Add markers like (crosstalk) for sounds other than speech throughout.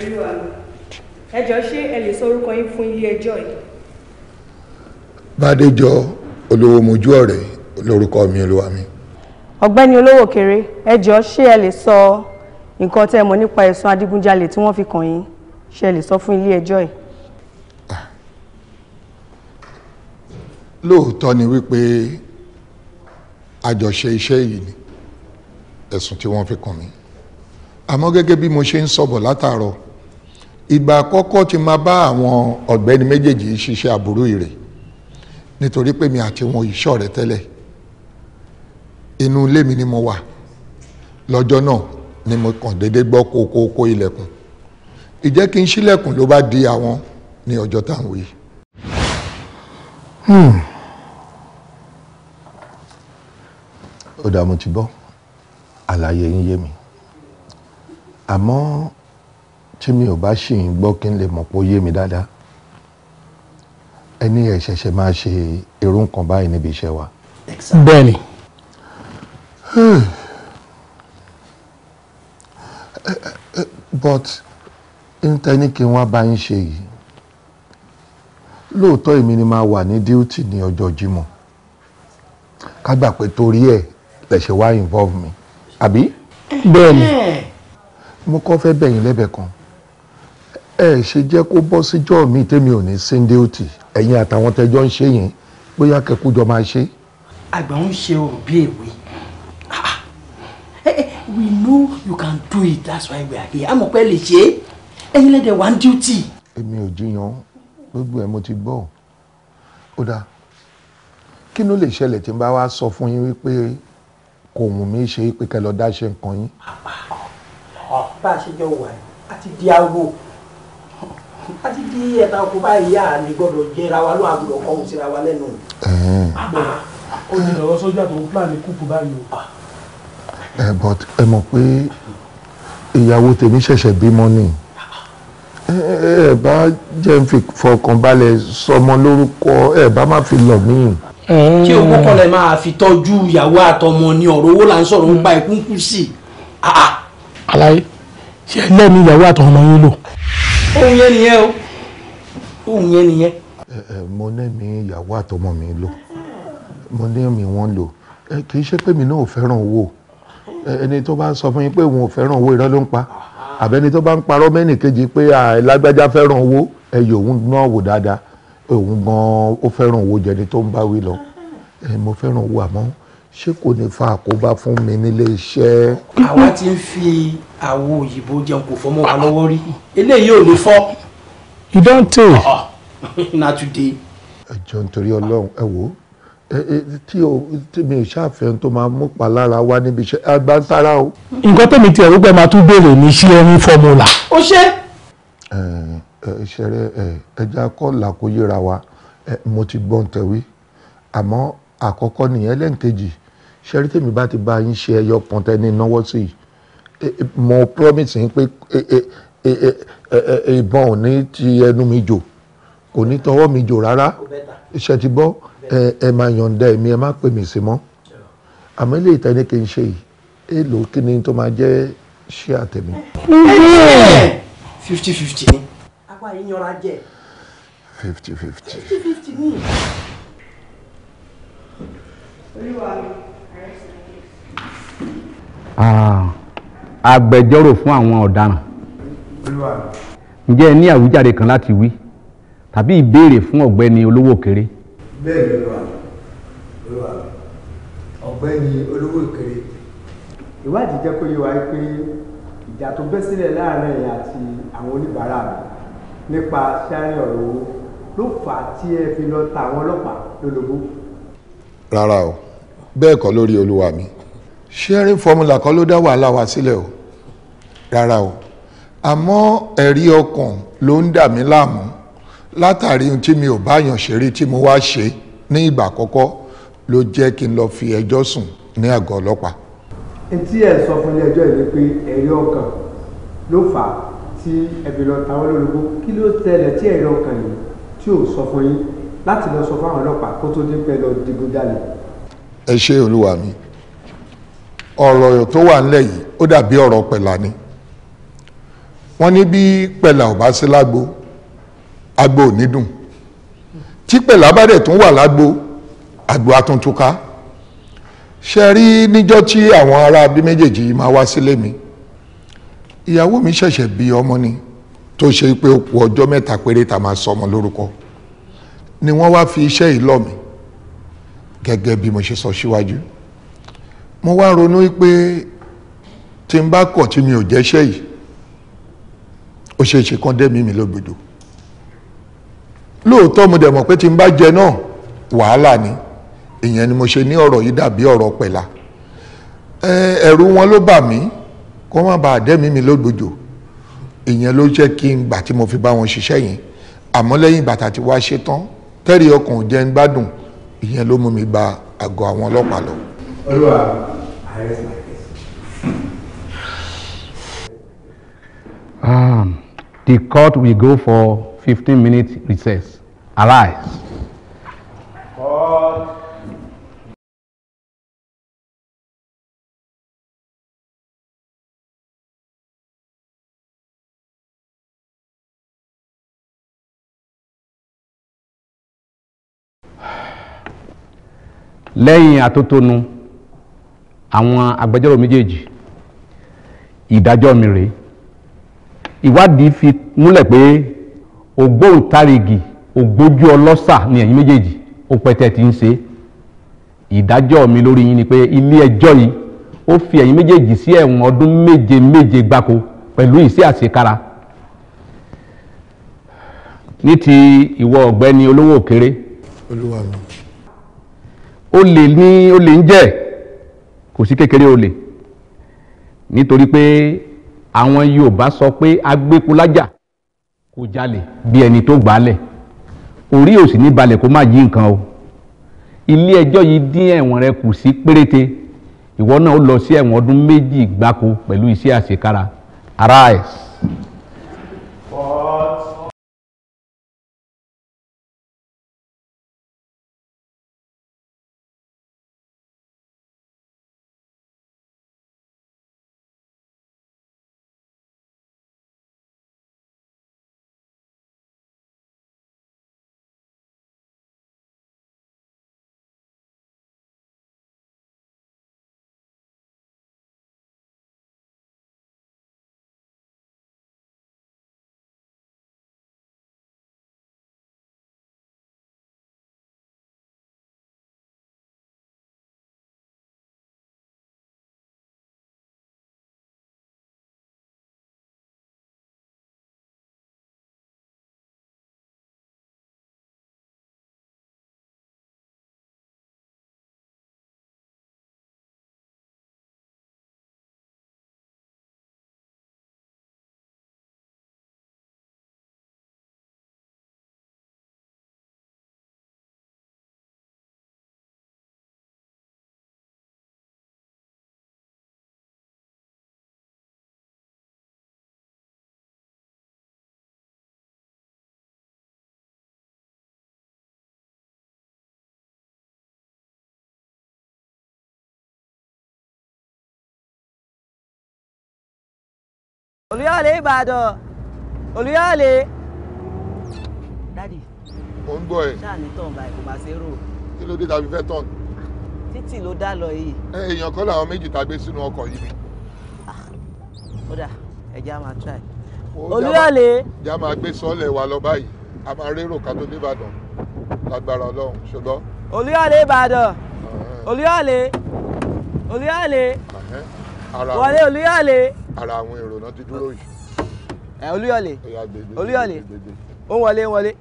olúwa ẹ jọ̀ọ́ ṣé ẹ lè sọ orúkọ yín fún ilé ẹjọ́ yìí. bàdéjọ olówó mojú ọ̀rẹ́ lórúkọ mi olúwa mi. ọ̀gbẹ́ni olówó kéré ẹ jọ̀ọ́ ṣé ẹ lè sọ nǹkan tẹ́ ẹ mọ̀ nípa ẹ̀sùn adigunjalè tí wọ́n fi kàn yín ṣé ẹ lè sọ fún ilé ẹjọ́ yìí. Ah. lóòótọ́ ni wípé àjọṣe iṣẹ́ yìí ni ẹ̀sùn tí wọ́n fi kàn mí àmọ́ gẹ́gẹ́ bí mo ṣe ń sọ̀bọ̀ látàárọ̀ ìgbà àkọ́kọ́ tí máa bá àwọn ọ̀gbẹ́ni méjèèjì ṣiṣẹ́ aburú ire nítorí pé mi àti wọn ìṣọ́ rẹ tẹ́lẹ̀ inú ilé mi ni mo wà lọ́jọ́ náà ni mo kàn déédéé gbọ́ kókókó ilẹ̀kùn ìjẹ́ kí n ṣílẹ̀kùn ló bá di àwọn ní ọjọ́ táwọn yìí. Hmm. ó dààmú ti gbọ́ àlàyé yín yé mi àmọ́ tí mi ò bá ṣì ń gbọ́ kí n lè mọ̀ pé ó yé mi dáadáa ẹni ẹ̀ ṣẹ̀ṣẹ̀ máa ṣe irú nǹkan báyìí níbi iṣẹ́ wa. bẹ́ẹ̀ni. but ntẹni kí n wá bá yín ṣe yìí lóòótọ́ èmi ni máa wà ní díútì ní ọjọ́ Jímọ̀ ká gbà pé torí ẹ̀ lẹ̀ṣẹ̀ wá involve mi àbí. bẹ́ẹ̀ni. Eh mo kọ́ fẹ́ bẹ̀yìn lẹ́bẹ̀ kan ẹ ṣe jẹ́ kó bọ́ síjọ́ mi tèmi ò ní síndé òtì ẹ̀yin àtàwọn tẹjọ́ ń ṣe yẹn bóyá kẹkújọ máa ṣe. àgbà ń ṣe ọ̀rọ̀ bí èwe ah, ah. Eh, eh, we know you can do it that's why we are here àmọ́ pé lè ṣe ẹ̀yin lẹ́dẹ̀ wá ń duty. èmi ò jiyàn gbogbo ẹ̀ mo ti gbọ́ ó dáa kí ló lè ṣẹlẹ̀ tí n bá wá sọ fún yín wípé kò wù mí ṣe pé kẹ́ lọ dá ṣe nǹkan yín. Ah, bá a ṣe jọ wà àti di aago àti di ẹ̀ta ọkọ̀ báyìí a lè gbọ́dọ̀ jẹra wa ló àgùdọ̀ kọ́ òun síra wa lẹ́nu. ó ní lọ́wọ́ sójà tó ń pláàní kúkú báyìí o. ẹ but ẹ mọ̀ pé ìyàwó tèmi ṣẹ̀ṣẹ̀ bímọ ni ẹ bá jẹ́ ń fi fọkàn balẹ̀ sọmọ lórúkọ ẹ bá má fi lọ̀ míì tí owó kan lè máa fi tọ́jú ìyàwó àtọmọ ni ọ̀rọ̀ owó là ń sọ̀rọ̀ ń pa sí. aláyé ṣe lẹ́nu ìyàwó àtọ̀wọn ọmọ yín lò. ohun yẹn nìyẹn o ohun yẹn nìyẹn. ẹ ẹ mo lẹ́mí ìyàwó àtọmọ mi lò mo lẹ́mí wọn lò ẹ kì í ṣe pé mi náà ò fẹ́ràn owó ẹni tó bá ń sọ fún yín pé òun ò fẹ́ràn owó irọ́ ló ń pa àbẹ́ni tó bá ń parọ́ mẹ́nìkejì pé àìlágbájá fẹ́ràn owó ẹ òun náà wò dáadáa òun gan ó fẹ́ràn owó jẹni tó ń bá wí lọ mo fẹ́ràn owó àmọ́ ṣé kò ní fa àkóbá fún mi nílé iṣẹ́. àwa ti ń fi àwo òyìnbó jẹun kò fọmọ wa lọ́wọ́ rí eléyìí ò ní fọ́. you don tey. na today. ẹ jọ̀ọ́ nítorí Ọlọ́run ẹ wò ó tí o tí mi ò ṣàfihàn tó máa mú palára wá níbi iṣẹ́ agbáńtara o. nǹkan tẹ̀mí tiẹ̀ wípé máa tún béèrè ní ṣé ẹni fọmùlà. ó ṣe. ìṣẹ̀rẹ̀ ẹja kọ́ọ̀là kò yíra wa mo ti gbọ́n tẹ̀wé àmọ́ àkọ́kọ́ nìyẹn lẹ́ǹkejì ṣẹ́rí tèmi bá ti bá yín ṣe ẹyọ kan tẹ́ ní náwó sí i mo promise yín pé ìbọn ò ní ti ẹnu mi jò kò ní tọwọ́ mi jò rárá iṣẹ́ ti bọ́ ẹ máa yọ̀ǹda ẹ̀mí ẹ má pè mí sí mọ́ àmọ́ ilé ìtẹ́ni kì í ṣe yìí èèlò kí ni tó máa jẹ́ ṣé àtẹ̀mí. fifty fifty ni. apá yìí yanra jẹ. fifty fifty. fifty fifty ni agbẹjọ́rò fún àwọn ọ̀daràn ǹjẹ́ ẹ ní àwíjàre kan láti wí tàbí ìbéèrè fún ọ̀gbẹ́ni olówó kéré. bẹ́ẹ̀ ni olúwa olúwa ọ̀gbẹ́ni olówó kéré ìwádìí jẹ́ kó yé wa pé ìjà tó bẹ́ sílẹ̀ láàárín ẹ̀yin àti àwọn oníbàárà mi nípa sáré ọ̀rọ̀ owó ló fà á tí ẹ fi lọ ta àwọn ọlọ́pàá lólobó. rárá o bẹ́ẹ̀ kọ́ lórí olúwa mi sharing formula kan ló dá wàhálà wá sílẹ̀ o rárá o àmọ́ ẹ̀rí ọkàn ló ń dà mí láàmú látàrí ohun tí mi ò bá yàn ṣe tí mo wá ṣe ní ìgbà àkọ́kọ́ ló jẹ́ kí n lọ fi ẹjọ́ sùn ní àgọ́ ọlọ́pàá. etí ẹ sọ fún ilé ẹjọ́ ìlú pé ẹ̀rí ọkàn ló fà á tí ẹbí lọ táwọn olórúkọ kí ló tẹlẹ tí ẹ̀rí ọkàn yìí tí ò sọ fún yín láti lọ sọ fún àwọn ọlọ́pàá kó tó dé pẹ́ lọ digunjalè. ẹ ṣé olúwa mi ọ̀rọ̀ tó wà ńlẹ̀ yìí ó dàbí ọ̀rọ̀ pẹ̀lá ni wọ́n ní bí pẹ̀lá ò bá sí lágbo agbo ò ní dùn tí pẹ̀lá bá dẹ̀ tún wà lágbo agbo atúntúká ṣe rí níjọ́ tí àwọn ará bí méjèèjì máa wá sílé mi ìyàwó mi ṣẹ̀ṣẹ̀ bí ọmọ ni tó ṣe pé ó ku ọjọ́ mẹ́ta péré ta máa sọmọ lórúkọ ni wọ́n wá fi iṣẹ́ yìí lọ̀ mí gẹ́gẹ́ bí mo ṣe sọ síwájú. Si mo wá ronú pé tí n bá kọ̀ tí mi ò jẹ́ṣẹ́ yìí ó ṣe é ṣe kán dẹ́mi mi lógbòdò lóòótọ́ mo dẹ̀ mọ̀ pé tí n bá jẹ náà wàhálà ni ìyẹn ni mo ṣe ní ọ̀rọ̀ yìí dàbí ọ̀rọ̀ pẹ̀lá ẹ̀rù wọn ló bà mí kó má bàa dẹ́mi mi lógbòdò ìyẹn ló jẹ́ kí n gbà tí mo fi bá wọn ṣiṣẹ́ yẹn àmọ́ lẹ́yìn bàtà tí wàá ṣe tẹ́rì ọkàn jẹ́ ń gbádùn ìyẹn ló mú mi gba àgọ́ àwọn ọlọ́pàá lọ. Olúwa, I rest my case. Um, the court will go for 15 minutes recess. Arise. Court. lẹ́yìn atótónu àwọn agbẹjọ́rò méjèèjì ìdájọ́ mi rèé ìwádìí fi múlẹ̀ pé ògbóǹtarìgì ògbójú ọlọ́ṣà ni ẹ̀yin méjèèjì ó pẹ́tẹ́ ti ń ṣe ìdájọ́ mi lórí yín ni pé ilé ẹjọ́ yìí ó fi ẹ̀yin méjèèjì sí ẹ̀wọ̀n ọdún méje méje gbáko pẹ̀lú ìṣe àṣekára ní ti ìwọ ọ̀gbẹ́ni olówó òkèrè ó lè ní ó lè ń jẹ́ kò sí kékeré olè nítorí pé àwọn Yorùbá sọ pé agbékulájà kò jalè bí ẹni tó gbálẹ̀ orí òsì ní balẹ̀ kó má jí nǹkan o ilé ẹjọ́ yìí dín ẹ̀wọ̀n rẹ kù sí péréte ìwọ náà ó lọ sí ẹ̀wọ̀n ọdún méjì gbáko pẹ̀lú iṣẹ́ àṣekára arise. olùyọ̀lé ìbàdàn olùyọ̀lé. dádì. mo ń gbọ́ ẹ. ṣáà ní tọ̀hún báyìí kò máa ṣe rò. kí ló dé tàbí fẹ́ tọ̀hún. títì ló dá lọ yìí. èèyàn kọ́ làwọn méjì tá a gbé sínú ọkọ̀ yìí. Ah, ó dà ẹ̀jẹ̀ á máa try. olùyọ̀lé. ìjà máa gbé sọ́ọ̀lẹ̀ wa lọ báyìí a máa rérò ká tó dé ìbàdàn lágbára ọlọ́run ṣùgbọ́n. olùyọ̀lé ìbàdàn olùyọ̀lé olùyọ̀lé wọlé olùyọ̀lé ara àwọn èrò náà ti dúró yìí. ẹ olúyọ̀lé olúyọ̀lé ó wọlé ó wọlé.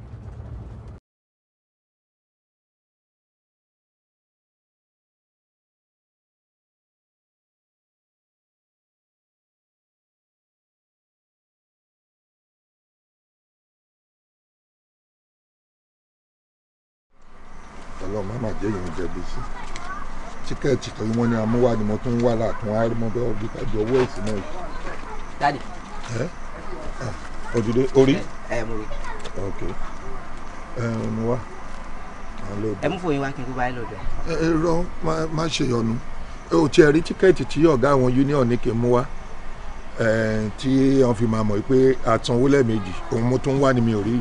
ọlọ́run má má jẹ́ ìyẹn jẹ̀bi sí i tíkẹ́ẹ̀tì tó wọ́n ní amúwá ni mo tún wá láàtún wá rí mo bẹ́ ọ̀bí kájú owó ẹ̀sìn náà. dáàdì. ẹ ẹ òdìdé orí. ẹ mo rí. ok ẹ mo wá. ẹ mú fòyín wá kí n tó bá yín lọ́dọ̀. ẹ rọ má ṣèyọnu o tiẹ̀ rí tíkẹ́ẹ̀tì tí ọ̀gá àwọn union ní kí n mú wá. Eh, tí wọ́n fi máa mọ̀ pé àtúnwó lẹ́ẹ̀mejì òun mo tún wá ni mi ò rí.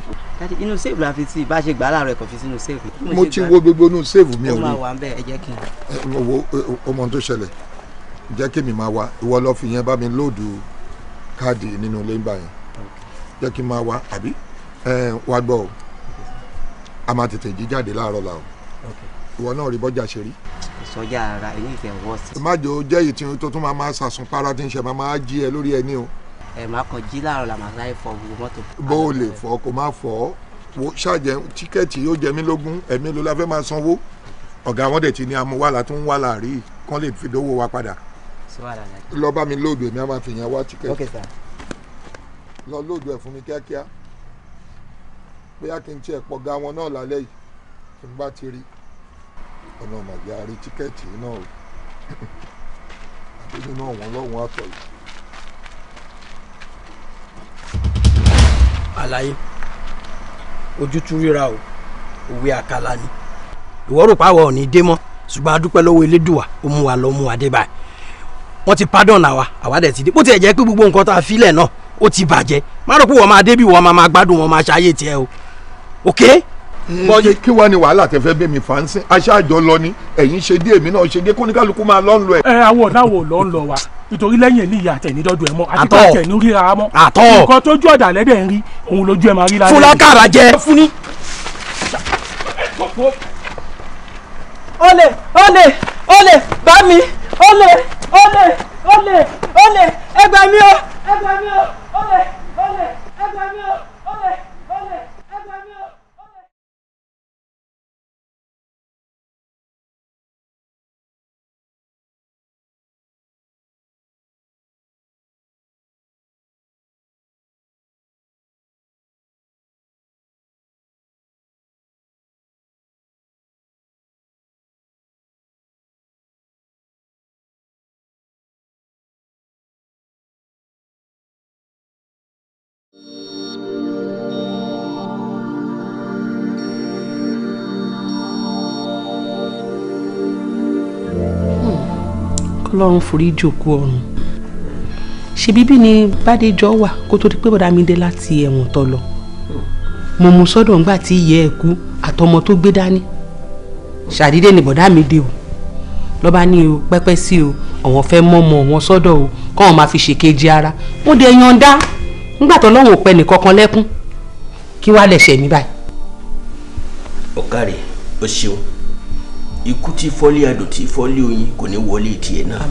inú sèfù la fi sí bá ṣe gbà á láàárọ̀ fi sínú sèfù. mo ti wo gbogbo inú sèfù mi ò rí. ó máa wà ń bẹ ẹ jẹ́ kí n. Eh, wo ọmọ eh, tó ṣẹlẹ̀ jẹ́ kí mi máa wá ìwọ lọ fi yẹn bá mi lóòdù káàdì nínú ilé ń bá yẹn jẹ́ kí n máa wá àbí wá gbọ́ o a máa tètè jí jáde láàárọ̀ o ìwọ náà rí bọ́jà ṣe rí ìsọjá ara ẹ̀yìn ìfẹ́ wọ́ sí. má jọ jẹ́ èyí tí tó tún máa máa sàsùn para tí ń ṣe máa máa jí ẹ lórí ẹni o. ẹ máa kàn jí láàárọ̀ là máa sáré fọ gbogbo mọ́tò. bó o lè fọ kó má fọ wo ṣàjẹ tíkẹ́ẹ̀tì yóò jẹ mí lógún ẹ̀mí ló la fẹ́ máa sanwó ọ̀gá wọn dẹ̀ ti ní amúwàlà tó ń wà láàrí kán lè fi dówó wa padà lọ bá mi lóòdù èmi á máa fi yẹn wá tíkẹ́ẹ̀tì lọ lóòdù ẹ̀ fún mi kíákíá bóyá kí n tiẹ̀ pọ̀ ga wọn náà lálẹ́ yìí kí n bá ti rí i ọlọ́mọ àgbẹ̀ àrí tíkẹ́ẹ̀tì náà o àdéhùn náà wọ́n lọ́wọ́n àtọ̀lù. àlàyé ojútùú ríra o òwe àkàlà ni ìwọ rò páwọ ò ní dé mọ́ ṣùgbọ́n adúpẹ́ lọ́wọ́ elédùà ó mú wa lọ mú wa dé báyìí wọ́n ti pardon àwa àwa dẹ̀ ti dé bó tiẹ̀ jẹ́ pé gbogbo nǹkan tá a filẹ̀ náà ó ti bàjẹ́ má rò pé wọ́n máa dé bí máa gbádùn wọn máa ṣayé tiẹ̀ o okay bọ́yẹ kí wàá ní wàhálà tẹ fẹ́ bẹ́ mi fà ń sìn aṣáájọ lọ ni ẹ̀yin ṣe dé èmi náà ṣe dé kóníkálukú máa lọ́ ń lọ ẹ̀. ẹ àwọn ọ̀dà wo ló ń lọ wa nítorí lẹ́yìn èlì ìyá àtẹ̀nídọ́dọ̀ ẹ̀ mọ́ àti pé àtẹ̀ní ríra mọ́ àtọ̀ nǹkan tójú ọ̀dà lẹ́dẹ̀ ń rí òun lójú ẹ̀ máa rí lára. fúlákàrà jẹ. fúnni. olè olè olè bá mi olè olè olè olè ẹ gbà o ẹ gbà o olè olè ẹ gbà o. Ọlọ́run forí jòkó ọ̀run ṣe bíbí ni Bádéjọ wà kó tó di pé bọ̀dá mi dé láti ẹ̀wọ̀n tó lọ mo mú sọ́dọ̀ ńgbà tí ìyá ẹ̀ kú àtọmọ tó gbé dání ṣàdídé ni bọ̀dá mi dé o lọ́ba ní o pẹ́pẹ́ sí o àwọn fẹ́ mọ́mọ́ wọn sọ́dọ̀ o káwọn máa fi ṣèkejì ara wọ́n dé yọ̀ǹda ńgbà tó lọ́wọ́ òpẹ́ nìkankan lẹ́kún kí wàá lẹ̀ṣẹ̀ mi báyìí. ọ̀kàrẹ̀ ó ṣeun ikú tí fọ́lé adò tí fọ́lé oyin kò ní wọlé tiẹ̀ náà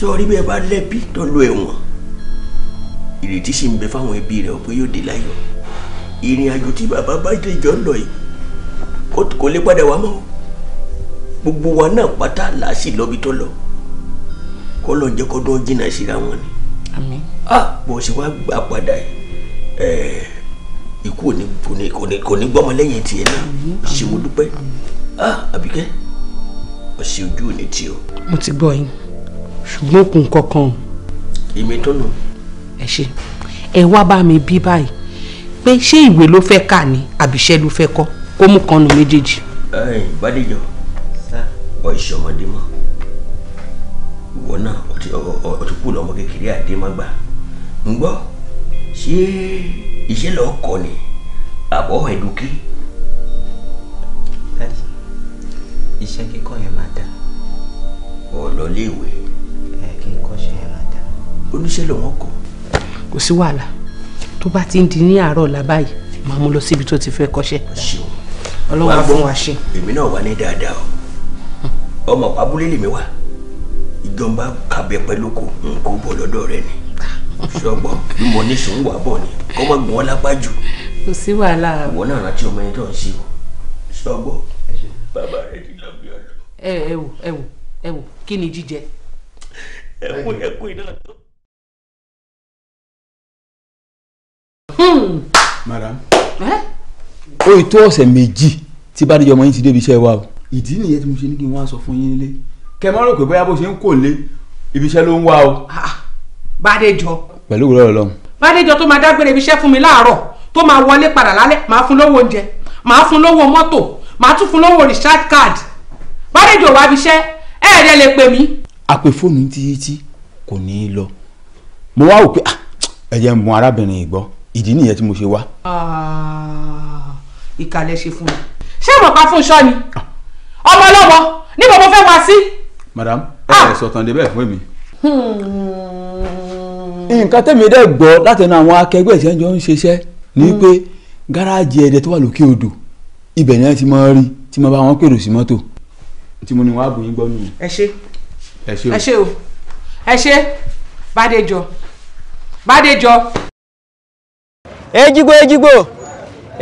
sọrí bẹ́ẹ̀ bá lẹ́bí tó lọ ẹ̀wọ̀n ìrètí sì ń bẹ fáwọn ẹbí rẹ̀ pé yóò dé láyọ̀ ìrìn àjò tí bàbá bá jẹjọ́ lọ yìí kò lè padà wá mọ́ gbogbo wa náà pátá là á sì lọ́bi tó lọ kọ́ lọ jẹ́ kọ́ dún jìnnà síra wọn ni àmín ah bó ṣe wá gbà padà ẹ̀ ikú kò ní gbọ́mọ lẹ́yìn tiẹ̀ náà ṣe mo dúpẹ́. Àmín ah Àbíkẹ́ ọ̀sẹ̀ ojú ò ní tí o. mo ti gbọ́ yín ṣùgbọ́n òkun kankan. èmi tó nù. ẹ ṣe ẹ wá bá mi bí báyìí pé ṣé ìwé ló fẹ́ kà ní àbíṣẹ́ ló fẹ́ kọ́ kó mú kan nù méjèèjì. ẹ Bádéjọ ọ ìṣọmọdé mọ ìwọ náà ọ ti kú lọmọ kékeré àdémágbà ń gbọ́ ṣé iṣẹ́ lọ́ọ́ kọ́ ni àbọ̀ ẹ̀dùnkí. iṣẹ́ kíkọ́ yẹn máa dá. ọ̀lọ́ léèwé. ẹ kí n kọ́ ṣe yẹn máa dá. oníṣẹ́ lọ́wọ́ kọ. kò sí wàhálà tó bá ti ń di ní àárọ̀ ọ̀la báyìí máa mú lọ síbi tó ti fẹ́ kọ́ṣẹ́. ọlọ́wọ́ fún wa ṣe. èmi náà wà ní dáadáa o hmm. ọmọ pàbúlé lèmi wà ìjọba kàbẹ pẹ̀lú kò nǹkan bọ̀ lọ́dọ̀ rẹ ni ṣọgbọ́n bí mo ní sùn wà bọ̀ ni kọ́ mọ́ gbọ́n lápá jù. kò sí wàhálà. ìwọ náà rántí ọmọ ẹni tó ń ṣe o ṣọgbọ́n bàbá rẹ di ẹ ẹ wò ẹ wò ẹ wò kí ni jíjẹ. ẹ kú ẹ kú iná hmm. madam. ó yìí ọ̀sẹ̀ méjì tí bá díjọ́ ọmọ yín ti débi iṣẹ́ wa o. ìdí nìyẹn tí mo ṣe ní kí n wá sọ fún yín nílé kẹ mọ́ rò pé bóyá bó ṣe ń kò lé ibi iṣẹ́ ló ń wá o. bàdéjọ. pẹ̀lú ìwúrọ̀ ọlọ́run. bàdéjọ tó máa dágbére ibi iṣẹ́ fún mi láàárọ̀ tó máa wọlé padà lálẹ́ màá fún lówó oúnjẹ màá fún lówó mọ́tò màá tún fún lówó recharge card bọ́dẹ̀jì ò wá fi ṣẹ́ ẹ ẹ̀rẹ́ lè pè mí. àpè fóònù ń tiyítí kò ní í lọ mo wá wò pé ah, ẹ̀jẹ̀ ń mú arábìnrin ìgbọ́ ìdí nìyẹn tí mo ṣe wá. Ah, ìkàlẹ̀ ṣe fún mi ṣé ìmọ̀pá fún iṣọ́ ni ah. ọmọ ọlọ́mọ níbo mo fẹ́ wá sí. madam ẹ ẹ sọtàn dé bẹ́ẹ̀ fún mi. Hmm. nǹkan tẹ́mi dẹ́ gbọ́ látẹnu àwọn akẹgbẹ́ ìṣẹ́jọ́ ń ṣiṣẹ́ ni hmm. pé gáràjì ẹ̀dẹ̀ tó wà lókè odò ibẹ̀ ni wọ́n ti máa rí tí mo bá wọn pèrò sí mọ́tò tí mo ní wàá bùn yín gbọ́ nìyí. ẹ ṣe ẹ ṣe o ẹ ṣe o ẹ ṣe bàdéjọ bàdéjọ. ejigbo ejigbo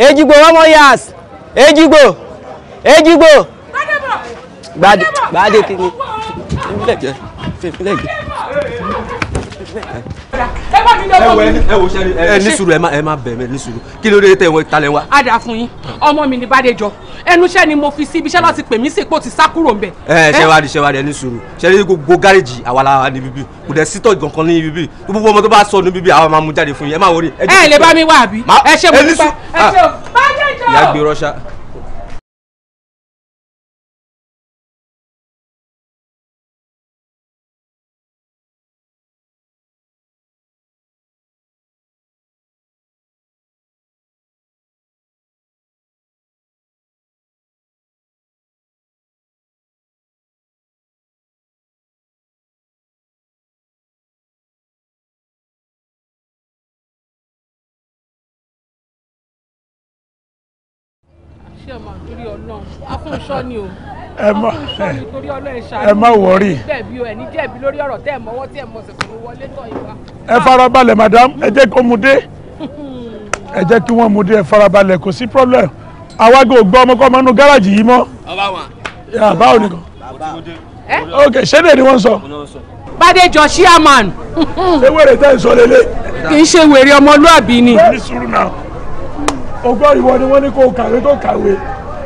ejigbo one more years ejigbo ejigbo gbadé gbadé kí ni fífúlẹ̀ jẹ fífúlẹ̀ jẹ bá mi lọ́kọ mi. ẹ wo ẹ ní sùúrù ẹ má bẹ̀ mí ní sùúrù kí ló dé tẹ ìwọ ìtalẹ̀ wa. a dà fún yín ọmọ mi ní Bádéjọ ẹnu iṣẹ́ ni mo fi sí ibi láti pè mí sí ti sá kúrò ńbẹ̀. ẹ ṣe wá di ṣe wá di ẹ ní sùúrù ṣe ní gbogbo gáréjì àwa la bíbí kò dẹ̀ sítọ̀ kankan ní bíbí gbogbo ọmọ tó bá sọ ní bíbí àwa máa mú jáde fún yín ẹ má wọrí. ẹ lè bá mi wá àbí ẹ ṣe mo ní pa ẹ ṣe o ah, Bádéjọ. ìyá torí Ọlọ́run afúnṣọ ni o ẹ má ẹ má wọrí. ẹ farabalẹ̀ madam ẹ jẹ́ kó mu dé (laughs) ẹ jẹ́ kí wọ́n mu dé ẹ farabalẹ̀ kò sí problem awágò gbọ́ ọmọkọ́ ọmọ inú gáràjì yìí mọ́. ọba wa. yà báwo ni kan. ok ṣédè ni wọ́n sọ. Bádéjọ chairman. ṣé wèrè tẹ́ ń sọ lélẹ̀. kì í ṣe wèrè ọmọlúàbí ni. ọgbọ́n ìwọ ni wọ́n ní kó kàwé tó kàwé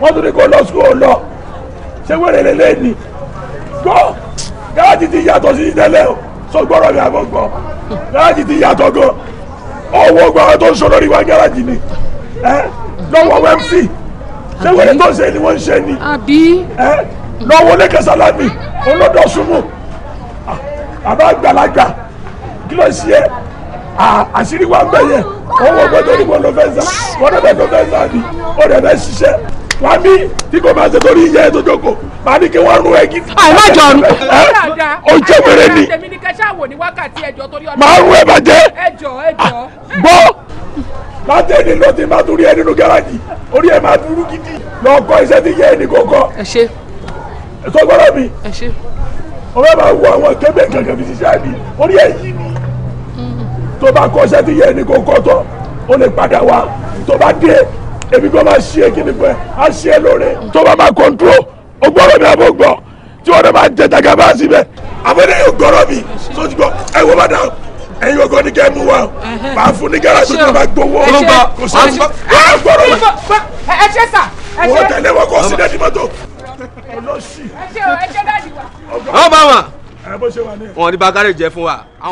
wọ́n tún ní kó lọ sùn ó lọ ṣé wẹ́rẹ́ lélẹ́ ni gbọ́ gáàjì ti yàtọ̀ sí tẹ́lẹ̀ o sọ gbọ́rọ̀ mi àbọ̀ gbọ́ gáàjì ti yàtọ̀ gan ọwọ́ gba àwọn tó ń sọ lórí wa gáàjì ni lọ́wọ́ mc ṣé wẹ́rẹ́ tó ń ṣe ni wọ́n ń ṣe ni lọ́wọ́ lẹ́kẹ̀sálámì olódòsùnmù àbá àgbàlagbà kí ló ṣe é àṣírí wa ń bẹ̀yẹ owó gbọ́dọ̀ ní wọn lọ fẹ́ sá wọn lọ fẹ́ sá ni ó rẹ̀ fẹ́ ṣiṣẹ́ wá mí tí kò máa ṣe torí ìyá ẹ tó jókòó máa ní kí wọ́n rún ẹgí. àìmọ̀ jọ rú. ó jẹ́ wẹ̀rẹ̀ ni. máa rún ẹ bàjẹ́. gbọ́ látẹ̀lé ló ti máa torí ẹ nínú gáràjì orí ẹ máa dúró gidi lọ́kọ́ iṣẹ́ ti yẹ ẹnì kọ̀ọ̀kan. ẹ ṣe. ẹ̀sọ́ gbọ́dọ̀ mi. ẹ ṣe. ọ̀rẹ́ máa wo àwọn kébé kankan fi ṣiṣẹ́ àbí orí ẹ yí ni. Mm-hmm. tó bá kọ́ iṣẹ́ ti yẹ ẹnì kọ̀ọ̀kan tán ó lè padà wá tó bá dé èmi kò máa ṣe é kí ni pẹ́ á ṣe é lóore. tó bá máa kọ́ńtró o gbọ́dọ̀ mi àbò gbọ́ tí wọ́n máa jẹ tàgà bá sí bẹ́ẹ̀ àbẹ̀dẹ̀ yóò gbọ́dọ̀ mi sójú gbọ́ ẹ wo bá dà o ẹ̀yin ogo ni kẹ́ mú wa o máa fún ní gáràjì tó máa gbowó kò sí ẹ gbọ́dọ̀ mi. ẹ ṣe sà ẹ ṣe. wọ́n tẹ̀lé wọn kọ́ sílẹ̀ ní mọ́tò. ọlọ́sì. ẹ ṣe o ẹ ṣe dáàdì wa. ọ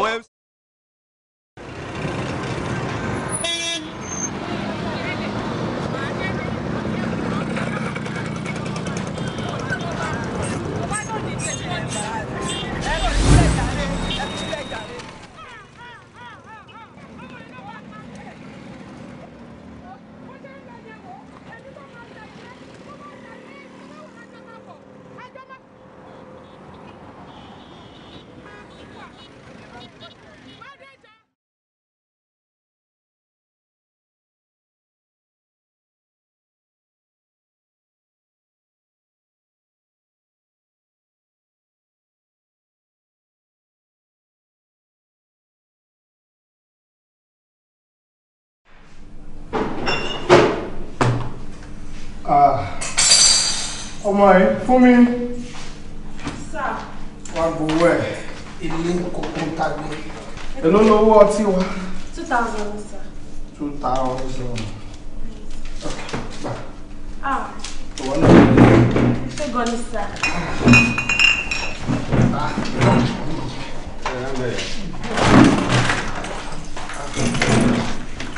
Ah, ọmọ yìí fún mi wà gbowó ẹ̀ ilé kòkó tagbe èló lówó ọtí wa. two thousand sir. two thousand. Ah. Ìwọ náà. Ṣé gan ni sir? Ah. Ẹ ẹ́ bẹ̀rẹ̀.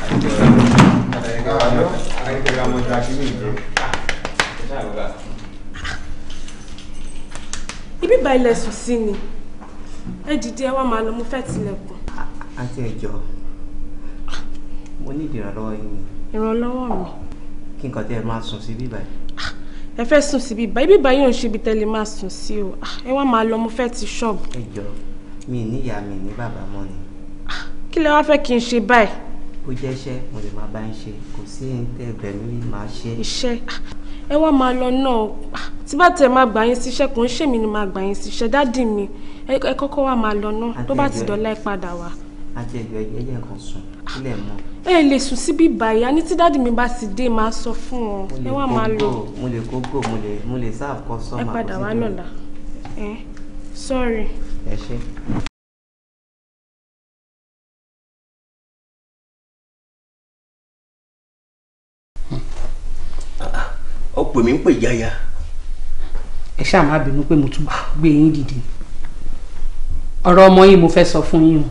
Ahí pegamos, ahí pegamos ya aquí mismo. ibi ìbá ilẹ̀ sùn sí ni ẹ dìde ẹ wá máa lọ mo fẹ́ tilẹ̀kùn. àti ẹjọ mo ní ìdìrànlọ́wọ́ yín ni. ìrànlọ́wọ́ mi. kí nǹkan tẹ ẹ máa sùn sí bíbá yìí. ẹ fẹ́ sùn sí bíbá ibi ìbá yóò ń ṣe ibi tẹ́lẹ̀ máa sùn sí o ah, ẹ wá máa lọ mo fẹ́ ti ṣọ́ọ̀bù. ẹjọ mi ní ìyá mi ní bàbá mọ́ ni. Ah, kí lẹ wá fẹ́ kí n ṣe báyìí. ó jẹ́ iṣẹ́ mo lè máa bá ń ṣe kò sí ẹ̀bẹ̀ mi máa ẹ wá máa lọ náà ah, tí bá tẹ máa gbà yín síṣẹ́ kò ń ṣèmi ni máa gbà yín síṣẹ́ dádì mi ẹ kọ́kọ́ wá máa lọ náà tó bá ti dọ̀la ẹ padà wá. àti ẹ̀yọ́ ẹ̀yẹ́ kan sùn kílẹ̀ mọ́. ẹ lè sùn síbí báyìí a ní tí dádì mi bá ti dé máa sọ fún wọn ẹ wá máa lọ. mo lè kó gò mo lè mo lè sáà kọ sọ́ọ̀mà kó sí mi. ẹ padà wá lọ́la ẹ sọ́ọ̀rì. ẹ ṣe. mi ń pè yáyá. ẹ ṣáà má bínú pé mo tún gbé yín dìde ọ̀rọ̀ ọmọ yín mo fẹ́ sọ fún yín o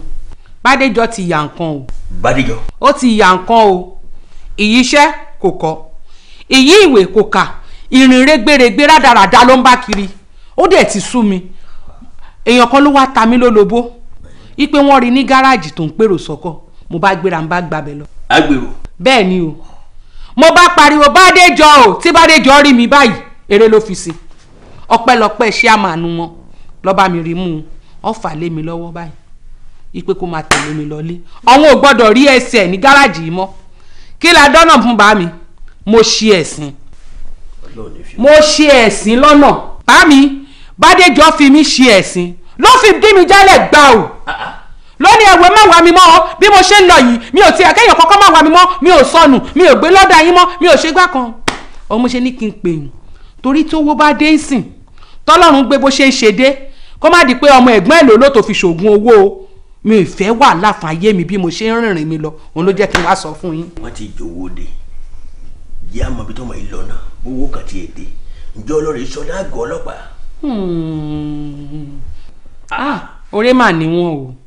bádéjọ ti yà nǹkan o. bádéjọ. ó ti yà nǹkan o ìyí iṣẹ́ kò kọ́ ìyí ìwé kò kà ìrìn rẹ́gbẹ̀rẹ́gbẹ́ rádaràda ló ń bá kiri ó dẹ̀ ti sú mi èèyàn kan ló wá ta mí lólobó ipe wọ́n rí ní gáràjì tó ń pèrò sọ́kọ̀ mo bá gbéra ń bá gbàbẹ̀ lọ. agbèrò. bẹ́ẹ̀ o mo bá pariwo bàdéjọ o tí bàdéjọ rí mi báyìí eré ló fi sí ọpẹ́lọpẹ́ ṣé àmàánu wọn lọba mi rí mú un ọfà lé mi lọ́wọ́ báyìí ipe kó máa tẹ̀lé mi lọlé àwọn ò gbọ́dọ̀ rí ẹsẹ̀ ní gáràjì yìí mọ́ kí la dọ́nà fún bá mi mo ṣe ẹ̀sìn mo ṣe ẹ̀sìn lọ́nà bá mi bàdéjọ fi mi ṣe ẹ̀sìn ló fi dí mi jálẹ̀ gbà o lónìí ẹ̀wẹ̀ má wà mí mọ́ ọ bí mo ṣe ń lọ yìí mi ò tiẹ̀ kéèyàn kankan má wà mí mọ́ mi ò sọnù mi ò gbé lọ́dà yín mọ́ mi ò ṣe gbà kan ọ ṣe ní kí n pè yín torí tí owó bá dé ìsìn tọ́lọ́run gbé bó ṣe ń ṣe dé kó má di pé ọmọ ẹ̀gbọ́n ẹ̀ ló ló tó fi ṣògùn owó o mi ò fẹ́ wà láfààyè mi bí mo ṣe ń rìnrìn mi lọ òun ló jẹ́ kí n wá sọ fún yín. wọ́n ti jòwó de yí àmọ́ bí tọ́mọ yìí lọ owó kan ti èdè ǹjẹ́ ọlọ́rẹ̀ sọ lágọ̀ọ́ ọlọ́pàá. ọ̀rẹ́ hmm. ah, mà ní wọn o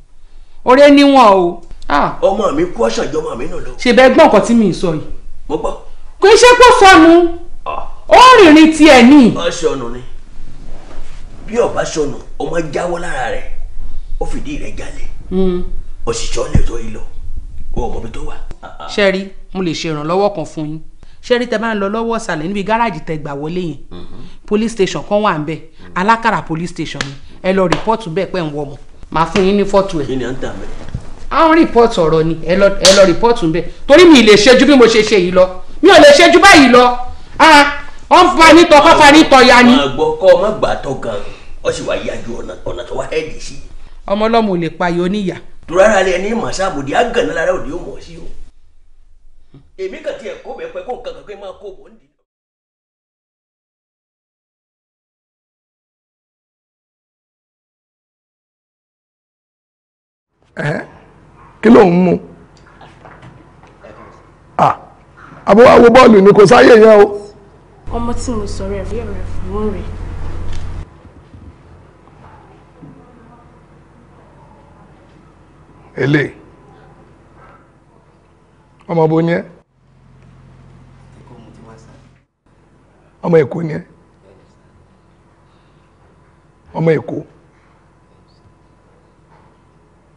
ọ̀rẹ́ níwọ̀n o. Ah. ọmọ mi kú ọ̀sán ìjọba mi nù lọ. ṣèbẹ̀ gbọ́n nǹkan tí mi ń sọ yìí. mo gbọ́. kò ṣe kó sọnù ah. ó rìnrìn tiẹ̀ ní. ó sọnù ni bí ọba sọnù ọmọ jáwọ́ lára rẹ̀ ó fìdí rẹ̀ jalè hmm. òṣìṣẹ́ ọ̀lẹ́tọ̀ yìí lọ o mọ̀ bí tó wà. Ah, ṣẹ́rí mo lè ṣe ìrànlọ́wọ́ kan fún yín ṣẹ́rí tẹ máa ń lọ lọ́wọ́ ọ̀sàlẹ̀ níbi gáràjì tẹ gbà wọlé yẹn mm-hmm. police station kan wà ń bẹ̀ mm-hmm. alákàrà police station ni ẹ lọ rìpọ́ọ̀tù bẹ́ẹ̀ pẹ́ ń wọ̀ mọ́ màá fún yín ní fọ́tò ẹ̀. kí ni à ń tà mẹ́. àwọn rìpọ́ọ̀tù ọ̀rọ̀ ni ẹ lọ rìpọ́ọ̀tù ń bẹ̀ torí mi ì lè ṣe ju bí mo ṣe ṣe yìí lọ mi ò lè ṣe ju báyìí lọ wọ́n fa ní tọkọ́ fa ní tọ̀ya ni. màá gbọ́ kọ́ má gbà tọ́ gan ọ sì wá yájú ọ̀nà tó wá hẹ́ẹ̀dì sí. ọmọ ọlọ́mọ ò lè payọ níyà. turara lẹ ní màsáàbòdì àgànnà lára òde ò mọ̀ sí o. èmi kàn tiẹ̀ kó bẹ́ẹ̀ pẹ́ kó nǹkan pé máa kó bọ̀ ń Ee, kí ló ń mú àbúwáwo bọ́ọ̀lù ni kò sáyé yẹn o. ọmọ tí mo fún ele ọmọ bo ni ẹ ọmọ èkó ni ọmọ èkó.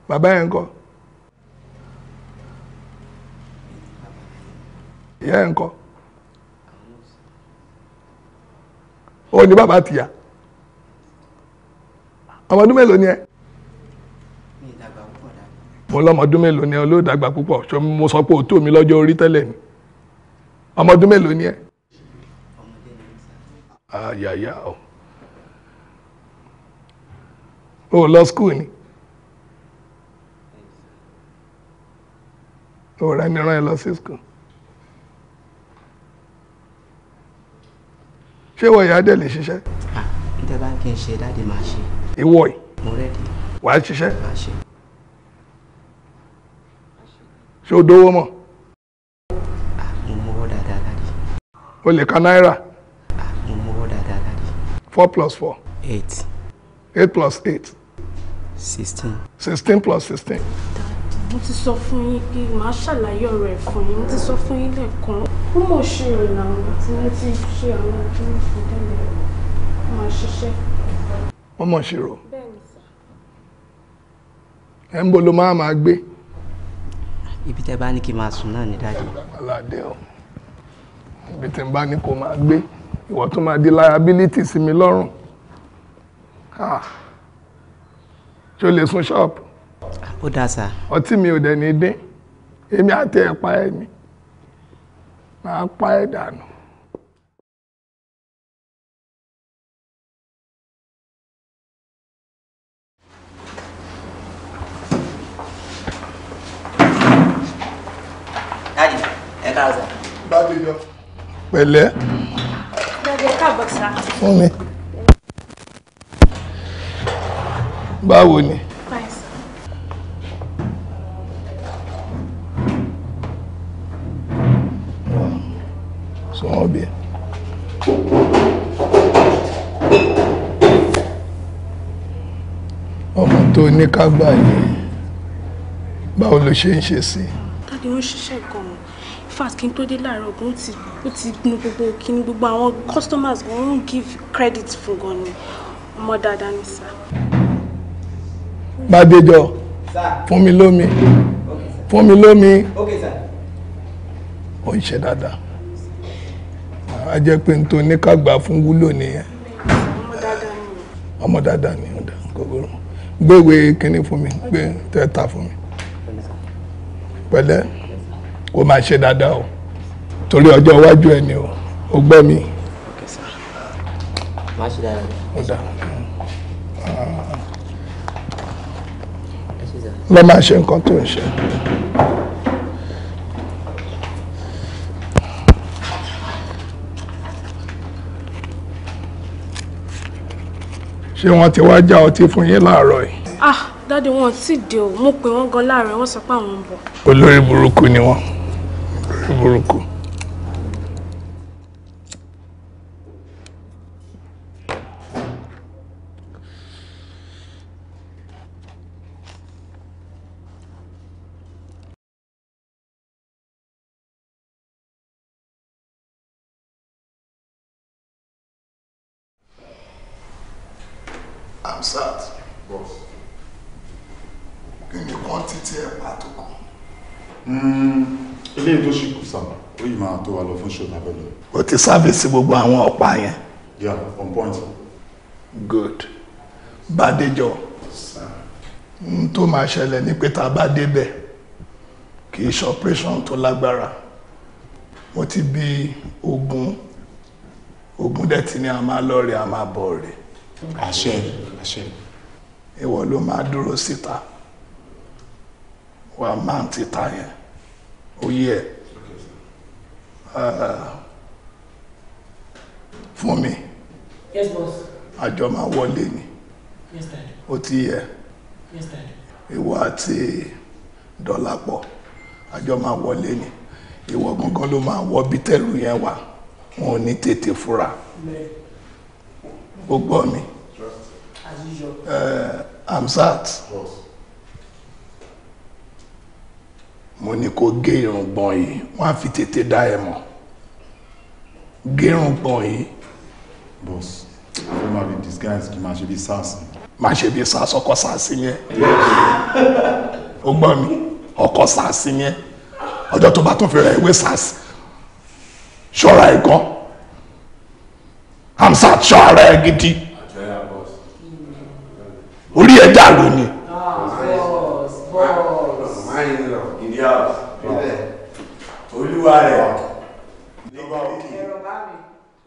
bàbá yẹn ńkọ́ ìyá yẹn ńkọ́ ó ní bàbá tìyà ọmọdún mélòó ni ẹ mo lọ́mọdún mélòó ni ẹ olóòdàgbà púpọ̀ ṣọ mo sọ pé òtó mi lọ́jọ́ orí tẹ́lẹ̀ ni ọmọdún mélòó ni ẹ ayaya ah, o ò lọ skul ni. òòrẹ́ ni rán ẹ lọ sí skul. ṣé ìwọ ìyá dẹ̀ lè ṣiṣẹ́. ǹjẹ́ bá kí n ṣe dáàdi máa ṣe. ìwọ yìí. mo rẹ́dí. wàá ṣiṣẹ́. máa ṣe. ṣé o dówó mọ̀. mo mọ́wọ́ dáadáa dáàdi. o lè ka náírà. mo mọ́wọ́ dáadáa dáàdi. four plus four. eight. eight plus eight. sixteen. sixteen plus sixteen mo ti sọ fún yín pé màá ṣàlàyé ọ̀rọ̀ ẹ̀ fún yín mo ti sọ fún yín lẹ́ẹ̀kan ó mọ̀ ṣe rẹ̀ làwọn tí wọ́n ti ṣe àwọn ọdún ìfọdẹ́lẹ̀ máa ṣiṣẹ́. wọ́n mọ̀ ṣe rò ẹ̀ ń bo ló máa máa gbé. ibi tẹ́ bá ní kí n máa sùn náà ní dájú. aládé o ibi tẹ́ ń bá ní kó máa gbé ìwọ tó máa di liability sí mi lọ́rùn ah. ṣé o lè sun ṣọ́ọ̀bù ó dá sa. ọtí mi ò dẹ̀ ní dín èmi àti ẹ̀ pa ẹ̀ ni màá pa ẹ̀ dànù. Daddy, ẹ káàsà. Daddy jọ. Pẹ̀lẹ́. Daddy ẹ káàbọ̀ sá. Fún mi. Báwo ni? ɔbea ọmọ tó ní kágbà yìí báwo ló ṣe ń ṣe sí. dáadé ó ń ṣiṣẹ́ gan-an fast kí n tó dé láàárọ̀ ogun ó ti ó ti nu gbogbo kíní gbogbo àwọn customers gan ń give credit fún gan ni ọmọ dáadáa ni sá. Bàdéjọ fún mi lómi fún mi lómi ó ń ṣe dáadáa. A jẹ́ pé n tó ní ká gbà fún wúlò nìyẹn. ọmọ dáadáa ni ọ̀dà kòkòrò gbéwé kínní fún mi gbé tẹ́ta fún mi pẹ̀lẹ́ kó máa ṣe dáadáa o torí ọjọ́ iwájú ẹ ni o ò gbọ́ mi. lọ́ máa ṣe nǹkan tó ń ṣe. ṣé wọ́n ti wá já ọtí fún yín láàárọ̀ yìí. ah dáàdi wọn ti dé o mo pè wọn gan láàárọ̀ wọn sọ pé àwọn ń bọ̀. olórí burúkú ni wọn olórí burúkú. o ti sáfèsì gbogbo àwọn ọ̀pá yẹn. yeah on point. good bàdéjọ n tó máa ṣẹlẹ̀ ní pé tá a bá débẹ̀ kì í ṣe operation tó lágbára mo ti bí ogun ogun dẹ̀ ti ní a máa lọ rè a máa bọ̀ rè. àṣẹ àṣẹ. ìwọ ló máa dúró síta wà máa ń ti ta yẹn ó yẹ. Uh, fún mi. yes boss. àjọ máa wọlé ni. yes dad. ó ti yẹ. yes dad. ìwọ àti dọ́làpọ̀ àjọ máa wọlé ni ìwọ gangan ló máa wọ bí tẹ́lù yẹn wà wọn ò ní tètè fura. ó gbọ́ mi. amsat. Yes. mo ní kó gé irùngbọ̀n yìí wọ́n á fi tètè dá ẹ mọ̀ gé irùngbọ̀n yìí boss fẹ́ máa fi disguise kí máa ṣe bí sars. máa ṣe bí sars ọkọ sars ni ẹ ó gbọ́ mi ọkọ sars ni ẹ ọjọ́ tó bá tún fi ra ìwé sars ṣọ́ra ẹ̀ gan hamsat ṣọ́ra ẹ̀ gidi orí ẹ̀ dàrú ni. olúwa rẹ̀ nígbà òkè.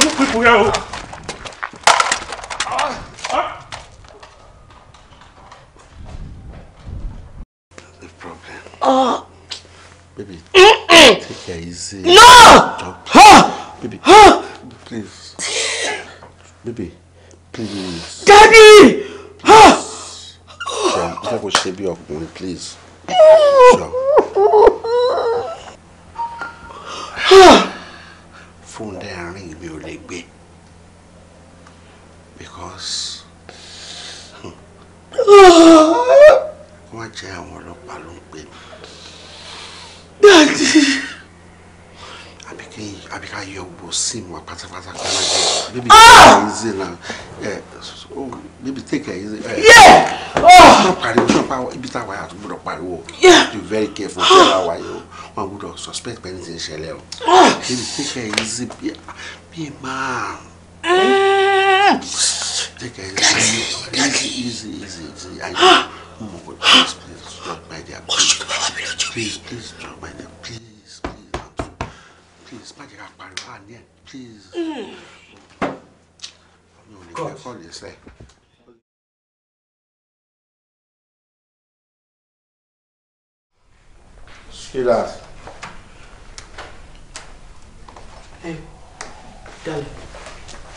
都不不不要。ṣẹlẹ̀ o ah! kí ni ṣe yìí sí bí bí máa eh! take it easy easy easy easy easy i ah! know oh mo go please please drop my dear please please please drop my dear please please please má jẹ́ ká pariwo àní ẹ̀ please mi ò ní fẹ́ kọ́ lè sẹ́. Sheila. Hey, darling,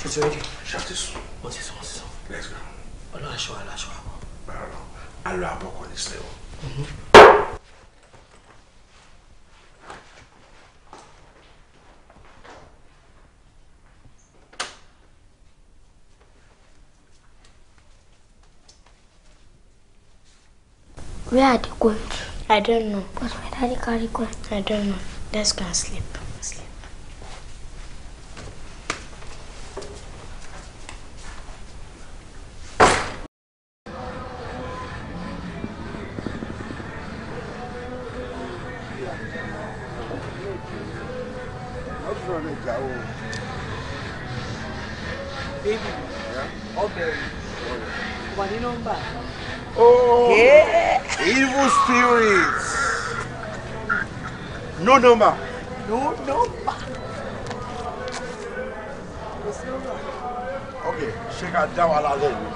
it's ready. Shut this. What's this? What's this? Let's go. Oh, no, I'll I'll show I don't know. I'll wrap up on this level. Where are they going to? I don't know. What's my daddy carry going? I don't know. Let's go and sleep. spirits. No number. No number. There's no number. Okay, ṣé ká down wa lálẹ́ ni?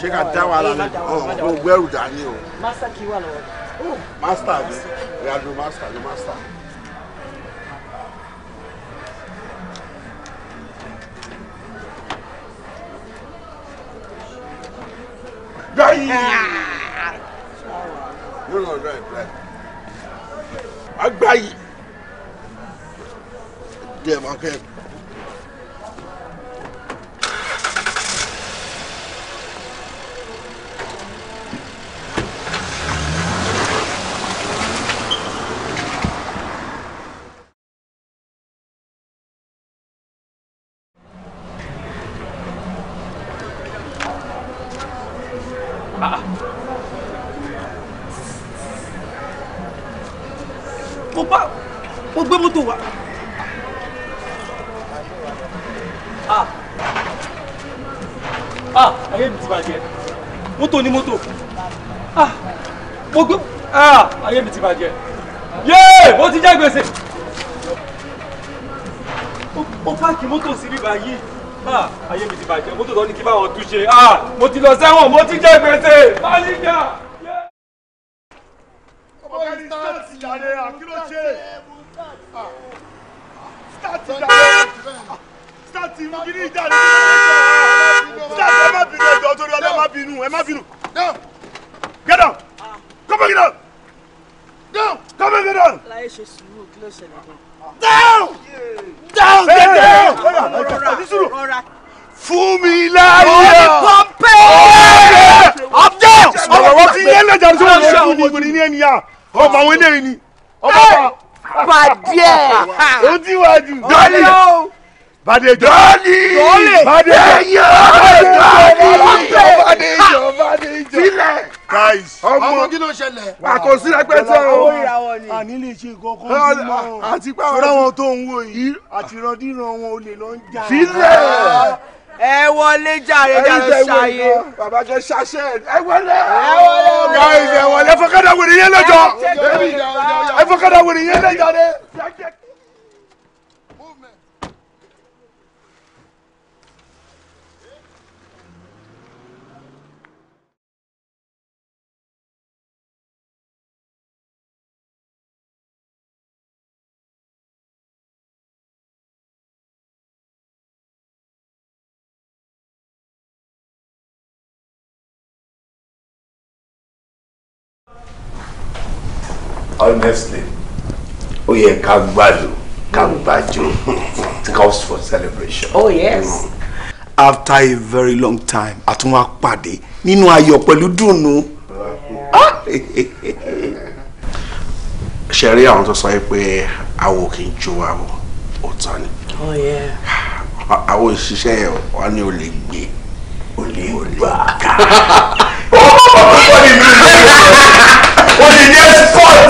Ṣé ká dá wa lálẹ́ ni? Ọ̀ mo gbẹ́rù dání o. Master kì í wà lọ́wọ́. Oh. Master mi, ìyá lo master lo master. Báyìí. Ah bring on drive drive. Ah, ayé mi ti bàjẹ́ yéè mo ti jẹ gbèsè ó páàkì mọ́tò sí bíbá yìí ah, ayé mi ti bàjẹ́ mọ́tò tó ní kí báwọn túnṣe ah, mo ti lọ sẹ́wọ̀n mo ti jẹ gbèsè má nígbà. Badejo Badejo Badejo Badejo Badejo Badejo sílẹ̀ guys ọmọ kí ló ṣẹlẹ̀ àkọsí rẹpẹtẹ o ànílè ṣe kọkọ bímọ àti pé àwọn ọmọ tó ń wò yìí àti ìrandíran wọn olè ló ń jà sílẹ̀ ẹ wọlé jàre jàre ṣàyè. bàbá kẹ ṣaṣẹ ẹ wọlé. ẹ wọlé o. guys ẹ wọlé ẹ fọkàdà wèrè yẹn lọ́jọ́ ẹ fọkàdà wèrè yẹn lọ́jọ́ dẹ. honestly ó yẹ ká gbàlù ká gbàjò it calls for celebration. oh yes. Mm. after a very long time a tún wá pàdé nínú ayọ̀ pẹ̀lú dùnú. ṣe rí àwọn tó sọ yìí pé awo kì í jó awo ó ni. oh yeah. awo ìṣiṣẹ́ yẹn wọ́n ní o lè gbé o lè gbà. ó kọ́ ọ̀pọ̀ ní ìlú ìlú ìlú ó lè ní ẹ̀sìn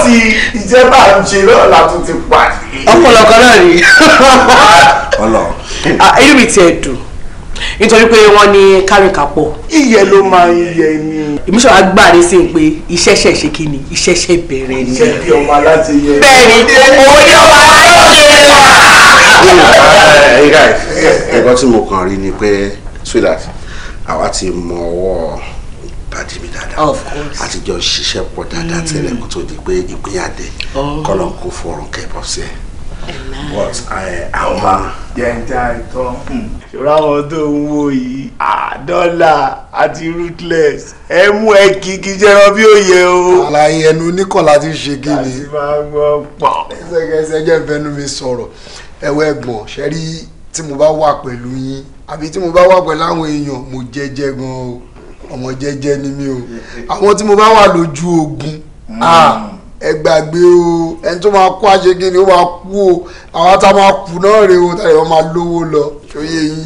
tí ìjẹba ń ṣe náà látún ti pàdé. ọ̀pọ̀lọpọ̀ náà rí ọlọ. Ah, inú mi tiẹ̀ dùn nítorí pé wọ́n ní kárìkàpọ̀. iyẹ ló máa ń yẹ ni. ìmúṣọ̀rọ̀ agbára sí pé iṣẹ́ ṣẹ̀ ṣe kí ni iṣẹ́ ṣẹ̀ bẹ̀rẹ̀ ni. iṣẹ́ bí ọmọ aláṣẹ yẹ. bẹ́ẹ̀ni òye ọmọ yẹ wà. ẹ̀ka ẹ̀kọ́ tí mo kàn rí ni pé sweetheart àwa ti mọ ọwọ́ pàdé mi dáadáa of course àtijọ́ ṣiṣẹ́ pọ̀ dáadáa mm. tẹ́lẹ̀ kó tó di pé ìpínyà dé oh. kọ́lọ̀ kó fọ̀rùn kẹ́pọ̀ sí ẹ̀ but àwọn. jẹ́ńtà ìtọ́ hmm. ìṣòro àwọn tó ń wo yìí àdọ́là àti ruthless ẹ mú ẹ kí kí jẹ́rọ bí ó o. àlàyé ẹnu oníkọ̀lá ti ṣe kí ni. láti máa gbọ́ pọ̀. ẹsẹ̀kẹsẹ̀ jẹ́ ìfẹ́nu mi sọ̀rọ̀ ẹ̀wẹ̀ ẹ̀gbọ́n ṣẹ́rí tí mo bá wà pẹ̀lú yín àbí tí mo bá wà pẹ̀lú àwọn èèyàn mo jẹ́jẹ́ gan-an o ọmọ jẹ́jẹ́ ni mí o àwọn tí mo bá wà lójú ogun ẹ gbàgbé o ẹni tó máa kú àṣegin ni ó máa kú o àwọn tá a máa kú náà rèé o tá a lè máa lówó lọ ṣòye yín.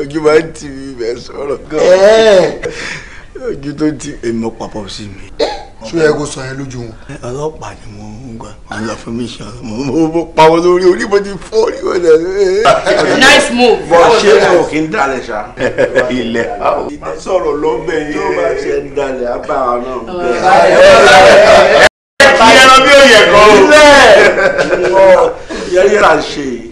ojú máa ń tì mí bẹ́ẹ̀ sọ̀rọ̀ gan-an ojú tó ti èèmọ̀ papọ̀ sí mi. Eh ṣó yẹ kó sọ yẹn lójú wọn. ọlọ́pàá ni mo ń gbà máa lọ fún mi ṣan mo mo pa wọn lórí oníbo ti fọ́ oníbo dẹ̀. nice move. bọ́ ṣé o kì í dalẹ̀ ṣá. ilẹ̀ àwọn. sọ̀rọ̀ ló bẹ̀ yóò bá ṣe ń dalẹ̀ abá wa náà. ìyẹn lọ bí òye kan o. yẹ́rì yẹ́rà ṣe yìí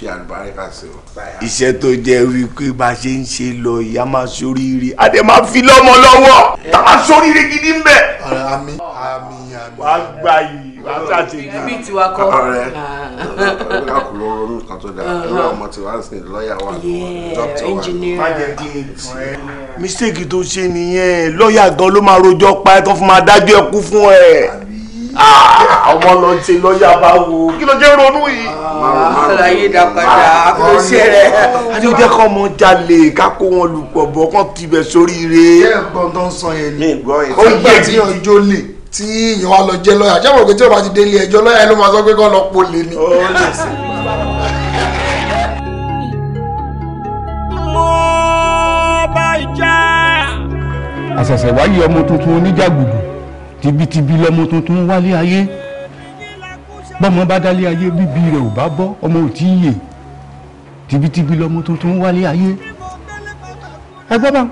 fi àlùbáríkà sí o. iṣẹ́ tó jẹ́ wípé bá a ṣe ń ṣe lọ ìyá máa ṣoríire a dẹ̀ máa fi lọ́mọ lọ́wọ́ tá a máa ṣoríire gidi ń bẹ̀. ọ̀rẹ́ àmín àmín àmín. wàá gbà yìí wàá ṣàṣeyìí. ẹbí tiwa kọ. Ah. ọ̀rẹ́ ọ̀rẹ́ àkùrọ̀ ronú kan tó dáa ẹ̀rọ uh-huh. ọmọ tiwa ń sìn lọ́ọ̀yà wa dókítà wa. mistake tó ṣe nìyẹn lọ́ọ̀yà gan ló máa rojọ́ pa ẹ̀ tó fún máa dájọ́ ẹ̀kú fún ẹ̀ ọmọ lọ ṣe lọ́yà bá wo kí ló jẹ́ ronú yìí. àlàyé dàpadà àkọsí rẹ. àti ó jẹ́ kó ọmọ jalè ká kó wọn lù pọ̀ bọ́ kán tibẹ̀ sórí re. ṣé nǹkan tó ń sọ yẹn ni ó yẹ kí yàn lè tí yàn wá lọ jẹ lọ́yà jẹ́ mọ̀ pé tí o bá ti délé ẹjọ́ lọ́yà ló máa sọ pé kán lọ polè ni. mo bá ìjà. àṣẹ̀ṣẹ̀ wáyé ọmọ tuntun oníjàgùdù tibitibi lọmọ tuntun wálé ayé bọ́mọ bá dálé ayé bíbí rẹ̀ ò bá bọ́ ọmọ ò tí ì yè tibitibi lọmọ tuntun wálé ayé ẹgbẹ́ bá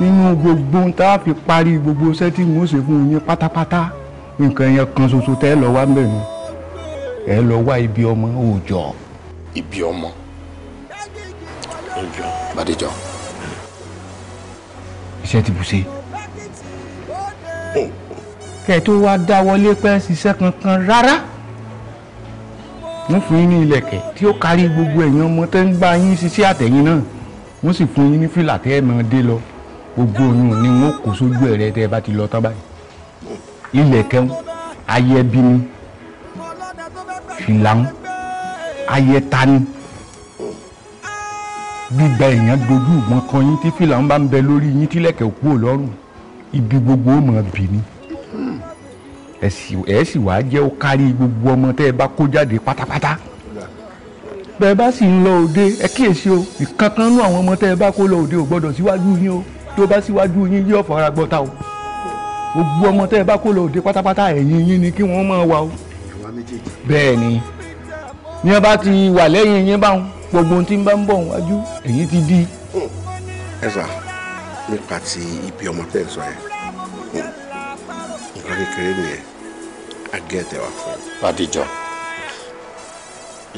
nínú gbogbo tá a fi parí gbogbo iṣẹ́ tí mo ṣe fún yín pátápátá nǹkan yẹn kan ṣoṣo tẹ́ ẹ lọ wá ń bẹ̀ nu ẹ lọ wá ibi ọmọ òòjọ́. ibi ọmọ Bàdéjọ. iṣẹ́ ti bù ṣe kẹ́ ẹ tó wá dáwọlé pẹ́ ṣiṣẹ́ kankan rárá wọ́n fún yín ní ilẹ̀kẹ̀ tí ó kárí gbogbo ẹ̀yin ọmọ tó ń bá yín ṣiṣẹ́ àtẹ̀yìn náà wọ́n sì fún yín ní fìlà tẹ́ ẹ máa dé lọ gbogbo oyún ni wọ́n kó sójú ẹ̀rẹ́ tẹ́ ẹ bá ti lọ tán báyìí ilẹ̀kẹ̀ ń ayẹbi ni fìlà ń ayẹta ni gbígba èèyàn dojú ìgbọ́n kan yín tí fìlà ń bá ń bẹ lórí yín tílẹ̀kẹ̀ kúrò lọ́rùn ibi gbogbo ó mọ̀ bì ní hmm. ẹ sì wá jẹ́ ó kárí gbogbo ọmọ tẹ́ ẹ bá kó jáde pátápátá bẹ́ẹ̀ bá sì ń lọ òde ẹ kíyèsí o ìkankan nú àwọn ọmọ tẹ́ ẹ bá kó lọ òde ò gbọ́dọ̀ síwájú yín o tó bá síwájú yín yóò fara gbọ́ta o gbogbo ọmọ tẹ́ ẹ bá kó lọ òde pátápátá ẹ̀yìn yín ni kí wọ́n máa wà o bẹ́ẹ̀ ni ní ẹ bá ti wà lẹ́yìn yín báwọn gbogbo ohun tí ń bá ń bọ̀ wájú ẹ̀yìn ti di. ẹ hmm. sà nípa ti ibi ọmọ tẹ́ ń sọ yẹn nǹkan kékeré nìyẹn agẹ́tẹ̀ wà fún un. Bàdìjọ.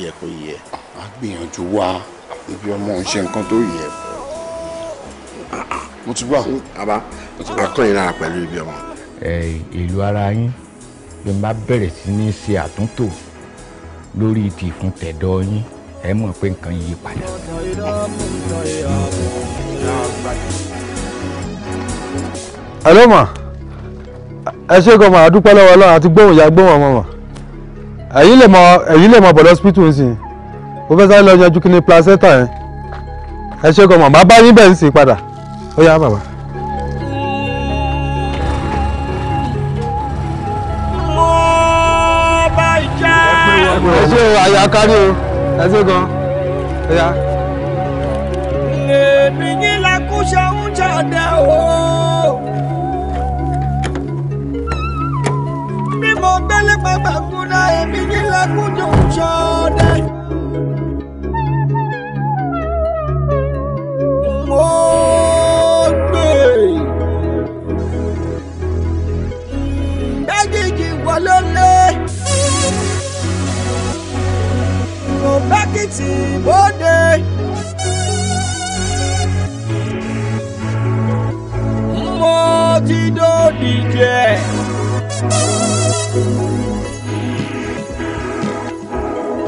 Yẹ kó yẹ. A gbìyànjú wa ibi ọmọ ń ṣe nǹkan tó yẹ. Mo ti gbà. Àbá akọ́yìn lára pẹ̀lú ibi ọmọ. Ìlú ara yín ló ń bẹ̀rẹ̀ sí ní ṣe àtúntò lórí ti ìfun yín ẹ mọ̀ pé nǹkan yí padà hello ma ẹ ṣe gan ma àdúpẹ́ lọ́wọ́ ọlọ́run àti gbóhùn ìyá gbóhùn ọmọ ma ẹ̀yin lè mọ ẹ̀yin lè mọ bọ̀dọ̀ hospital nsìn professor lọ yanjú kí ni placenta yẹn ẹ ṣe gan ma má bá yín bẹ́ẹ̀ nsìn padà ó yá bàbá. mo bá jà. ẹ ṣe àyà kárí o ẹ ṣe gan ó yá. lèmi yín la kú ṣe o. mo gbélé pàpà kúndà èmi ní lẹ́kúnjọ ṣọ́ọ́dẹ. mo gbé gbẹ́gìjì ti dó dìjẹ́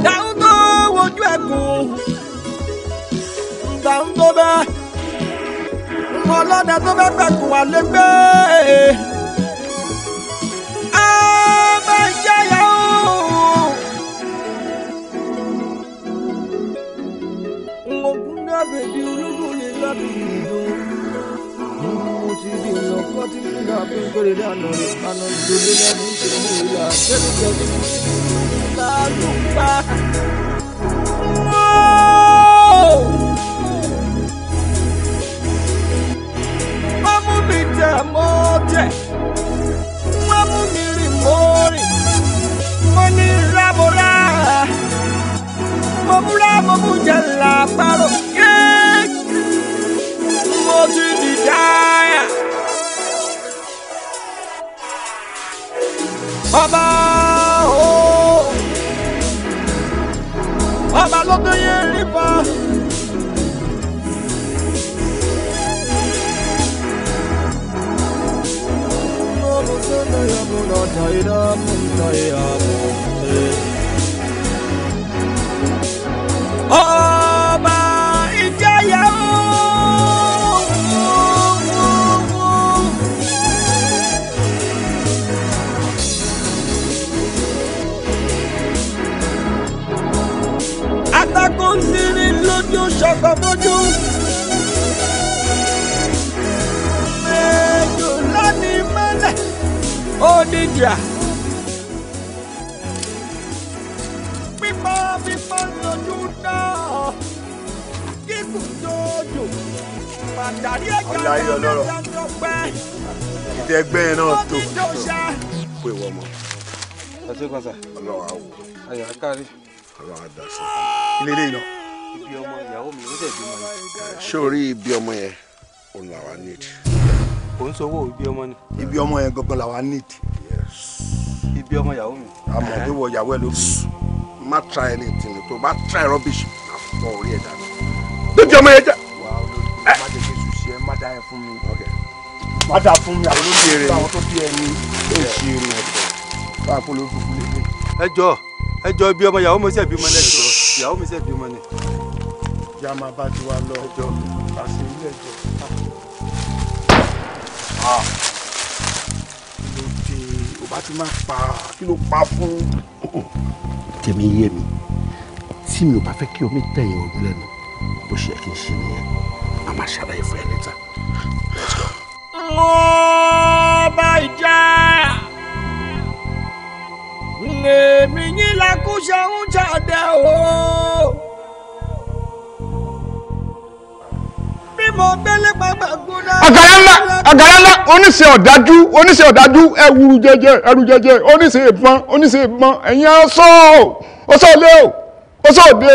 dáhùn tó wojú ẹkùn dáhùn tó bẹ mọ ọlọ́dà tó bẹ TV no cutting finger up and put it down on it. I know the building of this is the villa. Get it, get it. Now look back. No! Mamu mi tẹ mọ́tẹ̀, mamu mi rìn mọ́rin, mo ní rábọ̀rá, mo búra mo bú jẹ́ làpárò, yéé, mo ti dìdáyà. ọba ooo ọba ló gbé yẹn nípa. Oh! kan bójú. mẹ́jọ lónìí mẹ́lẹ̀ ó dìjà. pípọ́ pípọ́ lójú náà kíkù jòjò. pàtàkì ẹ̀ka lọ́dọ̀ lọ́pẹ́. ìtẹ́gbẹ́ náà tó pé wọ́n mọ́. ẹ ṣe kan sá. ọlọ́wà á wò. ayọ̀ á kárí. ọlọ́wà á dà sí. ilé ilé yìí náà ibi ọmọ ìyàwó mi ó dẹ̀ bímọ yẹn. ṣé o rí ibi ọmọ yẹn òun làwa need. kò ń sanwó ibi ọmọ ni. ibi ọmọ yẹn gangan làwa need. ibi ọmọ ìyàwó mi. àmọ́ bí wọ ìyàwó ẹ ló má try anything tó bá try rubbish má fọ orí ẹ̀ dànù. níbi ọmọ yẹn jẹ́. wà á lórí má jẹ́ kí èṣù ṣe é má dá yẹn fún mi. má dá fún mi àwọn olóṣèré àwọn tó bí ẹni èṣèré bá a kó ló fún fún lé ẹ jọ̀ọ́ ẹ jọ̀ọ́ ibi ọmọ ìyàwó mi ṣe bímọ lẹjọ ìyàwó mi ṣe bímọ ni jẹ́ a máa bá tiwa lọ ẹjọ́ àṣẹ ilé ẹjọ́. Ah. Ah. kí bá ti máa pa kí ló pa fún. Oh, oh. tèmi yé mi tí mi ò bá fẹ́ kí omi tẹ̀yìn òun lẹ́nu bó ṣe kí n ṣe nìyẹn a máa ṣàlàyé fún ẹ níta. ọba ìjà lèmi yín lakúṣe ń jáde àgàrànlá àgàrànlá oníṣe ọ̀dájú oníṣe ọ̀dájú ẹwùrú jẹjẹ ẹrù jẹjẹ oníṣe ìbọn oníṣe ìbọn ẹ̀yìn aṣọ ó sọ lé o ó sọ òde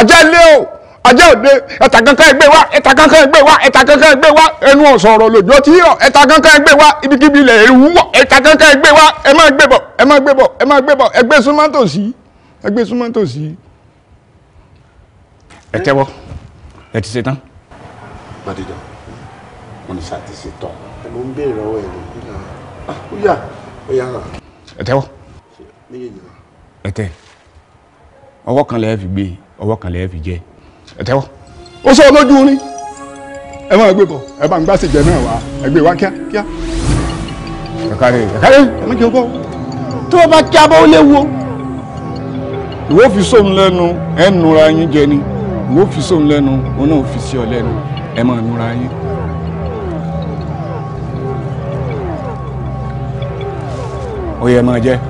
àjẹ́ lé o àjẹ́ òde ẹ̀ta kankan ẹgbẹ́ wa ẹ̀ta kankan ẹgbẹ́ wa ẹ̀ta kankan ẹgbẹ́ wa ẹnu ọ̀sán ọ̀rọ̀ lòjọ́ tí yọ ẹ̀ta kankan ẹgbẹ́ wa ibikíbi ilẹ̀ èrú wọ̀ ẹ̀ta kankan ẹgbẹ́ wa ẹ má gbé ẹ má gbé ẹ má gbé bọ̀ ẹgbẹ́ súnmọ́ tòsí ẹ tẹ́wọ́ ẹ ti ṣe tán. Bàdìjà wọn ni ṣáà ti ṣe tán. ẹ̀mú ń béèrè ọwọ́ ẹ̀ ló kú náà. Ah, ó yà ó yà hàn. ẹ tẹ́wọ́. méjèèjì náà. ẹ tẹ́ ọwọ́ kan lẹ́ẹ̀ fi gbé ọwọ́ kan lẹ́ẹ̀ fi jẹ ẹ tẹ́wọ́. ó sọ lójú rí ẹ máa gbé bọ̀ ẹ bá ń gbá síjẹ náà wá ẹ gbé wá kíá kíá. ẹ káre ẹ káre ẹ má jẹ tó o bá kí abọ́ ó léwu ìwọ fi sóun lẹ́nu ẹ̀ ń nura yín jẹ ni ìwọ fi sóun náà fi ọ lẹ́nu ẹ máa múra yín. ó yẹ máa jẹ́.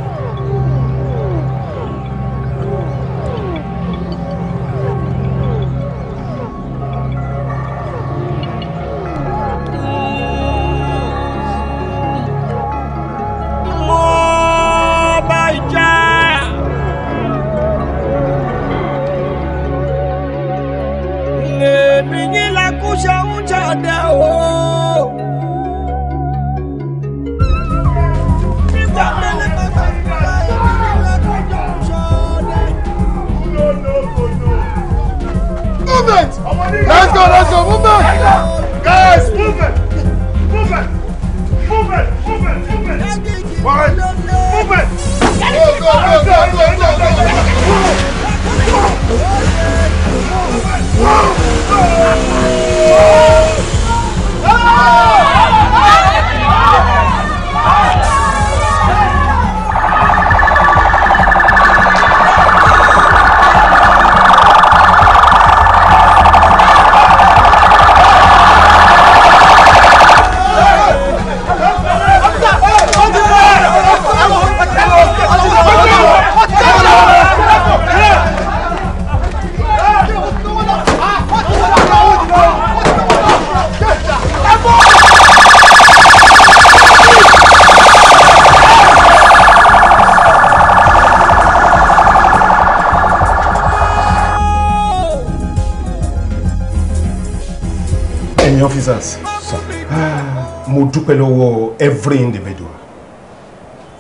free individual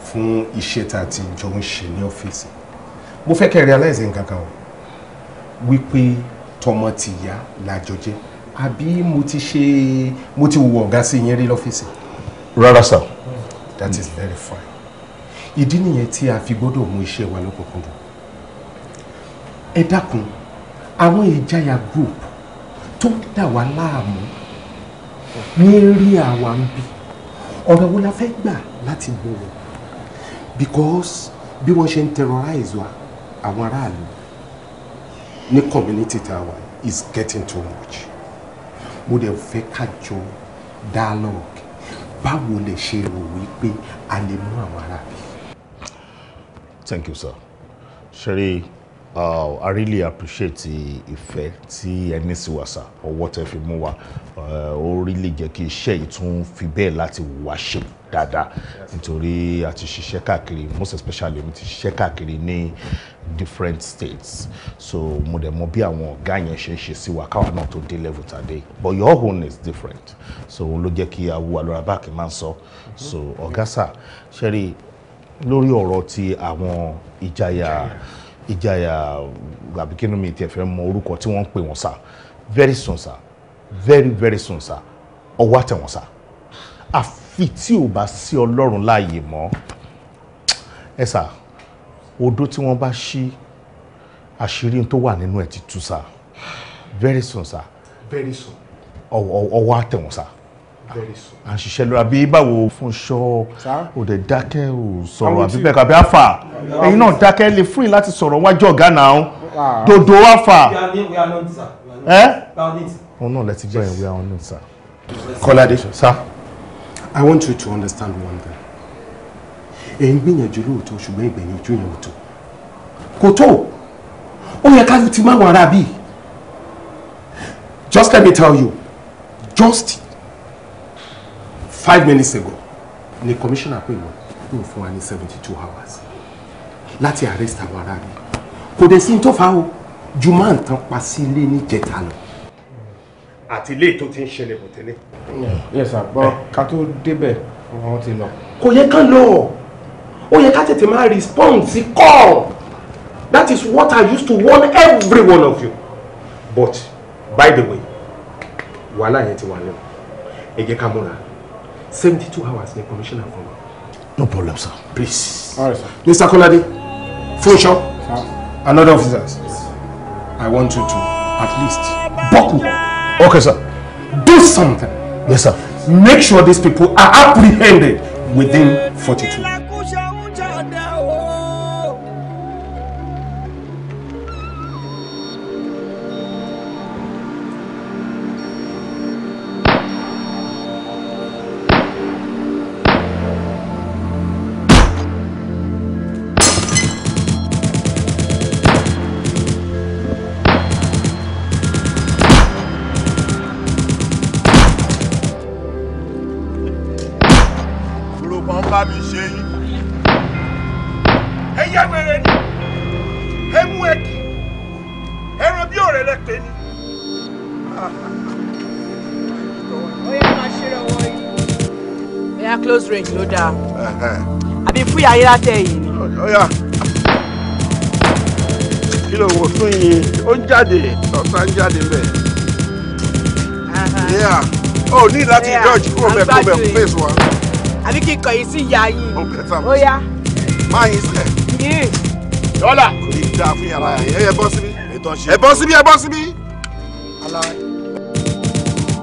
fún iṣẹ́ tá a ti jọ ń ṣe ní ọ́fíìsì mo fẹ́ kẹ́ realize nǹkan kan o wípé tọmọ tìyá làjọ jẹ́ àbí mo ti ṣe mo ti wù ọ̀gá sí yín rí lọ́fíìsì. rárá sir. that is very fine ìdí nìyẹn tí a fi gbọ́dọ̀ mú iṣẹ́ wa lọ́kùnkúndùn ẹ dákun àwọn ìjayà group tó ń wa wá láàmú ní rí àwa ń ọ̀rọ̀ wo la fẹ́ gbà láti gbòòrò because bí wọ́n ṣe ń terrorize wa àwọn aráàlú ní community tá a is getting too much mo dẹ̀ fẹ́ ká jọ dialogue báwo lè ṣe rò wípé a lè mú àwọn aráàlú. thank you sir ṣeré uh, i really appreciate ìfẹ́ tí ẹ ní sí wa sir ọwọ́ tẹ fi mú wa. Eh, ó rí lè jẹ́ kí iṣẹ́ yìí tún fi bẹ́ẹ̀ láti wá ṣe dáadáa nítorí a ti ṣiṣẹ́ káàkiri most especially mo ti ṣiṣẹ́ káàkiri ní different states so mo dẹ̀ mọ̀ bí àwọn ọ̀gá yẹn ṣe ń ṣe sí wa káwa náà tó dé level ta dé but your own is different so òun ló jẹ́ kí awo alọ́ra báàkì máa ń sọ mm-hmm. so ọ̀gá sà ṣẹ́rí lórí ọ̀rọ̀ ti àwọn ìjayà ìjayà àbíkínú mi tiẹ̀ fẹ́ mọ orúkọ tí wọ́n ń pè wọ́n sà very soon sir very very soon sir ọwọ́ àtẹ̀wọ̀n sir àfi tí ò bá sí ọlọ́run láàyè mọ́ ẹ sà odó tí wọ́n bá ṣí àṣírí tó wà nínú ẹ̀ ti tú sà very soon sà very soon ọwọ́ àtẹ̀wọ̀n sà à ń ṣiṣẹ́ lóra bí báwo fún ṣọ́ ò dẹ̀ dákẹ́ ò sọ̀rọ̀ àbí bẹ́ẹ̀ kàbí àfà ẹ̀yin náà dákẹ́ lè free láti sọ̀rọ̀ wájú ọ̀gá náà dodo àfà. ẹ òun náà lẹ́tí gbọ́ ìwé àwọn news sir. Kọ́ládé sir. I want you to understand one thing. Ẹ ń gbìyànjú lóòótọ́ ṣùgbọ́n ìgbẹ̀yìn ojú yẹn ò tó. Kò tó. Ó yẹ ká ti máa wàrà bíi. Just let me tell you, just five minutes ago, ni commissioner pè wọ́n yóò fún wa ní seventy two hours láti arrest àwọn aráàlú. Kò dẹ̀ sí ní tó fa o, Juman tán pa sí ilé níjẹta lọ àti ilé tó ti ń ṣẹlẹ̀ bò tẹ́lẹ̀. yes sir bọ́ eh. ká tó débẹ̀ wọ́n ti lọ. kò yẹ kán lọ ó yẹ ká tètè máa respond sí call that is what i used to warn every one of you but by the way wàhálà yẹn ti wà lẹ́nu ẹ jẹ́ ká múra seventy two hours ni commissioner fún wa. no problem sir. please. all right sir. mr kolade funsho and other officers yes. i want you to at least buckle. Okay, sir. Do something. Yes, sir. Make sure these people are apprehended within 42 ayé látẹ̀ yìí. ọ̀yà kí ló wò fún yín ó ń jáde ọ̀sán ń jáde bẹ́ẹ̀. ó ní láti george kúrò bẹ́ẹ̀ kó bẹ́ẹ̀ fún fèsì wa. àbí kí n kàn yín sí ìyá yín. ó bẹ̀ tà mọ́ sí. máa yín sílẹ̀. yín. yọ́lá kò ní dáa fún yàrá ẹ bọ́ síbí ẹ bọ́ síbí ẹ bọ́ síbí.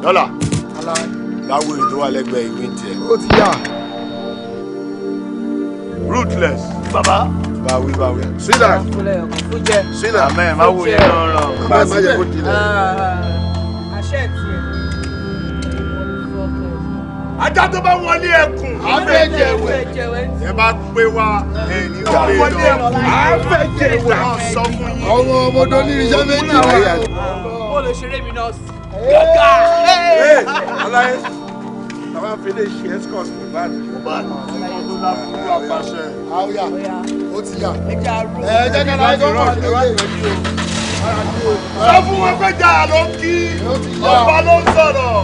yọ́lá yàwó ètò alẹ́gbẹ̀ẹ́ ìwé tiẹ̀. ó ti yà ruthless. baba. báwí báwí. sílẹ̀. sílẹ̀. Amen. má wo yẹn lọ. má má yẹ kó tilẹ̀. Ah, ah. àṣẹ tiẹ̀. ajá tó bá wọlé ẹkùn. àfẹjẹwẹ. ẹ bá pé wa ẹni tó pé lọ. àfẹjẹwẹ. sọ fún yín. ọmọ ọmọdé ní iṣẹ́ méjì rẹ̀. mo lè ṣeré mi náà sí. gàgà. aláyé bàbá fi lè ṣe escort mi báyìí la fún wa pàṣẹ. àwòyà ó ti yà. ẹ jẹ́ kí aláìsí ọkọ̀ àti ìwádìí rẹ̀ sọ fún wọn pé jà ló ń kí ọba ló ń sọ̀rọ̀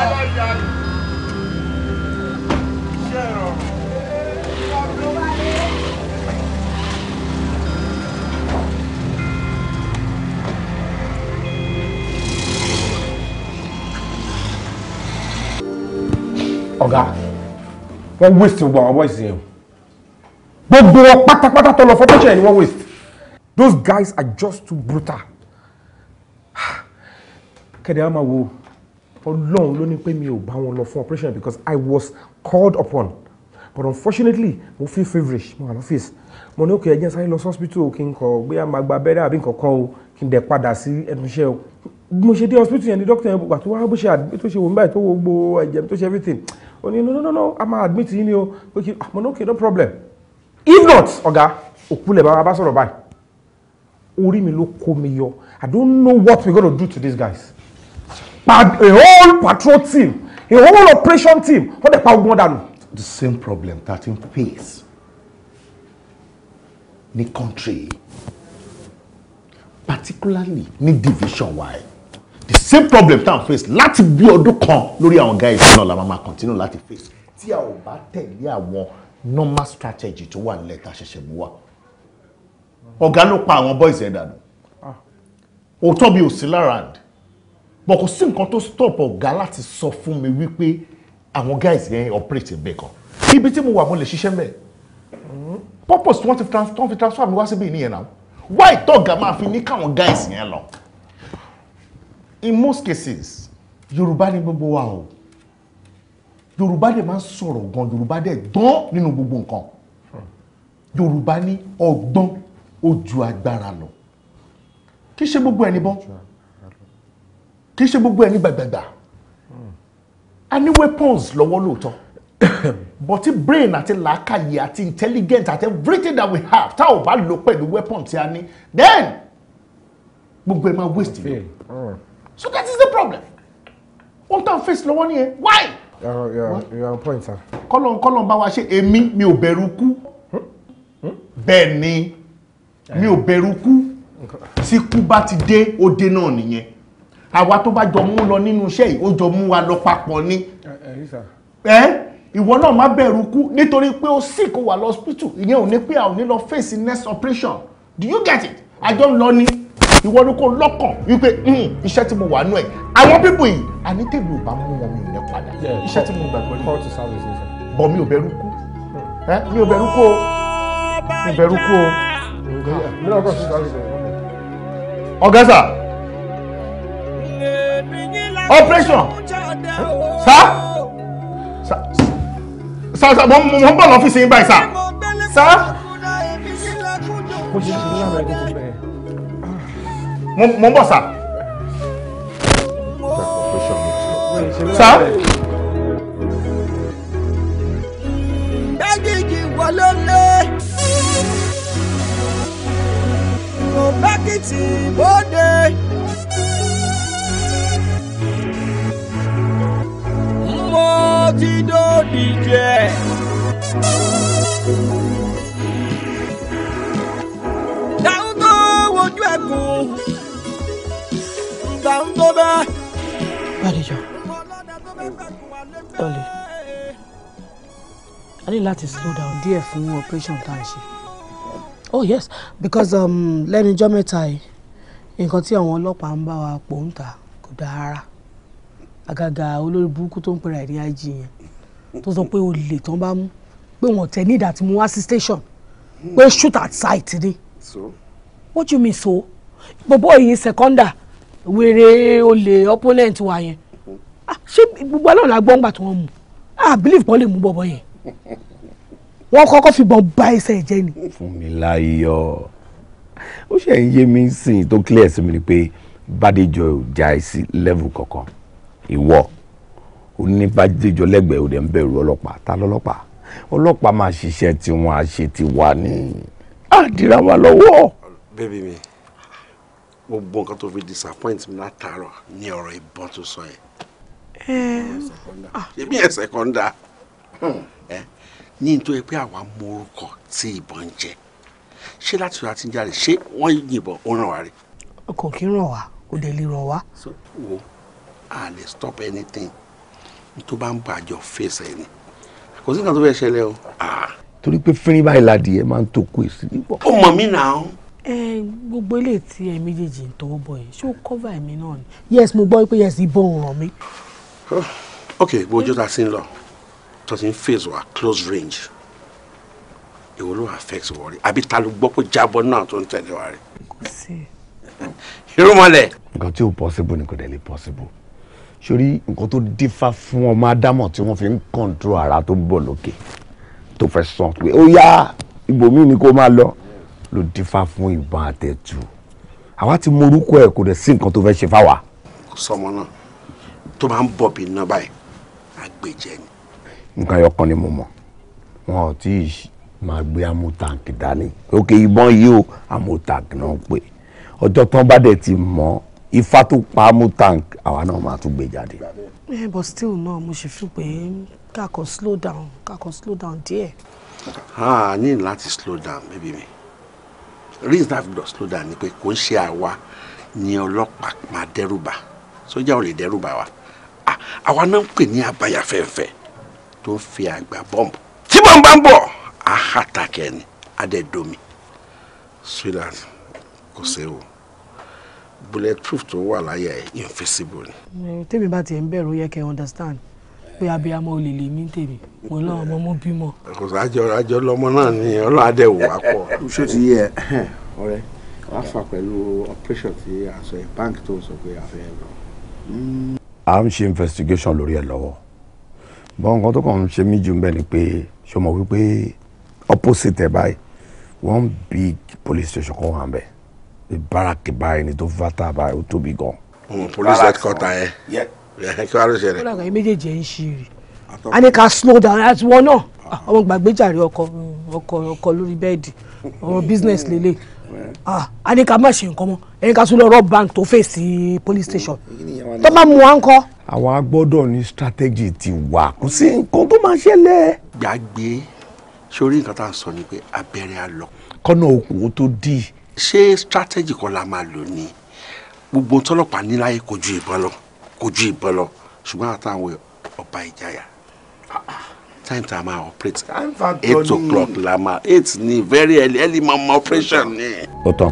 aláìyá ṣe wọ́n waste gbogbo àwọn boys yẹn gbogbo wọn pátápátá tó lọ fọ́pọ́ṣẹ́ ni wọ́n waste those guys are just too brutal (sighs) kẹ́dẹ̀ á máa wo ọlọ́run ló ní pé mi ò bá wọn lọ fún operation because I was called upon but unfortunately mo feel feverish mo wà lọ́fíìsì mo ní òkè ẹ̀jẹ̀ sáré lọ sí hospital kí n kọ̀ gbé àmà gba abẹ́rẹ́ àbí nǹkan kan o kí n dẹ̀ padà sí ẹnu iṣẹ́ o mo ṣe dé hospital yẹn ni doctor yẹn gbà tó wá bó ṣe àdúgbò tó ṣe wò mí báyìí tó wo gbogbo ẹ̀jẹ̀ mi tó ṣe everything ó ní no no no no a máa admit yín ni o pé kí ah, mo ní okay no problem if not ọ̀gá òkúlẹ̀ bá wa bá sọ̀rọ̀ báyìí orí mi ló kó mi yọ i don't know what we gonna do to these guys pa a whole patrol team a whole operation team wọ́n dẹ̀ pa ogun ọ̀dà nù. the same problem that in face ní country particularly ní division wide the same problem tá à ń face láti bí ọdún kan lórí àwọn guys náà la mama máa continue láti face tí a ò bá tẹ̀lé àwọn normal strategy to wà nílẹ̀ tá a ṣẹ̀ṣẹ̀ wa ọ̀gá ló pa àwọn boys ẹ̀ dànù ah. òótọ́ bí ò sí lára and but kò sí nǹkan tó stop ọ̀gá láti sọ fún mi wípé àwọn guys yẹn operate ń kan ibi tí mo wà mo lè ṣiṣẹ́ mbẹ̀ mm-hmm. purpose tí wọ́n fi transfer mi wá síbí nìyẹn náà why tọ́ọ̀gá máa fi ní káwọn guys yẹn lọ in most cases yorùbá ni gbogbo wa o yorùbá dẹ̀ máa ń sọ̀rọ̀ gan yorùbá dẹ̀ gbọ́n nínú gbogbo nǹkan yorùbá ní ọgbọ́n ojú agbára lọ kì í ṣe gbogbo ẹni bọ́n kì í ṣe gbogbo ẹni gbàgbàgbà a ní weapons lọ́wọ́ lóòótọ́ but ti brain àti làákàyè àti intelligent àti everything that we have tá ò bá lò pẹ̀lú weapon tí a ní then gbogbo ẹ máa waste lọ. So that is the problem. Ohun tó ń face lọ́wọ́ nìyẹn. Why? Your your your point sir. Kọ́lọ́n kọ́lọ́n bá wa ṣe èmi mi ò bẹ̀rù kú. Hmm? Hmm? Bẹ́ẹ̀ ni mi ò bẹ̀rù kú. Tí kú bá ti dé, ó dé náà nìyẹn. Àwa tó bá jọ mú lọ nínú iṣẹ́ yìí, ó jọ mú wa lọ papọ̀ ni. Eh, eh, Ẹ ìwọ náà má bẹ̀rù kú nítorí pé ó sì kó wà lọ ìyẹn ò ní pé a ò ní lọ face next operation. Do you get it? Àjọ ń lọ ni ìwọ ni kò lọ́kàn wípé hmm, iṣẹ́ tí mo wà nú ẹ̀ àwọn bíbù yìí àní tèmi ò bá mú wọn mi ò ní padà iṣẹ́ tí mo gbàgbọ́ ni bọ̀ mi ò bẹ̀rù kú mi ò bẹ̀rù kú o mi ò bẹ̀rù kú o. ọ̀gá sà operation sà sà sà mo ń bọ̀ lọ́fíìsì yín báyìí sà sà. mo ṣe ṣe ní àmọ́ ẹgbẹ́ tó bẹ̀rẹ̀ mo ń bọ̀ sà. sà. dájíjì wọlé lé kò bá bóde. mo ti dòdì jẹ. dáhùn tó wojú ta ń tó bẹ́ẹ̀. Bàdéjọ, Tọ́lẹ̀, a slow down díẹ̀ fún operation tá à ń Oh yes, because um, lẹ́nu ijọ́ mẹ́ta yìí, nǹkan tí àwọn ọlọ́pàá ń bá wa pò ń ta kò dáa rárá. Àgàgà olórí burúkú tó ń pera ẹ̀ ní IG yẹn tó sọ pé olè tán bá mú pé wọn tẹ nídà tí mo wá sí shoot at sight ni. So? What you mean so? Bọ̀bọ̀ is seconda wèrè olè opponent wa yẹn ah, ṣé gbogbo aláwọ̀ la gbọ́ ńgbà tí wọ́n mú Ah, believe kọ́ lè mú bọ̀bọ̀ yẹn wọ́n kọ́kọ́ fìbọn bá ẹsẹ̀ jẹ́ ni. fún mi láyọ̀ ó ṣe ń yé mi sìn tó clear sí mi ni pé bàdéjọ ò já ẹ sí level kankan ìwọ ò ní bàdéjọ lẹ́gbẹ̀ẹ́ ò dẹ̀ ń bẹ̀rù ọlọ́pàá ta lọ́lọ́pàá ọlọ́pàá máa ṣiṣẹ́ tiwọn àṣetiwa ni àdìrà wa lọ́wọ́. bébí mi gbogbo nǹkan tó fi disappoint mi látàárọ̀ ní ọ̀rọ̀ ìbọn tó sọ yẹn. Eh, ṣebí ẹsẹ̀ kan dá eh, ní nítorí pé àwa mọ orúkọ tí ìbọn ń jẹ ṣé láti ra ti ń jáde ṣé wọ́n yìnbọn ó ràn wá rí. ọkàn kì í ràn wá kò dé lè ràn wá. wo a lè stop anything tó bá ń bàjọ́ fèsì ẹni kò sí nǹkan tó fẹ́ ṣẹlẹ̀ o. Ah. torí pé fínrín báyìí ládìí ẹ máa ń tó kú èsì nípò. ó mọ̀ mí nà án gbogbo ilé tí ẹ méjèèjì ń tọwọ́ bọ̀ yìí ṣé ó cover ẹ̀mí náà ni. yes mo gbọ́ pé yes ìbọn ò ràn mí. Oh, ok bó ojú ta sí ń lọ tó ń face wa close range ìwọ ló affect wọlé àbí ta ló gbọ́ pé jábọ́ náà tó ń tẹ̀lé wa rẹ̀. irú mọ́lẹ̀. nǹkan tí ò possible ni kò dẹ̀ lè possible sórí nǹkan tó dífá fún ọmọ ádámọ̀ tí wọ́n fi ń control ara tó ń bọ̀ lókè tó fẹ́ sàn pé ó yá ni kó máa lọ ló dífá fún ìbọn àtẹ̀tù àwa ti mọ orúkọ ẹ̀ kò dẹ̀ sí nǹkan tó fẹ́ ṣe fáwa. sọmọ náà tó máa ń bọ̀ bí iná báyìí àgbèjẹ ni. nǹkan ẹyọkan ni mo mọ̀ wọn ò tí ì máa gbé amútàǹkì dání òkè ìbọn yìí o amútàǹkì náà pè ọjọ́ tán bá dẹ̀ ti mọ̀ ifá tó pa amútàǹkì àwa náà máa tún gbé jáde. ẹ eh, but still náà mo ṣe fi pé ká slow down ká kàn slow down díẹ̀. Ah, a ní láti slow down bébí mi reason that blood slow down ni pé kò ń ṣe àwa ni ọlọ́pàá máa dẹ́rùbà sójà ò lè dẹ́rùbà wa àwa náà ń pè ní abayafẹ́fẹ́ tó ń fi àgbà bọ́ǹbù tí bọ́ǹbù bá ń bọ̀ á hàtàkẹ́ ni á dẹ̀ domi sweetheart kò séwu bulletproof tó wà láyà ẹ̀ invisible ni. tèmi bá tiẹ̀ ń bẹ̀rù yẹ kẹ́ understand pé abiyamọ olè lè mí tèmi mo lọ ọmọ mo bímọ. kò sájọ àjọ lọmọ náà ni ọlọ́adẹ wò pọ̀. ṣé o ti yẹ (clears throat) ọ̀rẹ́ wàá fà pẹ̀lú operation ti àṣọ ẹ̀ báńkì tó sọ pé a fẹ́ lọ. à ń ṣe investigation lórí ẹ lọ́wọ́ bọ́n nǹkan tó kàn ń ṣe mí jù ń bẹ̀ ni pé ṣe mọ̀ wípé opposite ẹ̀ báyìí one big police station kan wà ń bẹ̀ baraki báyìí ni tó fata báyìí ó tóbi gan. police headquarter yẹn. Eh, kí wàá ló ṣẹlẹ̀. kódà kan méjèèjì ẹ̀ ń ṣe rè a ní ká slow down àti wọn náà ọmọ gbàgbéjàre ọkọ ọkọ ọkọ lórí bẹ́ẹ̀dì ọmọ business mm. lélẹ̀ a ní ká má ṣe nǹkan mọ́ ẹni ká tún lọ rọ bank tó fèsì police station tó bá mú wa ń kọ́. àwa gbọ́dọ̀ ní strategy ti wà kò sí nǹkan tó máa ṣẹlẹ̀. gbàgbé sórí nǹkan tá a sọ ni pé abẹ́rẹ́ á lọ. kọ́nà okùn ó tó dì. ṣé strategy kan la máa lò ní gbogbo tọ́lọ́pàá níláyé kojú ìbọn lọ kò ìbọn lọ ṣùgbọ́n àtàwọn ọba ìjayà time tá a operate eight o'clock la máa eight ni very early early mama operation ni. ó tán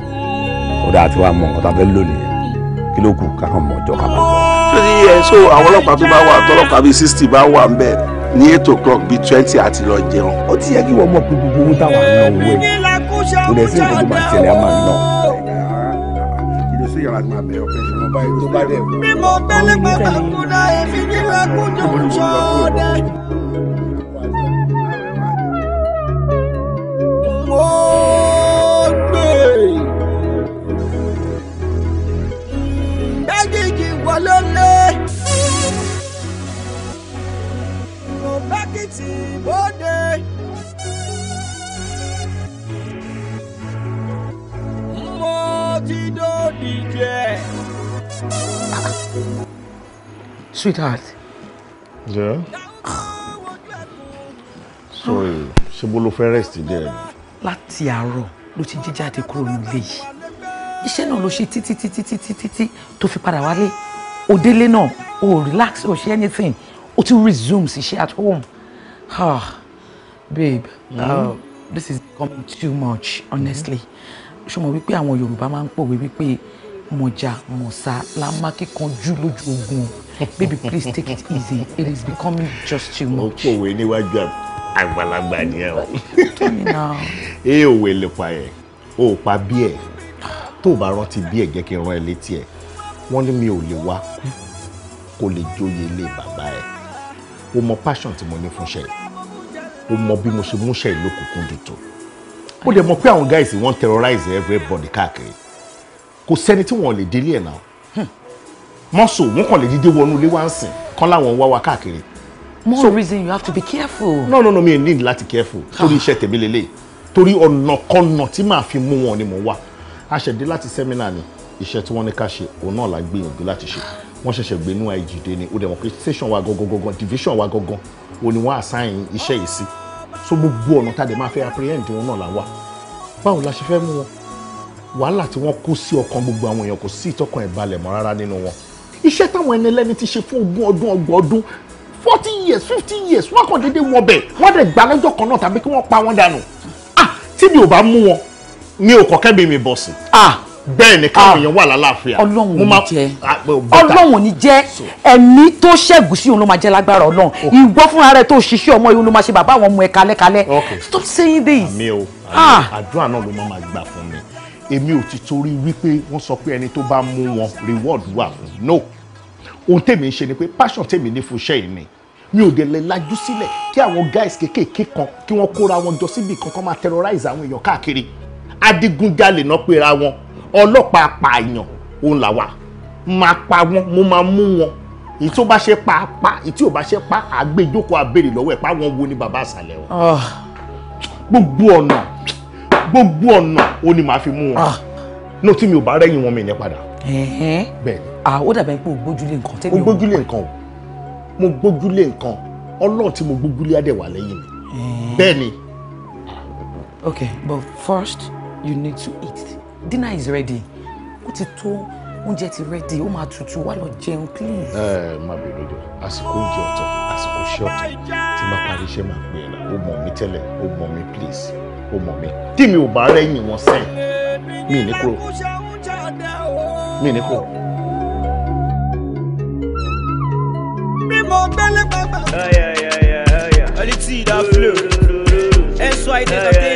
ó dáa tí wàá mọ nǹkan tá lónìí kí ló kù ká mọ ọjọ́ ká máa lọ. ẹ so àwọn ọlọ́pàá tó bá wà tọ́lọ́pàá bíi sixty bá wà ń ní eight o'clock bíi twenty àti lọ jẹun. ó ti yẹ kí wọ́n mọ̀ pé gbogbo ohun táwọn àna òwe kò dẹ̀ sí nǹkan tó máa tẹ̀lé àmà náà sí yàrá tí màá bẹ ọpẹ ṣe. ọba yìí tó bá dẹ. bí mo tẹ́lẹ̀ pé sàkúndà èmi ní lákúnjù sọ́ọ́dẹ. mo gbé dájíjì wọlé lé. mo bá kìtì bóde. Ah. Sweetheart. Yeah. Sorry, ṣe bó ló fẹ́ rest díẹ̀ ni. Láti àárọ̀ ló ti jíjáde kúrò nílé yìí. Iṣẹ́ náà ló ṣe títí títí títí títí tó fi padà wálé. Òdélé náà ò relax ò ṣe anything o tún resume iṣẹ́ at home. Ah, babe, mm. uh, this is becoming too much honestly. Mm -hmm ṣọmọ wípé àwọn Yorùbá máa ń pòwe wípé mọ̀jà mọ̀sá la má kíkanjú lójú ogun baby please take it easy it is becoming just too much. ó pòwe níwájú àgbàlagbà nìyẹn o (laughs) ẹ ò wẹ̀ lè pa ẹ̀ o ò pa bí ẹ̀ tó o bá rántí bí ẹ̀ jẹ́ kí n rán ẹ létí ẹ̀ wọ́n ní mi ò lè wá kú kó lè jóye ilé bàbá ẹ̀ o mọ passion tí mo ní fúnṣẹ́ o mọ bí mo ṣe múṣẹ́ ìlú kúkú tó ó dẹ̀ mọ̀ pé àwọn guys wọ́n terrorize everybody káàkiri kò sẹ́ni tí wọ́n lè délé ẹ̀ náà mọ́sọ̀ hmm. wọ́n kàn lè dídé wọnú ilé wa ń sìn kán láwọn wá wa káàkiri. more so, reason you have to be careful. no no no mi need láti careful ah. torí iṣẹ́ tèmi lélẹ̀ torí ọ̀nà kọ́nà tí màá fi mú wọn ni mò wá a ṣẹ̀dé láti sẹ́mínà ni iṣẹ́ tí wọ́n ní ká ṣe òun náà la gbìyànjú láti ṣe wọ́n ṣẹ̀ṣẹ̀ gbé inú àìjìdé ni ó dẹ̀ mọ̀ pé station wa gangan gangan division wa gangan òun ni wọ́n assign iṣẹ́ yìí sí so gbogbo ọ̀nà tá a dẹ̀ máa fẹ́ apprehend wọn náà là wà báwo la ṣe fẹ́ mú wọn wàhálà tí wọ́n kó sí ọkàn gbogbo àwọn èèyàn kò sí ìtọ́kàn ẹ̀ balẹ̀ mọ́ rárá nínú wọn iṣẹ́ táwọn ẹni lẹ́ni ti ṣe fún ogún ọdún ọgbọ̀n ọdún forty years fifty years wọ́n kàn déédéé wọ bẹ̀ wọ́n dẹ̀ gbà lọ́jọ́ kan náà tàbí kí wọ́n pa wọ́n dànù ah tí mi ò bá mú wọn mi ò kọ̀kẹ́ mi mi bọ̀ sí ah bẹ́ẹ̀ ni káwọn ah. èèyàn wà lálàáfíà ọlọ́run ò ní jẹ́ ah, ọlọ́run ò ní jẹ́ ẹ̀mí tó ṣẹ́gun sí òun ló máa jẹ́ lágbára ọlọ́run ìwọ fúnra rẹ tó ṣiṣẹ́ ọmọ yìí ló máa ṣe bàbá àwọn ọmọ ẹ̀ kalẹ́kalẹ́ stop saying this. àmì o ah. àdúrà náà ló máa gbà fún mi èmi ò ti torí wípé wọ́n sọ pé ẹni tó bá mú wọn reward wà fún no ohun tèmi ń ṣe ni pé passion tèmi ní fún iṣẹ́ yìí ni mi ò dẹ̀ lè lajú sílẹ̀ kí àwọn guys kéékèèké kan kí wọ́n kóra wọn jọ síbi kankan máa terrorize àwọn èèyàn káàkiri adigunjalè náà pera wọn ọlọ́pàá pààyàn òun làwà máa pa wọn mo máa mú wọn èyí tó bá ṣe pa pa èyí tí ò bá ṣe pa àgbéjókòó abèrè lọ́wọ́ ẹ̀ pa wọn wo ni bàbá àṣàlẹ̀ o ah. gbogbo ọ̀nà gbogbo ọ̀nà ó ní màá fi mú wọn ah. ní tí mi ò bá rẹ́yìn wọn mi ní padà. bẹ́ẹ̀ ah, ó dàbẹ̀ pé o gbójúlé nǹkan tẹ́lẹ̀ o. o gbójúlé nǹkan o mo gbójúlé nǹkan ọlọ́run tí mo gbójúlé adẹ̀wà lẹ́yìn mi. bẹ́ẹ̀ ni. okay but first you need to eat dinner is ready ó ti tó oúnjẹ ti ready ó máa tutù wá lọ jẹun please. ẹ ẹ má bẹ̀rù lójó àsìkò oúnjẹ ọ̀tọ̀ àsìkò iṣẹ́ ọ̀tọ̀ tí má parí iṣẹ́ máa pè é la ó mọ̀ mí tẹ́lẹ̀ ó mọ̀ mí please o mọ̀ mí tí mi ò bá rẹ́yìn wọn sẹ́yìn mi ní kúrò mi ní kúrò. bí mo gbẹ́lẹ́ pàápàá. ẹni tí ìdá flow ẹ̀ sọ àìdẹ́gbẹ́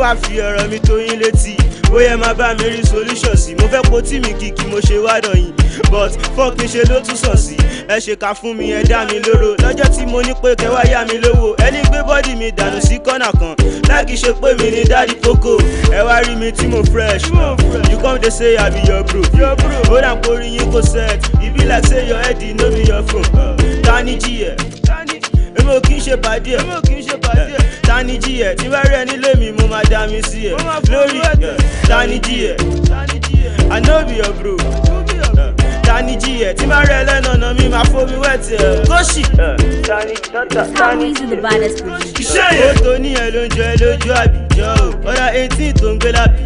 wá fi ọ̀rọ̀ mi tó yín létí bóyá máa bá mi rí solution sí mo fẹ́ po tí mi kìkì mo ṣe wá dọ̀yìn but fọ́ọ̀kì ṣe ló tún sàn sí ẹ ṣèkà fún mi ẹ dá mi lóró lọ́jọ́ tí mo ní pé kẹwàá yá mi lówó ẹni gbé bọ́dì mi dànù sí kọ́nà kan láì ṣe pé mi ní dáàdi kókó ẹ wá rí mi tí mo fresh you come dey say i be your bro ó dà pé orin yín kò set e be like say your head no be your phone ta ni jiyẹ èmi ò kí ń ṣe pàdé ẹ̀ eh, tani jí ẹ̀ tí bá rẹ̀ nílé mi mo máa dá mi sí ẹ̀ lórí eh, tani jí ẹ̀ I know be your bro eh, tani jí ẹ̀ tí bá rẹ̀ lẹ́nu ọ̀nà mi máa fomi wẹ̀tì ẹ̀ kóṣì tani tata tani jí ẹ̀ iṣẹ́ yẹn tó ní ẹ̀ ló ẹ lójú àbí àjọ o ọ̀yà eighteen tó ń gbé lábì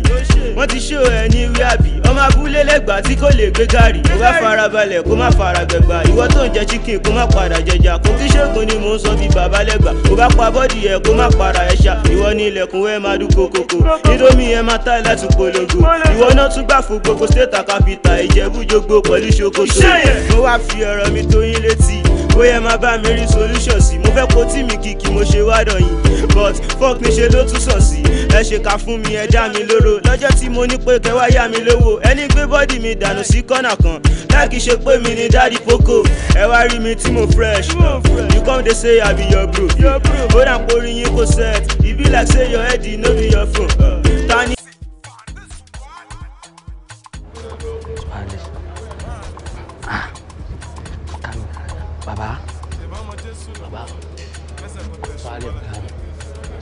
wọ́n ti ṣó ẹ ní ìwé àbí ọmọ abúlé lẹ́gbàá tí kò lè gbé gàrí kó bá fara balẹ̀ kó má fara gbẹgbà ìwọ tó ń jẹ chicken kó má padà jẹjà kó tí ṣègùn ni mò ń sọ bí bàbá lẹ́gbàá kó bá pa bọ́dì ẹ kó má para ẹ̀ṣà ìwọ ní ilẹ̀kùn ẹ máa dún kokoko nítorí ẹ máa tá láti polongo ìwọ náà tún gbà fún gbogbo state capital ìjẹ̀bú jogbo pẹ̀lú ṣokoṣo mo wá fi ọ̀rọ̀ mi tó yín létí ó yẹ máa bá mi rí solution sí mo fẹ́ kó tí mi kìkì mo ṣe wá dọ̀yìn but fọ́ọ̀k níṣe ló tún sàn sí ẹ ṣe kà fún mi ẹ já mi lóró lọ́jọ́ tí mo ní pé kẹwàá yá mi lówó ẹni gbé bọ́dì mi dànù sí kọ́nà kan láì kí ṣe pé mi ni dáàdi Poco ẹ wá rí mi tí mo fresh you come dey say I be your bro ó dà pé orin yín kò set e be like say your head no be your phone. bàbá bàbá sọ́ọ́lẹ̀ kan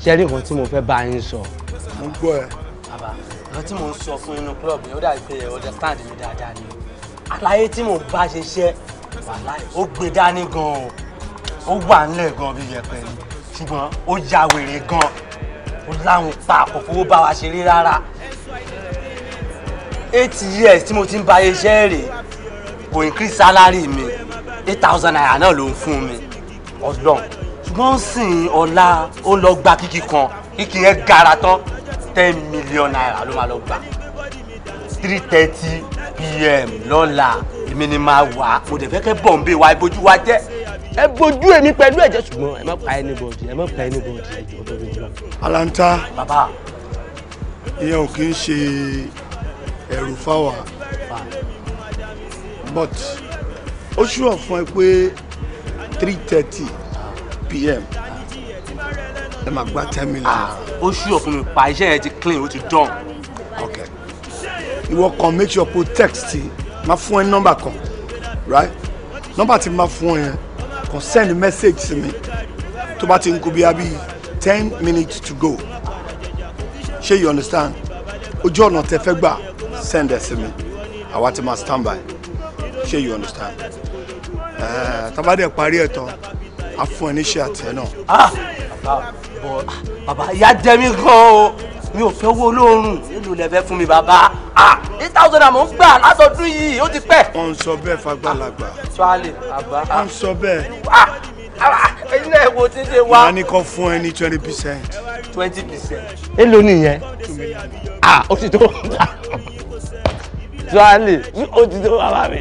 ṣe rí nǹkan tí mo fẹ́ bá yín sọ. mo gbọ́ ẹ. bàbá nǹkan tí mo ń sọ fún inú club yẹn ó dàbí pé understand mi dáadáa ni àlàyé tí mo bá ṣe ṣe wàláì ó gbé dání gan-an ó wà ńlẹ̀ gan bí yẹpẹ ni ṣùgbọ́n ó ya wèrè gan ó láwọn pa kò fowó bá wa ṣeré rárá eight years tí mo ti ń bá iṣẹ́ rèé kò increase salary mi eight thousand naira náà ló ń fún mi ọlọ́run ṣùgbọ́n sìn ọ̀la ó lọ gba kíkì kan kíkì yẹn gara tán ten million naira ló máa lọ gbà three thirty pm lọ́la èmi ni máa wà mo dẹ̀ fẹ́ kẹ́ bọ̀m̀bé wa ìbojú wa jẹ́ ẹ bójú èmi pẹ̀lú ẹ̀jẹ̀ ṣùgbọ́n ẹ má pa anybody ẹ má pa anybody ẹjọ́ tó lè lọ. alanta baba ìyẹn ò kì í ṣe ẹrù fáwa but ó ṣùrọ̀ fún ẹ pé three thirty pm ẹ máa gba ten million. Ah, ó ṣùrọ̀ fún mi pa iṣẹ́ yẹn ti clean ó ti dán. ok ìwọ kan make sure pé text máa fún ẹ nọ́mbà kan right nọ́mbà tí máa fún ẹ kan send message sí mi tó bá ti ń kú bí abí ten minutes to go ṣé you understand ojú ọ̀nà tẹ fẹ́ gbà send ẹ sí mi àwa ti máa stand by ṣé you understand eh, tàbá dẹ̀ parí ẹ̀ a fún ẹ níṣẹ́ àtẹ náà. Ah, bàbá ìyá jẹ mí gan o mi ò fẹ́ owó olóorun nílùú lẹ́fẹ́ fún mi bàbá ah, eight thousand àmọ́ ń gbà látọdún yìí ó ti pẹ́. wọ́n ń sọ bẹ́ẹ̀ fagbalagba. Ah, tuale àgbà. wọ́n ń sọ bẹ́ẹ̀. ẹyin náà wo ti ṣe wa. ìyá nìkan fún ẹ ní twenty percent. twenty percent. èló nìyẹn. ó ti tó tuale (laughs) ó ti tó bàbá mi.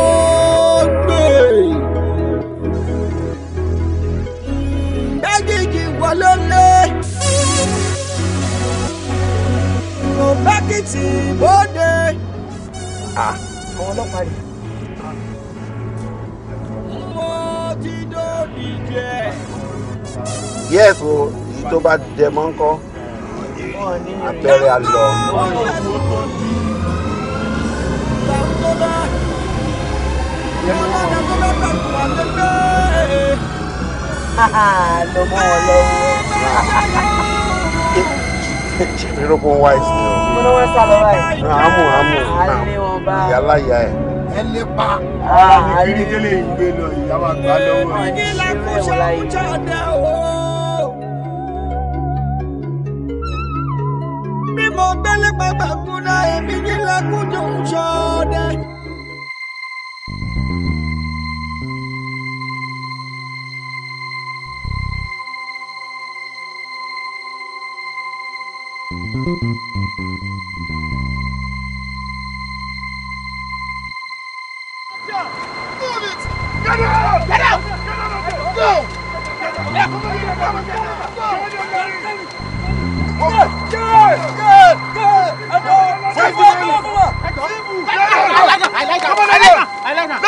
èkìtì bóde. àwọn ọlọ́pàá rè. mo ti dòdì jẹ. yes o èyí tó bá jẹ mọ́ ń kọ́ abẹ́rẹ́ àlọ́. lọ́mọ́ ọlọ́wọ́. ṣe fi rọ́pò wáìsì ni o ni wọ́n sá lọ báyìí. àmú àmú yàrá ìyá ẹ̀. ẹ lè pa àwọn ìbílẹ̀ ìgbé lọ ìyàwó àgbà lọ́wọ́. ọdún ilé kò ṣe àwùjọ ọ̀dà o. bí mo gbẹ́lẹ́ pàpà kúndà èmi nílẹ̀ kúndùn ṣọ́ọ́dẹ.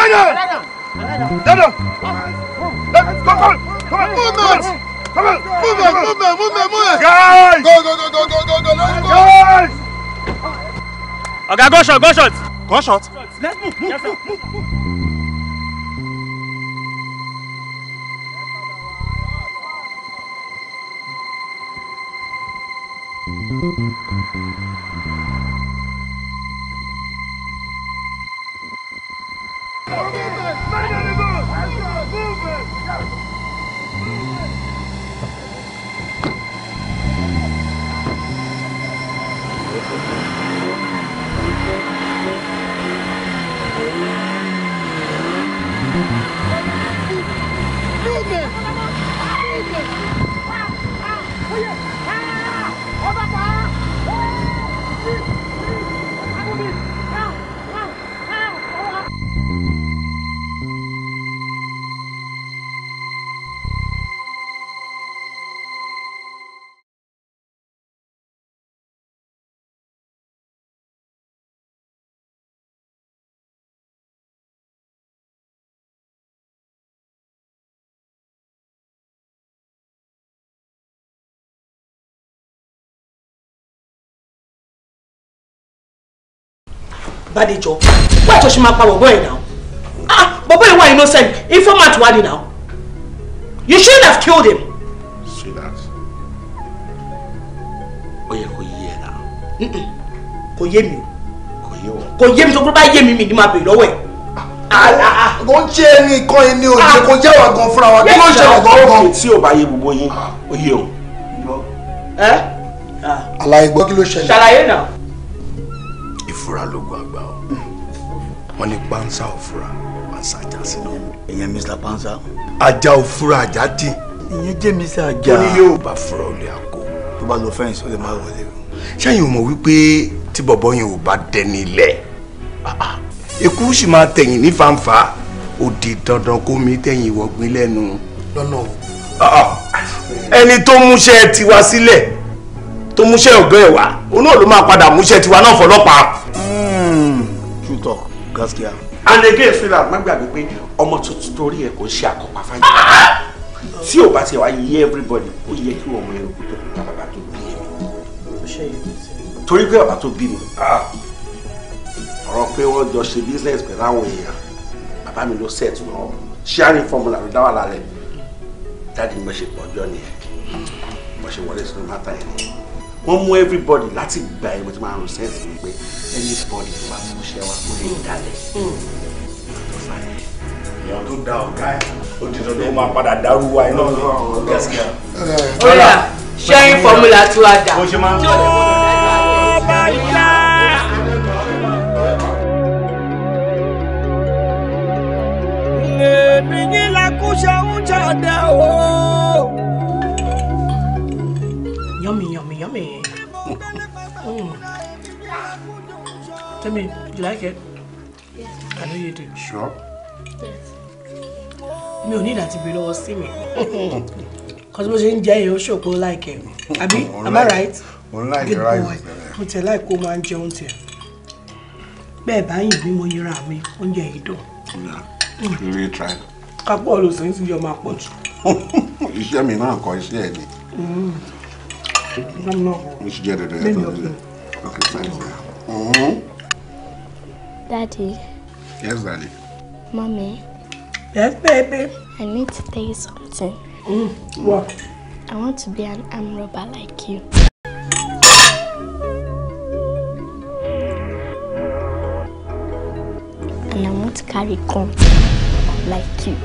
Dada! Dada! Go, go! Come on! Movement! Come on! Movement! Movement! Movement! Movement! Guys! Go, go, go, go, go, go, go! Let's go! Guys! Okay, go shot! Go shot! Go shot! Let's move! Move! Yes, move! move. Thank you. Bádéjọ wọ́n àjọṣe máa pa bọ̀bọ̀ now. náà ah bọ̀bọ̀ yìí wà innocent informant wà now. you shouldn't have killed him. See that? yẹ kó yé ẹ náà. kò yé mi o kò yé wọn kò yé mi tó kó bá yé mi mi ni máa bèrè lọ́wọ́ ẹ̀ ah, ah, ah, kò ń ṣe ẹni kan ẹni o ṣe kò jẹ́ wà gan fúnra wa kí ló ń ṣẹlẹ̀ gan gan. tí o bá yé gbogbo yín o yé o. Eh? àlàyé gbọ́ kí ló ṣẹlẹ̀. ṣàlàyé náà òfura lóògùn àgbà o wọ́n ní pánsá òfura pánsá ajá sí lọ. ìyẹn mr pánsá. ajá òfura ajá dì. ìyẹn jẹ́ mr ajá. ó ní yóò bá fura olè àkó. tó bá lọ fẹ́yìn sọ́dẹ̀ máa wọlé o. sẹ́yìn ò mọ̀ wípé tí bọ̀bọ̀ yẹn ò bá dẹni ilẹ̀ èkú sì máa tẹ̀yìn ní fanfa ó di dandan kó mi tẹ̀yìn ìwọ̀gbìn lẹ́nu lọ́nà o. ẹni tó múṣẹ́ tiwa sílẹ̀. Si tó múṣẹ́ ọ̀gá ẹ̀ wá òun náà ló máa padà múṣẹ́ tiwa náà fọlọ́pàá. true hmm, talk gaskiya. and again fila má gbàgbé pé ọmọ tuntun torí ẹ kò ṣe àkọ́pá fáyé tí ò bá ti wá yé everybody ó yẹ kí ọmọ yẹn kó tó kó bàbá tó bí mi torí pé bàbá tó bí mi ah, ọ̀rọ̀ pé wọ́n jọ ṣe business pẹ̀lú àwọn èèyàn bàbá mi ló set wọn sharing formula ló dá wà lálẹ́ dáàdi mo ṣe pọ̀ ọjọ́ nìyẹn mo ṣe wọlé sínú mátà yẹn nìyẹn wọ́n mú everybody láti gba ẹ̀rọ tí máa ń sẹ́ǹsì mi pé anybody tó bá mú iṣẹ́ wa kó lè dalẹ̀ tó fà ní. ìyàwó tó da ọ̀gá ẹ̀ ó di dandan ó máa padà dárú wa iná ní gẹ́sìkẹ́. ó yá ṣẹ́yìn fọ́múlà tó a dà. bó ṣe máa ń tọ́ ọba ìyá. lèmi yín lakúṣe ń jáde o. yọ̀mìyàn. Tell me, do you like it? Yes. I know you do. Sure. Yes. Mi ò ní ìdàtí bí lọ́wọ́ sí mi. Cause bó ṣe you jẹ́ go like it. Àbí? Am I right? Òun láìkẹ́ ráìsì bẹ̀rẹ̀. Mo tẹ̀ like máa Jones here. Babe, I bá yìn bí mo yẹra mi, oúnjẹ yìí dùn. Hmm. Really try. Kápọ̀ ló sọ sí yọ máa pọ̀ jù. (laughs) Iṣẹ́ mi náà kọ iṣẹ́ ẹ̀ ni. Hmm. Mo ṣe jẹ́ dandan yàtọ̀ nílẹ̀. Okay, thanks. Hmm. Mm-hmm. Daddy. Yes, Daddy. Mommy. Yes, baby. I need to tell you something. Mm, what? I want to be an arm robber like you. And I want to carry gun like you.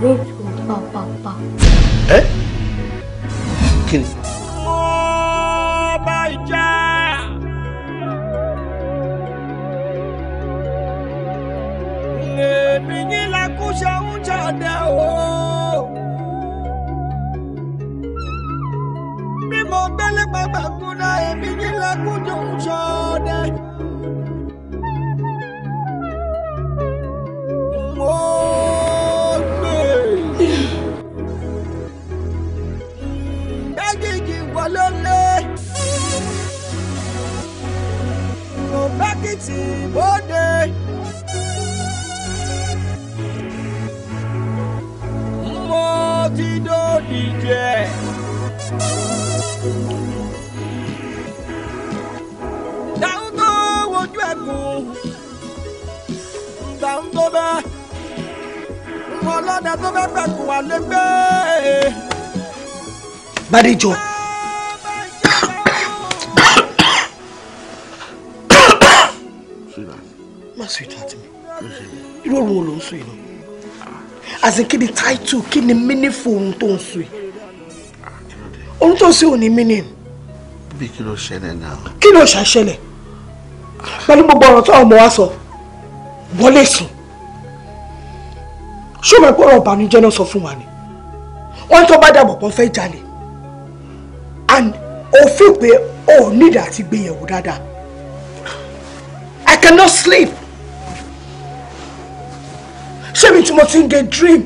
Look. kí ni mínífù ohun tó ń sọ yìí ohun tó ń sọ ní mínífù. bí kí ló ṣẹlẹ̀ náà. kí ló ṣàṣẹlẹ̀ pẹ̀lú gbogbo ọ̀rọ̀ táwọn ọmọ wa sọ wọlé sùn ṣùgbọ́n ẹ̀kọ́ ọ̀rọ̀ ìbànújẹ́ náà sọ fún wa ni wọ́n ń bá dàbọ̀ pọ̀ fẹ́ jalè and òfin pé o nídà àti gbéyẹ̀wò dáadáa I cannot sleep ṣé mi tí mo ti ń de dream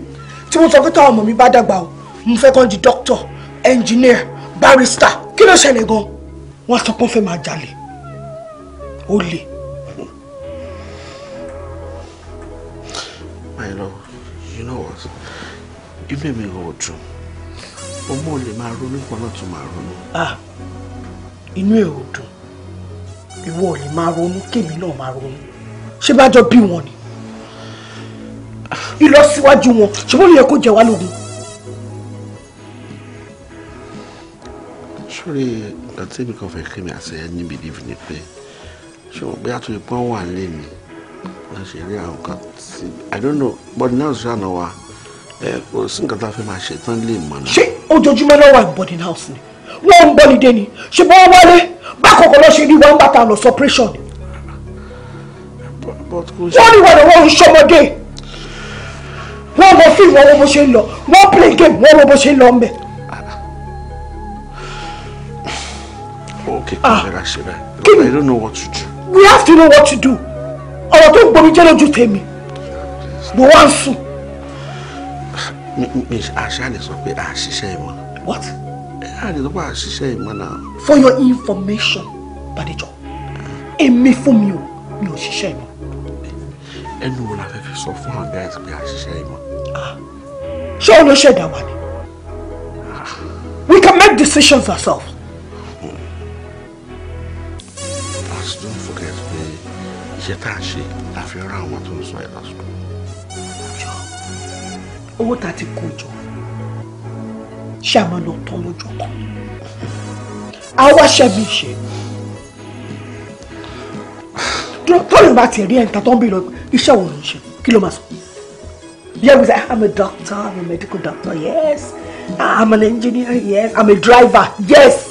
tí wọ́n sọ pé táwọn ọmọ mi bá dàgbà o mo fẹ́ kàn di doctor engineer barrister kí ló ṣẹlẹ̀ gan wọ́n sọ pé wọ́n fẹ́ máa jalè ó lè. my love you know what inú mi ò dùn ọmọ ò lè máa ronú kan náà tún máa ronú. ah inú ẹ ò dùn ìwọ ò lè máa ronú kémi náà máa ronú ṣé bá jọ bí wọn ni ìlọsíwájú wọn ṣùgbọ́n ó yẹ kó jẹ wá lógún. sórí ọtí mi kàn fẹ́ kí mi àṣẹ níbi ìdíbi ni pé ṣé o bí àtúnyẹ pọ́n wà lé mi ṣe rí àwọn kan sí i don't know bọ́dì náà ṣe àná wa ẹ kò sí nǹkan tá a fẹ́ máa ṣe tán lè mọ̀ náà. ṣé ojoojúmọ́ náà wà boarding house ni wọ́n ń bọ́ni dé ni ṣùgbọ́n wọ́n wálé bákọ̀ọ̀kọ̀ lọ́ọ́ ṣe ní wọ́n ń bàtà lọ sọ operation. wọ́n ní wọ́n ní wọ́n ń ṣọmọdé wọ́n wo fíìmù wọ́n wo bó ṣe ń lọ wọ́n play game wọ́n wo bó ṣe ń lọ mbẹ́. okay ah. kò I don't know what to do. we have to know what to do ọ̀rọ̀ tó ń gbomi jẹ́ lójú tèmi mo wá ń sùn. mi àṣà lè sọ pé àṣìṣe ìmọ̀. what. a lè sọ pé àṣìṣe ìmọ̀ náà. for your information Bàdéjọ èmi fún mi ò mi ò ṣiṣẹ́ ìmọ̀. ẹnu wo la fẹ́ fi sọ fún àwọn guys pé àṣìṣe ìmọ̀ ṣé o ló ṣẹ̀dá wa ni we can make decisions ourselves. as don't forget pé iṣẹ́ tá a ṣe la fi rán àwọn tó ń sọ ẹ̀ka sùn. owó tá a ti kó jọ ṣé a máa lọ tán lójú kan àwa ṣẹ́bi ìṣe tọ́lù bá ti rí ẹ̀ńtà tó ń bí lọ iṣẹ́ wo ló ń ṣe kí ló máa sọ. Yeah, because I'm a doctor, I'm a medical doctor, yes. I'm an engineer, yes. I'm a driver, yes.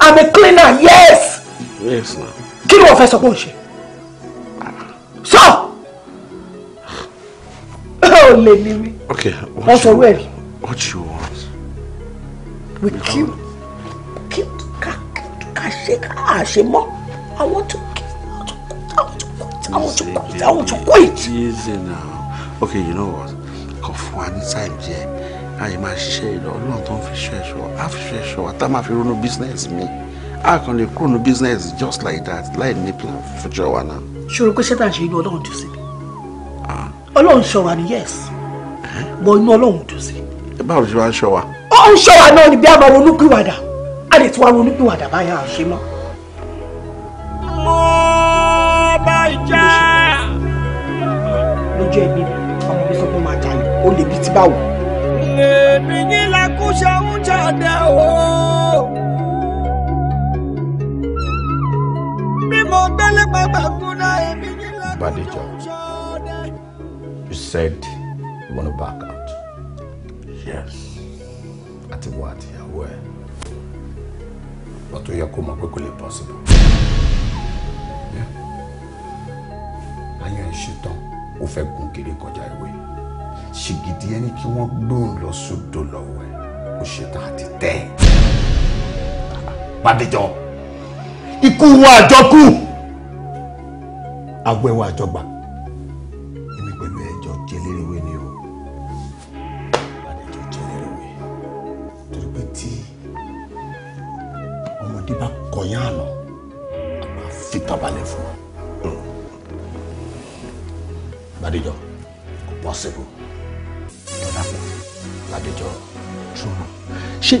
I'm a cleaner, yes. Yes, ma'am. Kí ni wọ́n fẹ́ sọ pé ó ń ṣe? Sọ! Okay, what you want? What you want? We kill, kill, ká ká ṣe ká ṣe mọ́. I want to kill, I want to quit, I want to quit, I want to quit. Easy now okay you know what kàn fún wa ní time díẹ̀ àyè máa ṣiṣẹ́ ìlọ ọlọ́run tó ń fi ṣe ẹ̀ṣọ́ á fi ṣe ẹ̀ṣọ́ àtá máa fi ronú business mi á kàn lè kúrò ní business just like that láì ní plan fúnjọ wa náà. ṣòro pé ṣẹ́tà ṣe inú ọlọ́run dùn sí mi ah. ọlọ́run ṣọ́ wa ni yes eh? bọ inú ọlọ́run dùn sí mi. Eh, báwo ṣe wàá ṣọ́ wa. ó ń ṣọ́ wa náà ni bí a máa ronú pìwàdà a lè tún wa ronú pìwàdà báyà á ṣe mọ́. mo bá ìjà. lójú ẹbí mi o lè bí ti báwo. èmi yín la kú ṣeun jáde o. bí mo gbẹ́lẹ́ bàbá kúnlá èmi yín la kú ṣeun jáde. you said you wanna back out. yes. àti wọ àti ìyàwó ẹ wọ́n tó yẹ kó mọ̀ pé kò lè possible. ayọ̀ ń ṣetán ó fẹ́ gun kiri kọjá ìwé yìí ṣìgìdì ẹni kí wọ́n gbóhùn lọ sódò lọ́wọ́ ẹ̀ ó ṣetán àti tẹ́ ẹ̀. Bàdéjọ ikú wa àjọkù àwẹ̀wò àjọgbà.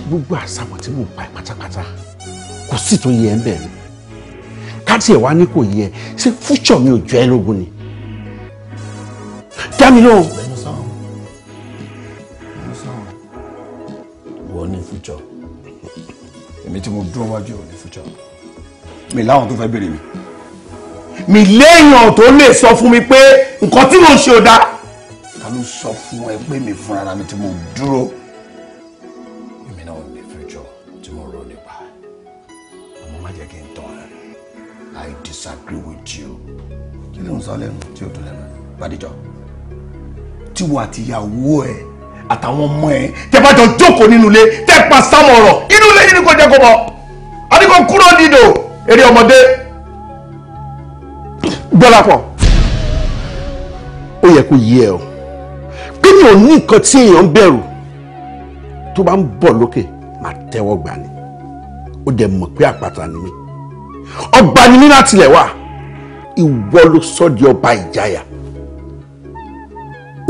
gbogbo àṣàmọ̀ tí mò ń pa ẹ̀ pátápátá kò sì tó yẹ ẹ́ bẹ́ẹ̀ ni káàtì ẹ̀ wá ní kò yẹ ṣé fúṣọ̀ mi ò jọ ẹ́ lógún ni dá lóhùn. wọ́n ní fúṣọ̀ èmi tí mo dúró wájú ò ní fúṣọ̀ mi láwọn tó fẹ́ béèrè mi mi léèyàn tó lè sọ fún mi pé nǹkan tí mo ń ṣe ò dáa. ta ló sọ fún ẹ pé mi fúnra mi tí mo dúró disagree with you. kí ló ń sọ lẹ́nu tí o tó lẹ́nu Bádéjọ tíwọ àtìyàwó ẹ àtàwọn ọmọ ẹ tẹ bá jọ jókòó nínú ilé tẹ pa sámọ ọ̀rọ̀ inú ilé yìí ni kò jẹ kó mọ àdìgbò kúrò dídò èrè ọmọdé gbọ́lápọ̀ ó yẹ kó yí ẹ o pé mi ò ní nǹkan tí èèyàn ń bẹ̀rù tó bá ń bọ̀ lókè máa tẹ́wọ́ gbà ni ó dẹ̀ mọ̀ pé àpáta ni mí ọba ni mí láti ilẹ̀ wá ìwọ ló sọ di ọba ìjayà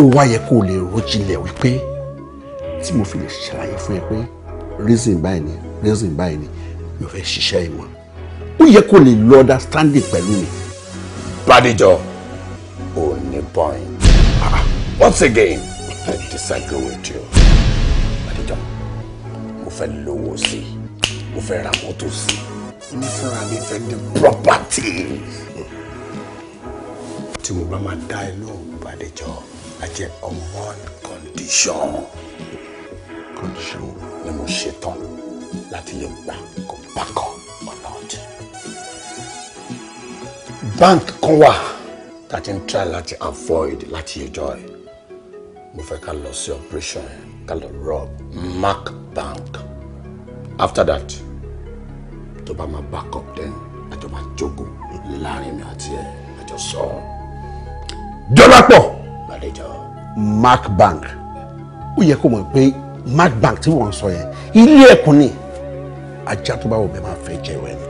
ó wá yẹ kó o lè rojinlẹ̀ wípé tí mo fi lè ṣàlàyé fún ẹ pé reason báyìí ni reason báyìí ni mi ò fẹ́ ṣiṣẹ́ ìmọ̀ ó yẹ kó o lè lo understanding pẹ̀lú mi. Bádéjọ ò ní point ah, once again I disagree with you Bádéjọ mo fẹ́ lówó sí i mo fẹ́ ra mọ́tò sí i èmi fúnra mi fẹ́ ní property. tí mo bá máa dá ẹ lóhùn ìbàdíjọ a jẹ on one condition. condition ni mo ṣetán láti yọ gbà kó bákan ọ̀nà ọ̀jẹ̀. bank kan wà tá a ti ń try láti avoid láti ẹjọ́ ẹ̀ mo fẹ́ ká lọ sí operation ká lọ rob Mark Bank after that tó bá máa back up then àjọ máa jókòó láàrin mi àti ẹ àjọ sọ. Dọ́lápọ̀ Mark Bank ó yẹ kó mọ̀ pé Mark Bank tí wọ́n sọ yẹn ilé ẹ̀kún ni ajá tó bá wọ̀ bẹ́ẹ̀ máa fẹ́ jẹ́ wẹ̀ ni.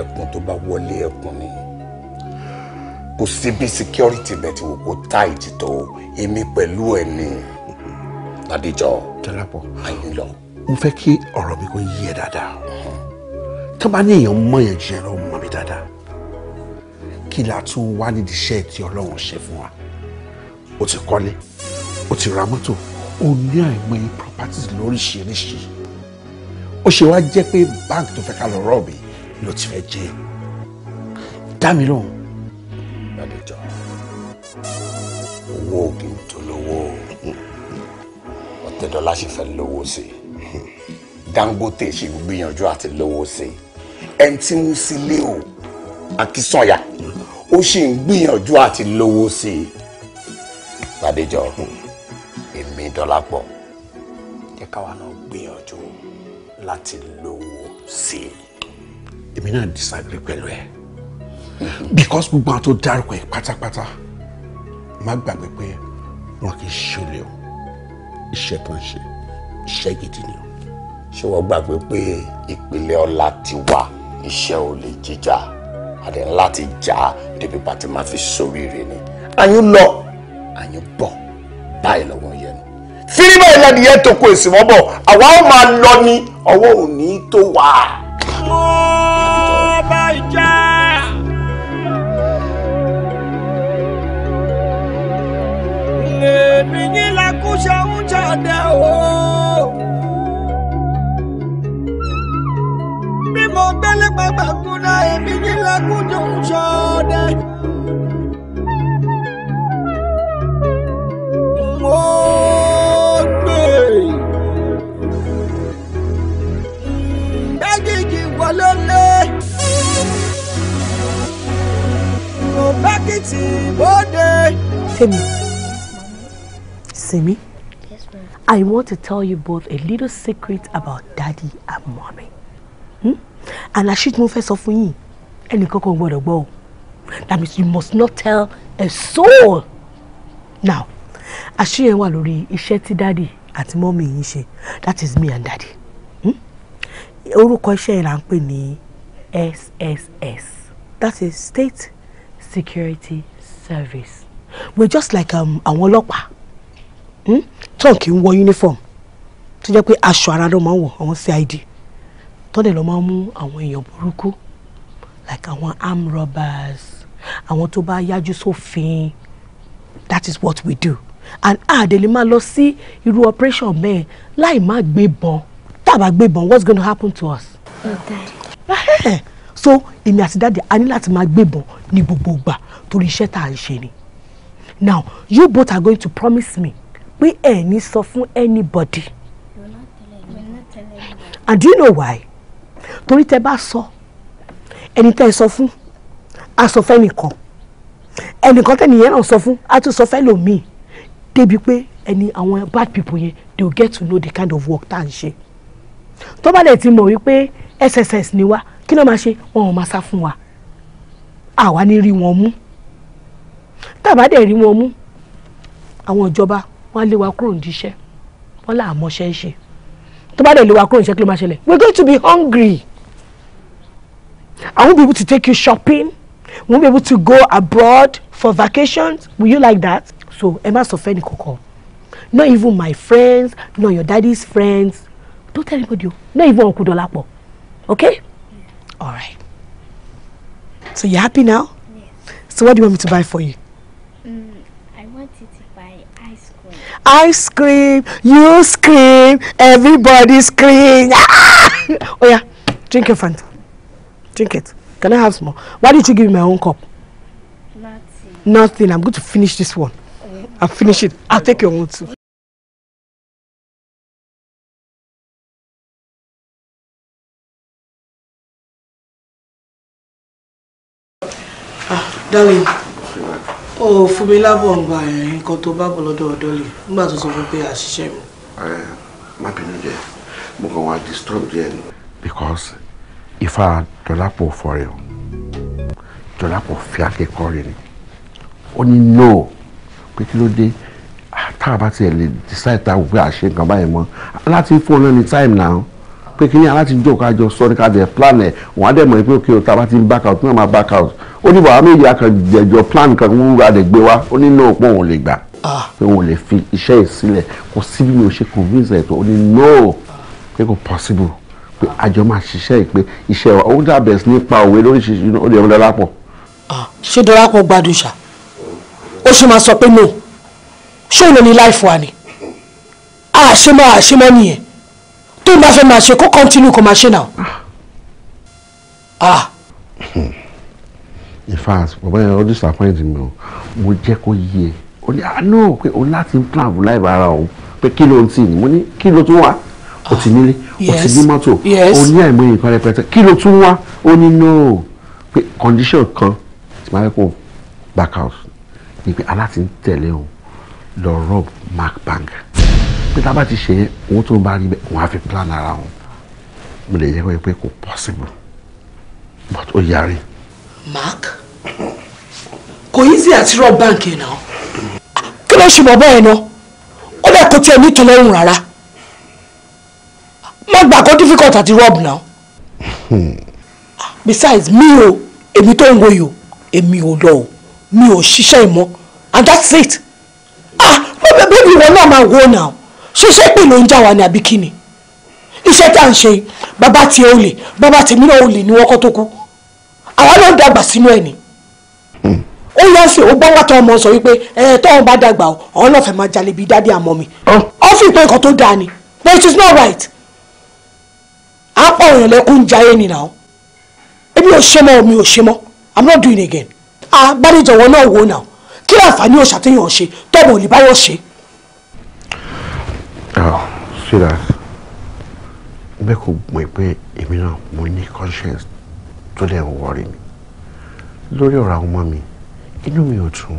ẹkùn tó bá wọlé ẹkùn ni kò sí bí security bẹ́ẹ̀ ti wò kó tight tó èmi pẹ̀lú ẹ̀ ni. Adéjọ́ Dọ́lápọ̀ I mo fẹ́ kí ọ̀rọ̀ mi kó yí ẹ dáadáa tó bá ní èèyàn mọ̀ yẹn jẹ́ lọ́wọ́ mọ̀ mi dáadáa kí la tún wá nídìí iṣẹ́ tí ọlọ́run ṣe fún wa o ti kọ́lé o ti ra mọ́tò o ní àìmọye properties lóríṣiríṣi ó ṣe wá jẹ́ pé bank tó fẹ́ ká lọ rọ́ọ̀bì ló ti fẹ́ jẹ́ dá mi lóhùn. lálejò owó ògì tó lówó ọ̀tẹ̀dọ́lá ṣe fẹ́ lówó sí i. Dangote ṣì gbìyànjú àti lówó sí ẹni tí wọ́n sì lé o Akínsànyà ó ṣì ń gbìyànjú àti lówó sí i Bàdéjọ èmi Dọ́lápọ̀ jẹ́ káwa náà gbìyànjú láti lówó sí i. èmi náà disagree pẹ̀lú ẹ because gbogbo àwọn tó dárúkọ ẹ pátápátá má gbàgbé pé wọn kì í ṣe olè o iṣẹ́ tó ń ṣe iṣẹ́ gidi ni o ṣé wọ́n gbàgbé pé ìpìlẹ̀ ọlá ti wà iṣẹ́ ò lè jíjà àdé ńlá ti jà á débi pàtí máa fi sóríire ni àyín lọ àyín bọ̀ báyìí lọ́wọ́ yẹn ni tírí báyìí náà nìyẹn tó kó èsì mọ́bọ̀ àwa ó máa lọ ní ọwọ́ òní tó wà. mo bá ìjà. lèmi yín lakúṣe ń gbàgbàgbàkúnà èmi ní lákúnjọ ń ṣọdẹ. mo gbè dágìgì wọlé lé mo bákìtì bóde. Femi, Simi. I want to tell you both a little secret about Daddy and Mommy. Hmm? àlàṣì tí mo fẹ́ sọ fún yín ẹnìkan kan gbọ́dọ̀ gbọ́ o that means you must not tell a soul now àṣírí yẹn wà lórí iṣẹ́ tí dáàdì àti mọ́mì yín ṣe that is me and daddy hmm? orúkọ iṣẹ́ yẹn là ń pè ní SSS that is State Security Service we're just like um, àwọn ọlọ́pàá tán kì í wọ uniform tó jẹ́ pé aṣọ ara ló máa ń wọ̀ àwọn CID tọ́dẹ̀ lọ máa ń mú àwọn èèyàn burúkú like àwọn arm robbers àwọn tó bá yájú sófin that is what we do and àdèlè máa lọ sí irú operation bẹ́ẹ̀ láì má gbébọn tàbá gbébọn what's gonna happen to us. Okay. Eh, so èmi àti dáàdì a ní láti máa gbébọn ní gbogbo ìgbà torí iṣẹ́ tá à ń ṣe ni now you both are going to promise me pé ẹ ní sọ fún anybody and do you know why torí tẹ bá sọ ẹni tẹ sọ fún a sọ fẹ́ nìkan ẹnìkan tẹnìyẹn náà sọ fún a tún sọ fẹ́ lòmíì débi pé ẹni àwọn bad people yẹn they will get to know the kind of work tá à ń ṣe tó bá dẹ̀ ti mọ̀ wípé sss ni wá kí ló máa ṣe wọn ò máa sá fún wa àwa ni rí wọn mú tàbá dẹ̀ rí wọn mú àwọn ìjọba wọn á lé wa kúrò nídìí iṣẹ́ wọn là mọṣẹ́ ṣe tó bá dẹ̀ lé wa kúrò níṣẹ́ kí ló máa ṣẹlẹ̀ we are going to be hungry. I won't be able to take you shopping. Won't be able to go abroad for vacations. Will you like that? So, Emma má sọ Not even my friends, not your daddy's friends. Don't tell anybody Not even Uncle Dolapo. Okay? Yeah. All right. So you're happy now? Yes. So what do you want me to buy for you? Mm, I want you to buy ice cream. Ice cream. You scream. Everybody scream. (laughs) Ah! Oh yeah. Drink your Fanta. Drink it. Can I have some more? Why did you give me my own cup? Nothing. Nothing. I'm going to finish this one. I'll finish it. I'll take your own too. Ah, darling. Oh, for me love on nǹkan tó bá bọ̀ lọ́dọ̀ ọ̀dọ́lẹ̀ nígbà tó sọ fún pé àṣìṣe mi. Eh, má bínú jẹ́, mo disturb díẹ̀ Because Ifá Dọlápọ̀ fọ̀rẹ̀ o Dọlápọ̀ fi akẹ́kọ̀ọ́ rẹ̀ ni ó ní no pé kí ló dé ah, tá a bá tiẹ̀ lè decide ta wípé àṣẹ nǹkan báyìí mọ́ láti fún ọ náà ní time now pé kí ni aláti jọ ká jọ sọ ní ká jẹ plan ẹ wọn á dẹ̀ mọ̀ pé òkè o tá a bá ti ń back out ní ọ̀ma back out ó ní bàbá méjì akànjẹjọ plan kan ń wúra dẹ̀ gbé wa ó ní no pọ̀ òun lè gbà ah. pé òun lè fi iṣẹ́ yìí sílẹ̀ kò sí bí mo ṣe convince ẹ̀ tó ó ní no pé kò possible pé àjọ máa ṣiṣẹ́ ìpè iṣẹ́ wa ó dàbẹ̀ sí nípa òwe lóríṣiríṣi ó lè rọlẹ́ lápọ̀. Ah, ṣé Dọlápọ̀ gbádùn ṣá ó ṣe máa sọ pé no ṣé ìlú ni láìfọ àní àṣemọ́ àṣemọ́ nìyẹn tó ń bá fẹ́ máa ṣe kó kọ́ńtínú kó máa ṣe náà. Ah. in fact bàbá yẹn ọdún disappoint mi o mo jẹ́ kó yé e ó ní àná pé o láti plan for life ara òun pé kí ló ń tì ní mo ní kí ló tún wá o ti nílé o ní mọ́tò o ní àìmọye nǹkan rẹpẹtẹ kí ló tún wá ó ní no pé condition kan tí máa kó back out ni pé aláti ń tẹ̀lé òun lọ rob mark bank pé tá a bá ti ṣe yẹn owó tó ń bá rí bẹ́ẹ̀ wọ́n á fi plan ara wọn mo lè yẹ kó pé kò possible but ó yarí. mark kò easy àti rob bank yẹn náà kí ló ṣe bọ̀ bẹ́ẹ̀ náà ó bẹ́ẹ̀ kó tiẹ̀ ní ìtọ́lẹ́rùn rárá gbà kó difficult àti rob now. besides mi ò èmi tó ń wo yìí o èmi ò lọ o mi ò ṣiṣẹ́ ìmọ̀ and that's it. ah bébí ìwọ náà máa wo náà ṣiṣẹ́ pè ló ń jà wá ní àbí kíni iṣẹ́ tá à ń ṣe bàbá tiẹ̀ olè bàbá tèmi náà olè ní wọ́kọ́ tó kú àwa náà dàgbà sínú ẹ̀ ni ó yẹ fi ó gbọ́ngbà tó ọmọ sọ wípé ẹ tọ́wọ́n bá dàgbà o ọ̀hún náà fẹ́ máa jalè bíi dádì àmọ́ mi. ó fi pé nǹkan tó dáa ni but it is not right apá òyìn lẹ́kún jayé ni náà ebi ò ṣe mọ́ omi ò ṣe mọ́ i'm not doing again agbáríjọwọ́ náà wò náà kí àǹfààní òṣà tí yàn ṣe tọ́bọ̀ òní báyọ̀ ṣe. ṣíra ah, bẹ́ẹ̀ kò mọ̀ pé èmi náà mo ní conscience tó dẹ̀ ń wọrí mi lórí ọ̀rọ̀ àwọn ọmọ mi inú mi ò tún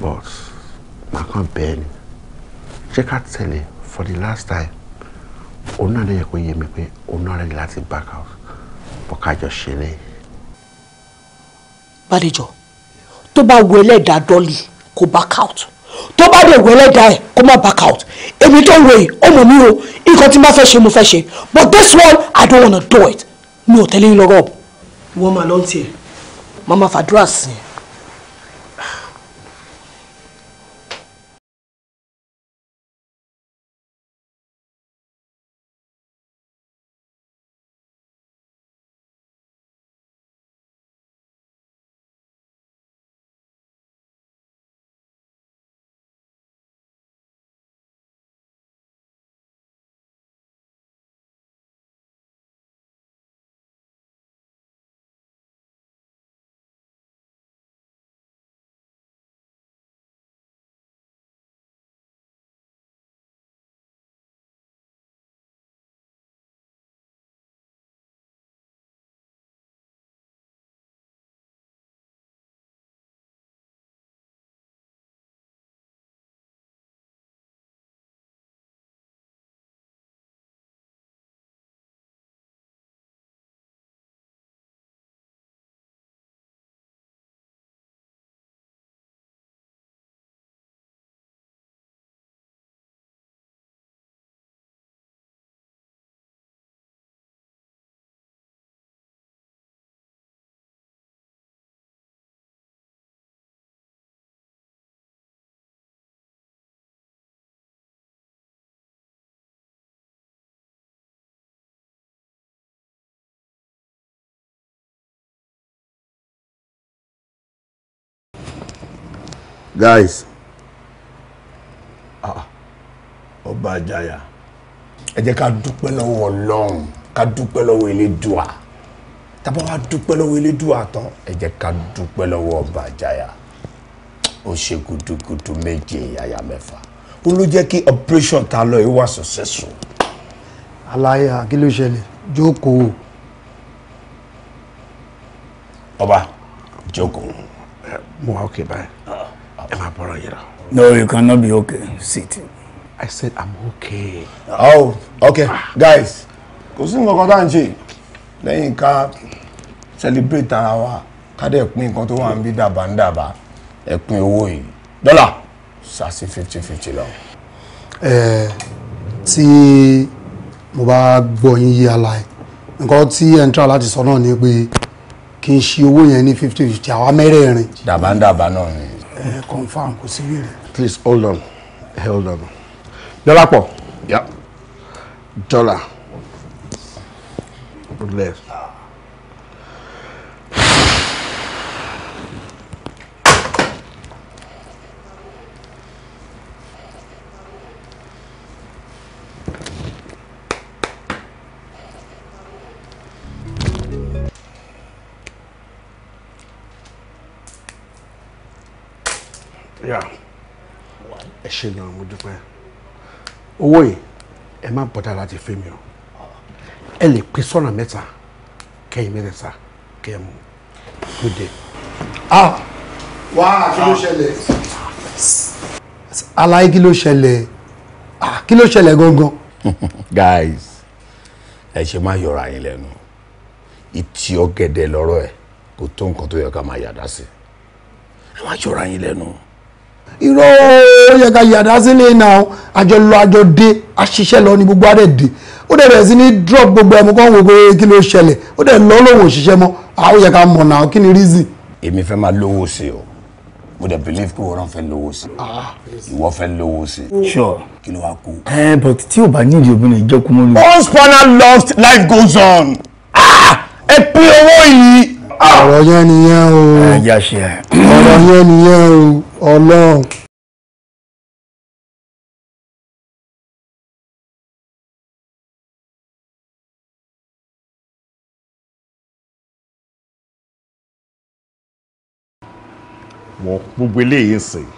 but màá kàn bẹ́ẹ̀ ni jẹ́ ká tẹ̀lé for the last time òun náà lè yẹ kó yé mi pé òun náà rẹ̀ láti back out bọ́ kájọ ṣe ní. Bádéjọ tó bá wo ẹlẹ́dàá dọ́lì kó back out tó bá dẹ̀ wo ẹlẹ́dàá ẹ̀ kó má back out èmi tó ń wo yìí ó o nǹkan tí n fẹ́ ṣe mo fẹ́ ṣe but this one I don't wanna do it mi ò tẹ́lẹ̀ yín lọ́rọ̀ wọ́n máa lọ́ntì ẹ̀ máa máa fàdúrà sí i. guys ah, ọba àjàyà ẹ jẹ́ ká dúpẹ́ lọ́wọ́ ọlọ́run ká dúpẹ́ lọ́wọ́ elédùà tàbá wa dúpẹ́ lọ́wọ́ elédùà tán ẹ jẹ́ ká dúpẹ́ lọ́wọ́ ọba àjàyà ó ṣe gudugudu méje àyà mẹ́fà ó ló jẹ́ kí operation ta lọ yìí wà successful. aláya kí ló ṣẹlẹ̀ jókòó. ọba jókòó. mo wá òkè báyìí. Am I borrowing you? No, you cannot be okay. Sit. I said I'm okay. Oh, okay. Guys, kò sí nǹkan kan tá à ń ṣe celebrate our. wa ká dẹ̀ pín nǹkan tó wà ń bí dàbà ń dàbà ẹ pín owó yìí. Dọ́là sàṣì fifty fifty lọ. Ẹ tí mo bá gbọ́ yín yé ala ẹ̀ nǹkan tí ẹ̀ ń tra láti sọ náà ni pé kí n ṣe owó yẹn ní fifty fifty àwa mẹ́rẹ̀ẹ̀rin. Dàbà ń dàbà náà ni ẹ confam kò sí wèrè. please hold on hold on Dọ́lápọ̀ ya dọ́là left. ẹ ṣe gan mo dúpẹ́ owó yìí ẹ má bọ́dà láti fẹ́ mi o ẹ lè pín sọ́nà mẹ́ta kẹ́yìn mẹ́tẹ̀ẹ̀ta kẹ́yìn mu good day. Ah! wá ah! kí ló ṣẹlẹ̀. aláyé kí ló ṣẹlẹ̀ ah, kí ló ṣẹlẹ̀ gangan. (laughs) guys ẹ ṣe máa yọra yín lẹ́nu ìtì ọ̀gẹ̀dẹ̀ lọ́rọ̀ ẹ̀ kò tó nǹkan tó yẹ ká máa yàdá sí ẹ máa yọra yín lẹ́nu irọ́ ó yẹ ká yàdá sílé náà àjọ lọ àjọ dé àṣìṣe lọ ní gbogbo àdẹ̀ dé ó dẹ̀ bẹ̀rẹ̀ sí ní drop gbogbo ẹ̀mú kan wò pé kí ló ṣẹlẹ̀ ó dẹ̀ lọ lòun òṣìṣẹ́ mọ́ àwọn yẹ ká mọ̀ náà kí ni reason. èmi fẹ́ máa lówó sí o mo dẹ̀ believe pé wọ́n fẹ́ lówó sí ah, ìwọ fẹ́ lówó sí. sure kí ló wá kú. ẹ eh, but tí o bá nídìí obìnrin ìjọkùnmọ́ ni. One spanner lost life goes on. Ah! ẹ pín owó yìí. Ah. ọ̀rọ̀ yẹn nìyẹn o ọ̀rọ̀ yẹn nìyẹn o ọlọ́run. wọn gbogbo eléyìí ń sìn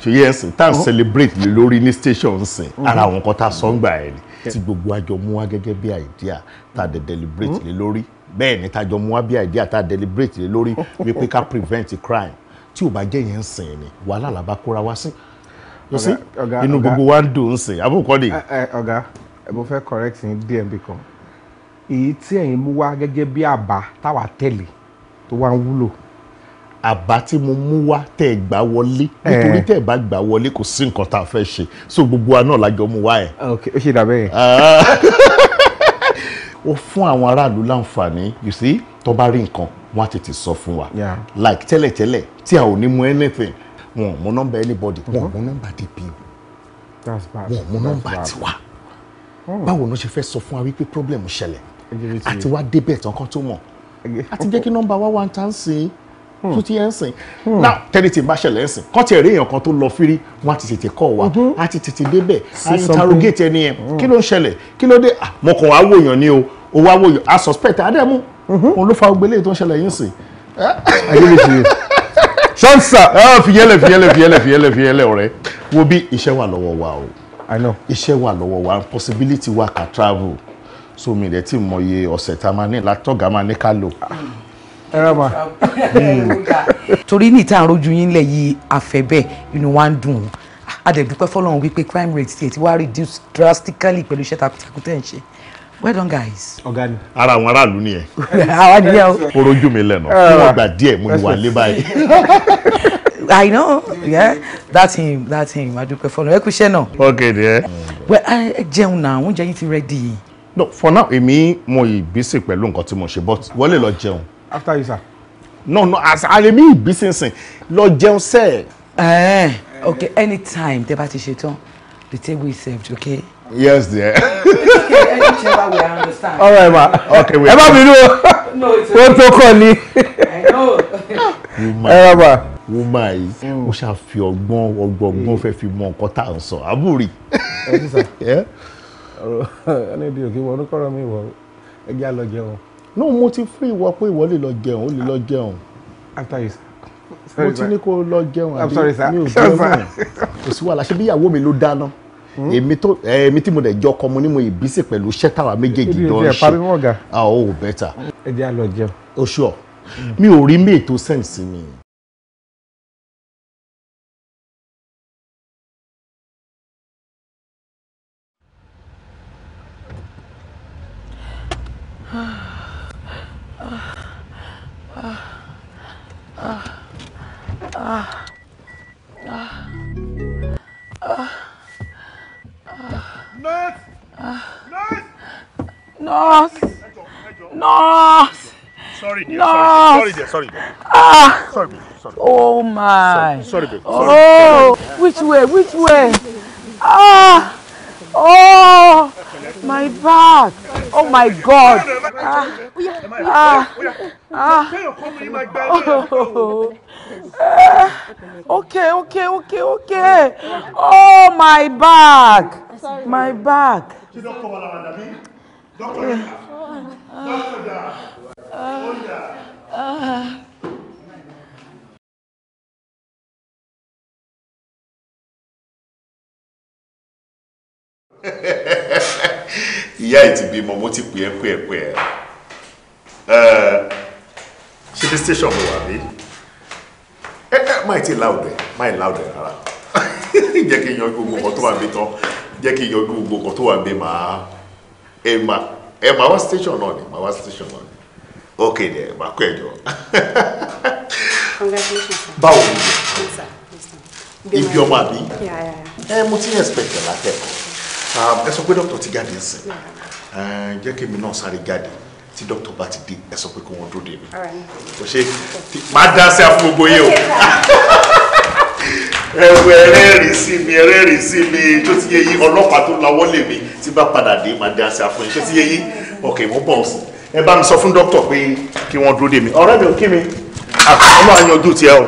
ṣòye ẹ sìn tá à ń celebrate lè lórí ní station ń sìn mm-hmm. ara àwọn kan tá a sọ ń gbà ẹ ni tí gbogbo àjọ mú wa gẹ́gẹ́ bí idea tá a dẹ̀ deliberate mm-hmm. lè lórí bẹ́ẹ̀ ni tajọ mú wá bí àìdí deliberate lé lórí (laughs) wípé ká prevent crime tí ò bá jẹ́ yẹn ń sìn ni wàhálà làbá kóra wá sí yóò sí inú gbogbo wa ń dùn ún sìn àbúkọ́ ni. ọ̀gá mo fẹ́ correct ní dmb kan èyí tí ẹ̀yin mú wá gẹ́gẹ́ bí àbá táwa tẹ̀lé tó wá ń wúlò. àbá tí mo mú wá tẹ̀ gbà wọlé nítorí tẹ̀ bá gbà wọlé kò sí nǹkan tá a fẹ́ ṣe so gbogbo wa náà lájọ mú wá ẹ̀. ok ó ṣe dàbẹ́ yẹn. Ah. (laughs) ó fún àwọn aráàlú láǹfààní you see tó bá rí nǹkan wọ́n á tètè sọ fún wa like tẹ́lẹ̀tẹ́lẹ̀ tí a ò ní mú anything wọn ò mú nọ́mbà anybody wọn ò mú mm-hmm. nọ́mbà dp wọn ò mú nọ́mbà tiwa oh. báwo ló ṣe fẹ́ sọ fún wa wípé problem ṣẹlẹ̀ àti wá débẹ̀ tán kan tó mọ̀ àti jẹ́ kí nọ́mbà wá wá ń tán sí i tó ti ẹ̀ ń sìn hmm. náà tẹ́lẹ̀ tí ń bá ṣẹlẹ̀ ń sìn kọ́ ti ẹ̀rí èèyàn kan tó lọ fírí wọn ti tètè kọ́ wa á ti tètè mm-hmm. débẹ̀ á interrogate ẹni yẹn hmm. kí ló ń ṣẹlẹ̀ kí ló dé ah, mọ̀kàn wá wòyàn ni o owó awòyọ a suspect adẹ́mu mhm. òun ló fa ogbélé tó ń ṣẹlẹ̀ yín sí. ṣọ́nsà fìyẹ́lẹ̀ fìyẹ́lẹ̀ fìyẹ́lẹ̀ fìyẹ́lẹ̀ fìyẹ́lẹ̀ ọ̀rẹ́ wo bí iṣẹ́ wà lọ́wọ́ wa o I know iṣẹ́ wà lọ́wọ́ wa possibility wa ka travel so mi rẹ̀ ti mọ iye ọ̀sẹ̀ tá a máa ní látọ̀gá máa ní ká lò. ẹ rà mà. (laughs) torí ní ìta àròjù yín lẹ̀ yìí àfẹ́bẹ̀ inú wa ń dùn adẹ̀dúpẹ́ fọlọ́run wípé crime rate tiẹ̀ ti wá reduce drastically pẹ̀lú iṣẹ́ takuntakun tẹ̀ ń ṣe well done guys. ọ̀gá ara àwọn aráàlú nìyẹn. (laughs) àwa nìyẹn o. ó lẹ́nu kí ah. wọ́n gbà díẹ̀ mo ní wà lé báyìí. (laughs) I know yeah that's him that's him adúpẹ́ fọlọ ẹ kú iṣẹ́ náà. ok there. well ẹ jẹun náà oúnjẹ yín ti ready. no for now èmi mo ìbísí pẹ̀lú nǹkan tí mo ṣe but wọ́n lè lọ jẹun. after you sir. no no as aremi ìbísínsìn lọ jẹun sẹ́ẹ̀. ẹ eh, ok anytime tẹ bá ti ṣe tán the table is served ok. yes dear. (laughs) understand. All right, ma. Okay, wait. Ẹ má bínú No, it's okay. Wọ́n tó kọ̀ I know. Ẹ má ma. Wúmá yìí, ó ṣàfi ọgbọ́n ọgbọ́n fẹ́ fi mọ nǹkan tá à ń sọ, àbúrì. Ẹ ti sà. (laughs) Ọ̀rọ̀ ẹlẹ́dìí òkè wọ orúkọ rẹ̀ mi wọ ẹgbẹ́ àlọ́ jẹun. No, mo ti fún ìwọ pé ìwọ lè lọ jẹun, ó lè lọ jẹun. After you sorry, mo ti ní kó lọ jẹun àbí mi ò (laughs) jẹun náà. Kò sí wàhálà, ṣé bí ìyàwó mi ló dáná? èmi tó eh, èmi tí mo dẹ̀ jọ ọkọ mo ní mo ìbísí pẹ̀lú iṣẹ́ táwa méjèèjì jọ ń ṣe àwọn ò bẹ́tà. ẹ jẹ́ àlọ́ jẹun. oṣù ọ̀ mi ò rí mail tó send sí mi. Ah. Ah. Ah. Ah. ah. ah nurse nurse sorry dear sorry dear sorry dear ah sorry babe sorry oh my sorry babe oh which way which way ah oh my back oh my god ah ah ah (laughs) okay okay okay okay oh my back my back. Doctor, doctor, doctor. Hehehehe ìyá ẹ̀ ti bímọ mo ti pè é pè é pè é ṣíbí station mo wà bí ẹ ẹ máì tí láùdẹ máì láùdẹ rárá (laughs) jẹ́ kí n yanjú gbogbo nǹkan tó wà bí tán jẹ́ kí n yanjú gbogbo nǹkan tó wà bí máa ẹ máa ẹ máa wá station náà ni máa wá station náà ni ok dẹ máa kọ ẹ jọ. báwo ni ibi ọmọ àbí ẹ mo ti ń expect látẹ̀kọ̀ọ́. Um, ẹ sọ pé dókítà ti jáde ẹsẹ̀ eh, jẹ́ kí èmi náà sáré jáde tí dókítà bá ti dé ẹ sọ pé kí wọ́n dúró dè mí kò ṣe máa dá sí àfún gbogbo yìí o (laughs) ẹwẹ ẹlẹ́rìí sí mi ẹlẹ́rìí sí mi tó ti yẹ yín ọlọ́pàá tó lawọ́ lè mi tí bá padà dé máa dá sí àfún yìí tó ti yẹ yín ọ̀kẹ́ ìwọ́n bọ̀ sí ẹ bá mi sọ fún dókítà pé kí wọ́n dúró dè mí mi ò kí mi ah, ọmọ àyànjú tiẹ̀ o.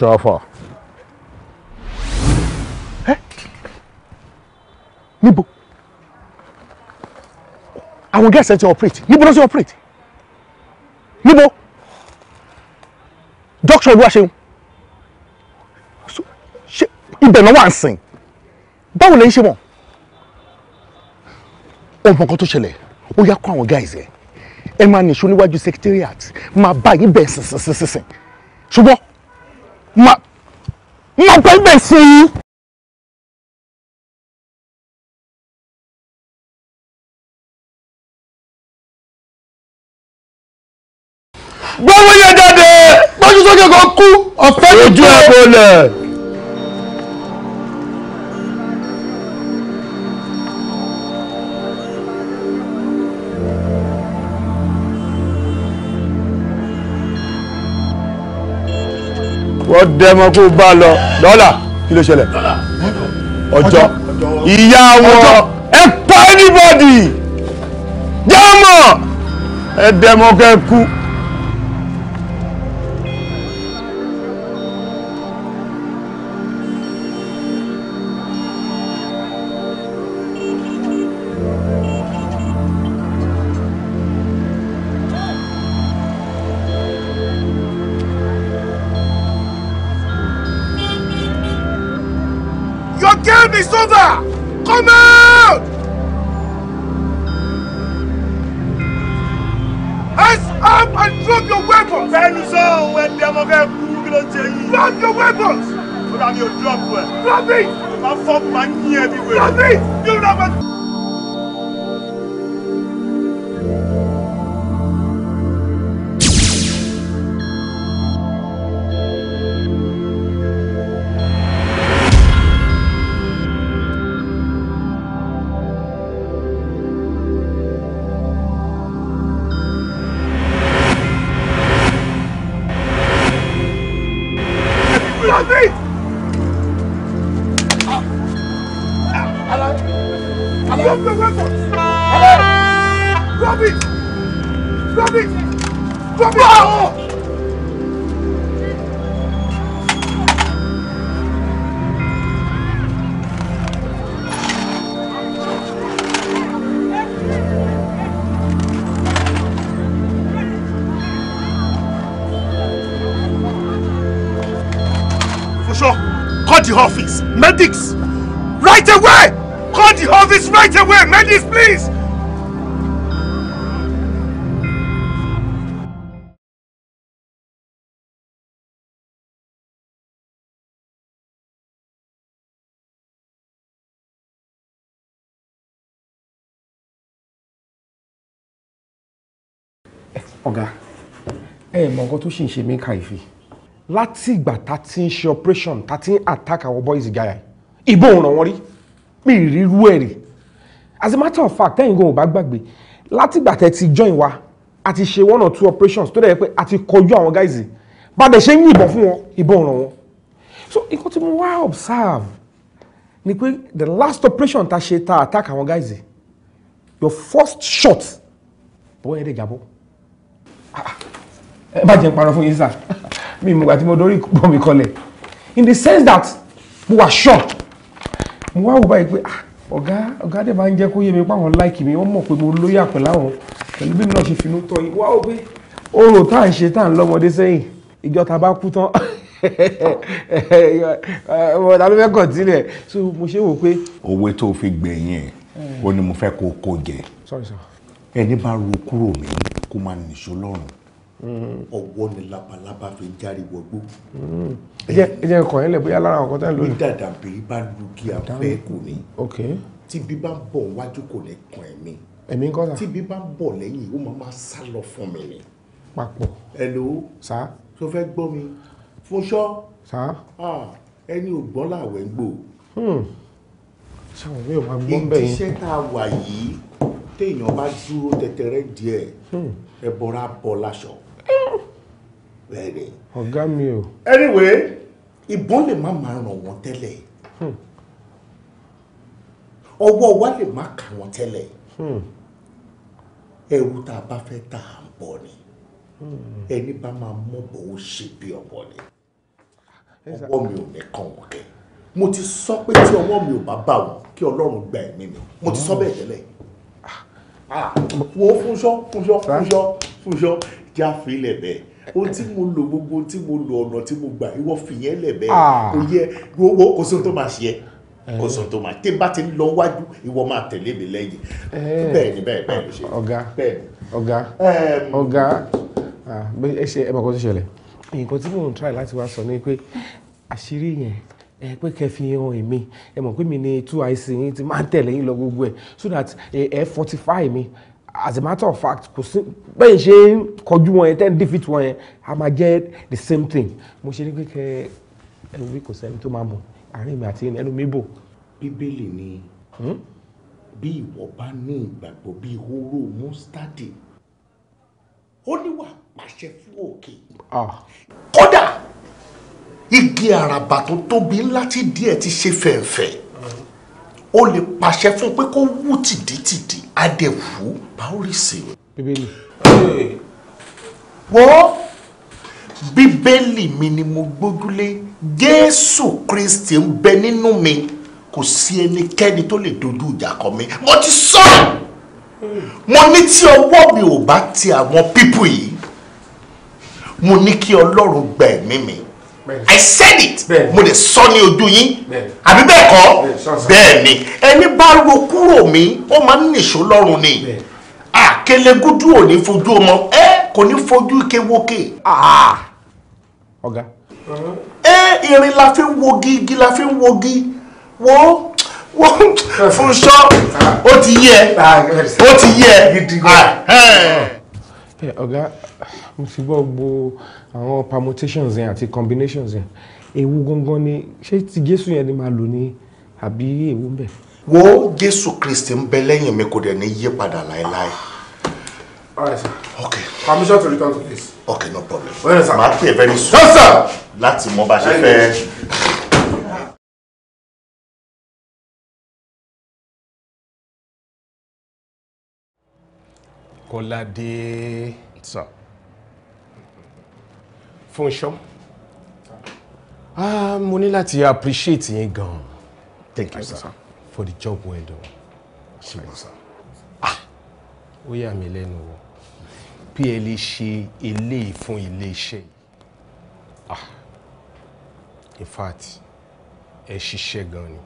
ṣọ́fọ̀. ẹ níbo àwọn gẹ́sẹ̀ ti operate níbo ló ti operate níbo dókítà Olúwaṣeun ṣe ibẹ̀ náà wà ń sìn báwo lè ń ṣe mọ̀ ohun kan tó ṣẹlẹ̀ ó yá kó àwọn guys ẹ̀ ẹ máa nìṣó níwájú secretariat máa bá yín bẹ̀ sìn sìn sìn sìn ṣùgbọ́n mọ̀ pé gbèsè yìí. gbọ́wọ́ yẹn jáde lọ́jọ́ sókè kan kú ọ̀fẹ́ lójú ẹ̀ bọ́lẹ̀. dẹmọ kó bá lọ dọ́là kí ló ṣẹlẹ̀ ọjọ́ ìyá wọn ẹ pa anybody jámọ̀ ẹ dẹmọ kẹ kú. medics right away call the office right away medics please. ọ̀gá ẹ mọ̀ nǹkan tó ṣì ń ṣe mí kàyéfì láti ìgbà tá ti ń ṣe operation tá ti ń attack àwọn boys gaya ìbò òun ràn wọ́n rí mi ìrírú ẹ̀ rè as a matter of fact ẹ̀yin gan ò bá gbàgbé láti ìgbà tẹ́ ti join wa a ti ṣe one or two operations tó dẹ̀ pé a ti kọjú àwọn guys bá dẹ̀ ṣe ń yìnbọn fún wọn ìbò òun ràn so nǹkan tí mo wá observe ni pé the last operation ta ṣe ta attack àwọn guys your first shot bọ́ọ̀ yẹn dẹ̀ jábọ́ ah, ah. ẹ bá jẹ́ ń parọ́ fún yín sáà mi ìmùgbà tí mo dorí pọ̀ mi kọlẹ̀ in the sense that mo wà sure mo wá wò báyìí pé ah ọ̀gá ọ̀gá dẹ̀ máa ń jẹ́ kó yé mi páwọn láìkì mi wọ́n mọ̀ pé mo lóyè àpẹ̀lá wọn pẹ̀lú bí mi náà ṣe finú tọ́ yìí wá ó pé orò tá à ń ṣe tá à ń lọ́mọdé sẹ́yìn ta bá kú tán (laughs) ọ̀dà ló fẹ́ kàn sílẹ̀ so mo ṣe wò pé. òwe tó fi gbẹ̀yìn ẹ̀ hmm. ó ní mo fẹ́ kó o Sorry, jẹ ẹni bá ru kúrò mí kó máa nìṣó lọ́rùn ọwọ́ ni labalábá fi ń járe wọgbó. Hmm. ẹ jẹ́ kàn yín lẹ̀ bóyá lára àwọn kan lónìí. dídàdà bèrè bá lu kí a fẹ́ kù ní. tí bí bá ń bọ̀ wájú kò ní kan ẹ̀mí. ẹ̀mí kọ́ sa. tí bí bá bọ̀ lẹ́yìn ó máa máa sá lọ fún mi ni. papọ̀. hello. sa. tó fẹ́ gbọ́ mi. fún ṣọ́. sa. ẹni ò gbọ́n làwẹ̀ ń gbò. Hmm. ṣàwọn mi ò máa gbọ́n bẹ́ẹ̀ yẹn. ìdíṣẹ́ tá a wà yìí téèyàn bá dúró tẹtẹrẹ díẹ̀ hmm. ẹ bọra bọ láṣọ bẹ́ẹ̀ni. ọ̀gá mi o. anyway ìbọn lè má máa ràn wọ́n tẹ́lẹ̀ hmm. ọwọ́ wa lè má kà wọ́n tẹ́lẹ̀ hmm. ẹrú tá a bá fẹ́ tà á ń bọ̀ ni hmm. ẹni bá máa mọ̀ bó o ṣe bí ọwọ́ ni ọwọ́ mi ò ní kàn wọ́n kẹ́ mo ti sọ pé tí ọwọ́ mi ò bá bà wọ́n kí ọlọ́run gba ẹ̀mí mi mo ti sọ bẹ́ẹ̀ tẹ́lẹ̀ ah, wo fúnṣọ́ fúnṣọ́ fúnṣọ́ fúnṣọ́ já fílẹ̀ bẹ́ẹ̀ ohun tí mo lò gbogbo ohun tí mo lò ọ̀nà tí mo gbà ìwọ fìyẹn lẹ̀ bẹ́ẹ̀ kò ah. yẹ gbogbo kò sóhun tó máa ṣe ẹ́ kò sóhun tó máa tí bá ti ń lọ wájú ìwọ máa tẹ̀lé mi lẹ́yìn eh. bẹ́ẹ̀ ni bẹ́ẹ̀ bẹ́ẹ̀ ló ṣe ọ̀gá ọ̀gá ọ̀gá ah, ẹ ṣe ẹ mọ̀ kó tó ṣẹlẹ̀ nǹkan tí mò ń try láti wá sọ ni pé àṣírí yẹn ẹ pé kẹ́ fi hàn èmi ẹ mọ̀ pé mi ni two ic yín ti máa ń tẹ̀lé yín lọ gbogbo ẹ̀ so that ẹ fortify mi as a matter of fact kò sí bẹ́ẹ̀ ṣe kọjú wọn yẹn ten defeat wọn yẹn a máa jẹ́ the same thing mo ṣe ní kékeré ẹnu bí kò sẹ́ni tó máa mọ̀ àárín mi àti ẹnu mi bò. bíbélì ni hmm? bí ìwọ bá ní ìgbàgbọ́ bí hóró mustadi ó ní wà pàṣẹ fún òkè ah. kódà igi àràbà tó tóbi ńlá tí díẹ̀ ti ṣe fẹ̀ǹfẹ̀ o lè pàṣẹ fún pé kó wú tìdítìdí adẹ̀wù bá ó rí sí i. bíbélì. wọ́n bíbélì mi ni mo gbójúlé jésù kristi ń bẹ nínú mi kò sí ẹnikẹ́ni tó lè dojú ìjà kọ mi mo ti sọ mo ní tí ọwọ́ mi ò bá ti àwọn pípù yìí mo ní kí ọlọ́run gba mi i said it mo de sọ ní ojú yín àbí bẹ́ẹ̀ kọ́ bẹ́ẹ̀ ni ẹni bá ro kúrò mi ó máa ń nìṣó lọ́rùn ni àkẹlẹgúdú ò ní fojú ọmọ ẹ kò ní fojú ike wókè. ọ̀gá. ẹ irin la fi ń wogi igi la fi ń wogi wo wo fún sọ ó ti yẹ ah, ó ti yẹ. Ah, ọ̀gá mo ti gbọ́ gbogbo àwọn permutations yẹn àti combinations yẹn ewu gangan ni ṣé ti jésù yẹn ni màá lò ní àbí ewu ń bẹ. wo jésù kristi ń bẹ lẹ́yìn mi kò dẹ̀ ní yí padà láéláé. all sir. okay. permission to return to place. okay no problem. màá pè é very soon. sir. láti mọ bá a ṣe fẹ́. Kọ́ládé. Sir. Function. ah mo ní láti appreciate you, gan thank you sir for the job well done Thank you, sir ah ó yà mí lẹ́nu she pé fun lè she. ah in fact she she gan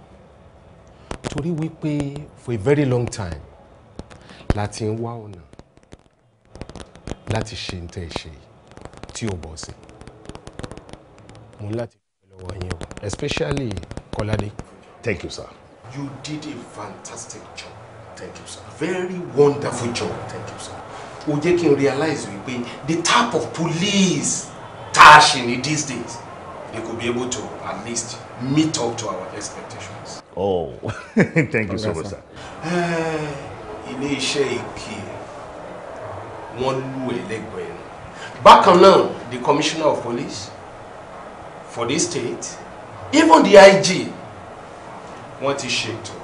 ni we pay for a very long time láti ń wá she láti she. ń tẹ́ ṣe tí ó bọ̀ sí i mo láti dúpẹ́ lọ́wọ́ yín o especially Kọ́ládé. thank you sir. you did a fantastic job thank you sir very wonderful job thank you sir. ó jẹ́ kí n realize wípé the type of police tá a these days they could be able to at least meet up to our expectations. oh (laughs) thank you so much sir. Eh, ilé iṣẹ́ èké wọ́n lù ẹ́ lẹ́gbẹ̀ẹ́ bákan náà the commissioner of police for this state even the IG wọ́n ti ṣètò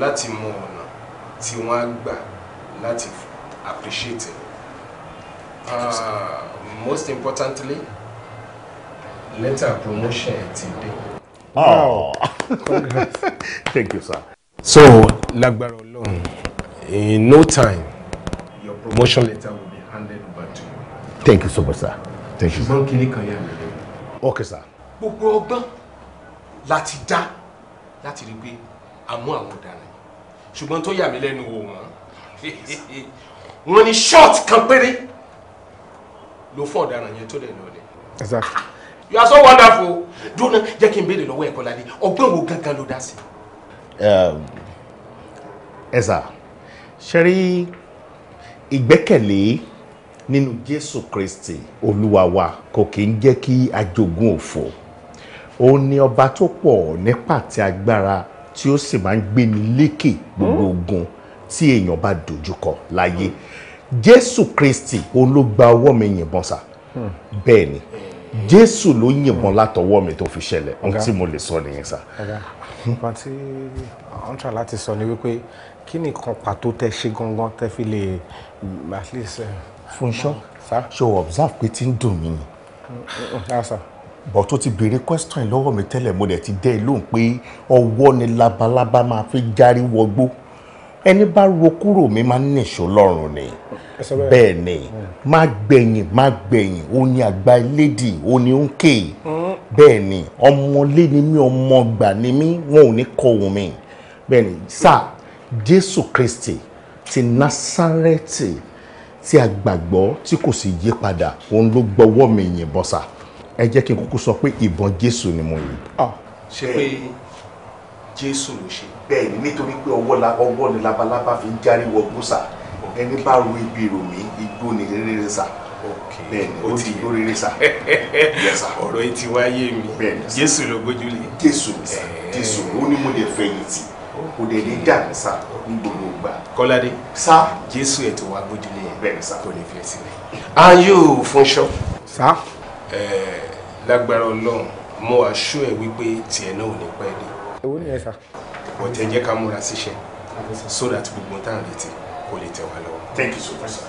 láti mọ ọ̀nà tí wọ́n á gbà láti appreciate uh, most importantly later promotion ti dé. Ah. Oh. Congrats. (laughs) Thank you, sir. So, lágbára Ọlọ́run, in no time, your promotion letter will be handed over to you. Thank you so much, sir. Thank you. Ṣùgbọ́n kí ni kan yà mí lé ok sir. gbogbo ọgbọ́n láti dá láti rí pé a mú àwọn ọ̀daràn ṣùgbọ́n tó yà mí lẹ́nu wò wọ́n (laughs) wọ́n ní short kan péré ló fún ọ̀daràn yẹn tó lẹ̀ lọ́lẹ̀. exactly. Ah, you are so wonderful dúró jẹ́ kí n béèrè lọ́wọ́ ẹ̀kọ́ ládé ọgbọ́n wo gangan ló dá sí. Um, ẹ sà ṣe rí ìgbẹ́kẹ̀lé nínú jésù kristi olúwa kò kí ń jẹ́ kí ajogún òfò òun ni ọba tó pọ̀ nípa àti agbára tí ó sì máa ń gbéni lékè gbogbo hmm? ogun tí èèyàn bá dojúkọ láyé jésù kristi òun ló gba ọwọ́ mi yìnbọn sá hmm. bẹ́ẹ̀ ni jésù ló yìnbọn látọwọ́ mi tó fi ṣẹlẹ̀ ohun tí mo lè sọ nìyẹn sá. nǹkan tí wọ́n ń láti sọ ni wípé kí ni kan pàtó tẹ ṣe gangan tẹ fi lè at least. Eh, Funṣọ́ ṣe observe pé tí ń dùn mí ni bọ̀ tó ti béèrè question lọ́wọ́ mi tẹ́lẹ̀ mo dẹ̀ ti dẹ́ ẹ lóhùn pé ọwọ́ ni labalábá máa fi járí wọgbó ẹni bá ro kúrò mi máa ń nìṣó lọ́rùn ni bẹ́ẹ̀ ni má gbẹ̀yìn má gbẹ̀yìn ó ní àgbà elédì ó ní ń ké mm. bẹ́ẹ̀ ni ọmọlé ni mí ọmọgbà ni mí wọn ò ní kọ òun mi bẹ́ẹ̀ ni sá Jésù Kristi ti Násárẹ́tì tí a gbàgbọ́ tí kò sì yí padà òun ló gbọ́wọ́ mi yìnbọn sà ẹ jẹ́ kí n kúkú sọ pé ìbọn jésù ni mo yìn. Ah, ṣé pé jésù ló ṣe. bẹ́ẹ̀ ni nítorí pé ọwọ́ ni labalábá fi ń járe wọ gbósà ẹni bá ro ibi rò mí igbó ni rere sà bẹ́ẹ̀ni ó ti igbó rere sà. (laughs) ọ̀rọ̀ yìí ti wáyé mi jésù ló gbójúlé. jésù sà jésù ó ní mo lè fẹ̀yìntì kò dẹ̀ ní dàmí sà ní gbogbo ìgbà. kọ́ládé sà jésù ẹ̀ tó wá gbójúlé bẹ́ẹ̀ sá. kò lè fi ẹsẹ̀ rẹ̀. a yóò fúnṣọ. sá. ẹ lágbára Ọlọ́run mo aṣọ ẹ wípé tiẹ̀ náà ò ní pẹ́ dé. èwo ni ẹ sá. ọ̀tẹ̀ jẹ́ ká múra síṣẹ́ so that gbogbo tá à ń retí kò lè tẹ̀ wá lọ́wọ́. thank you so much sir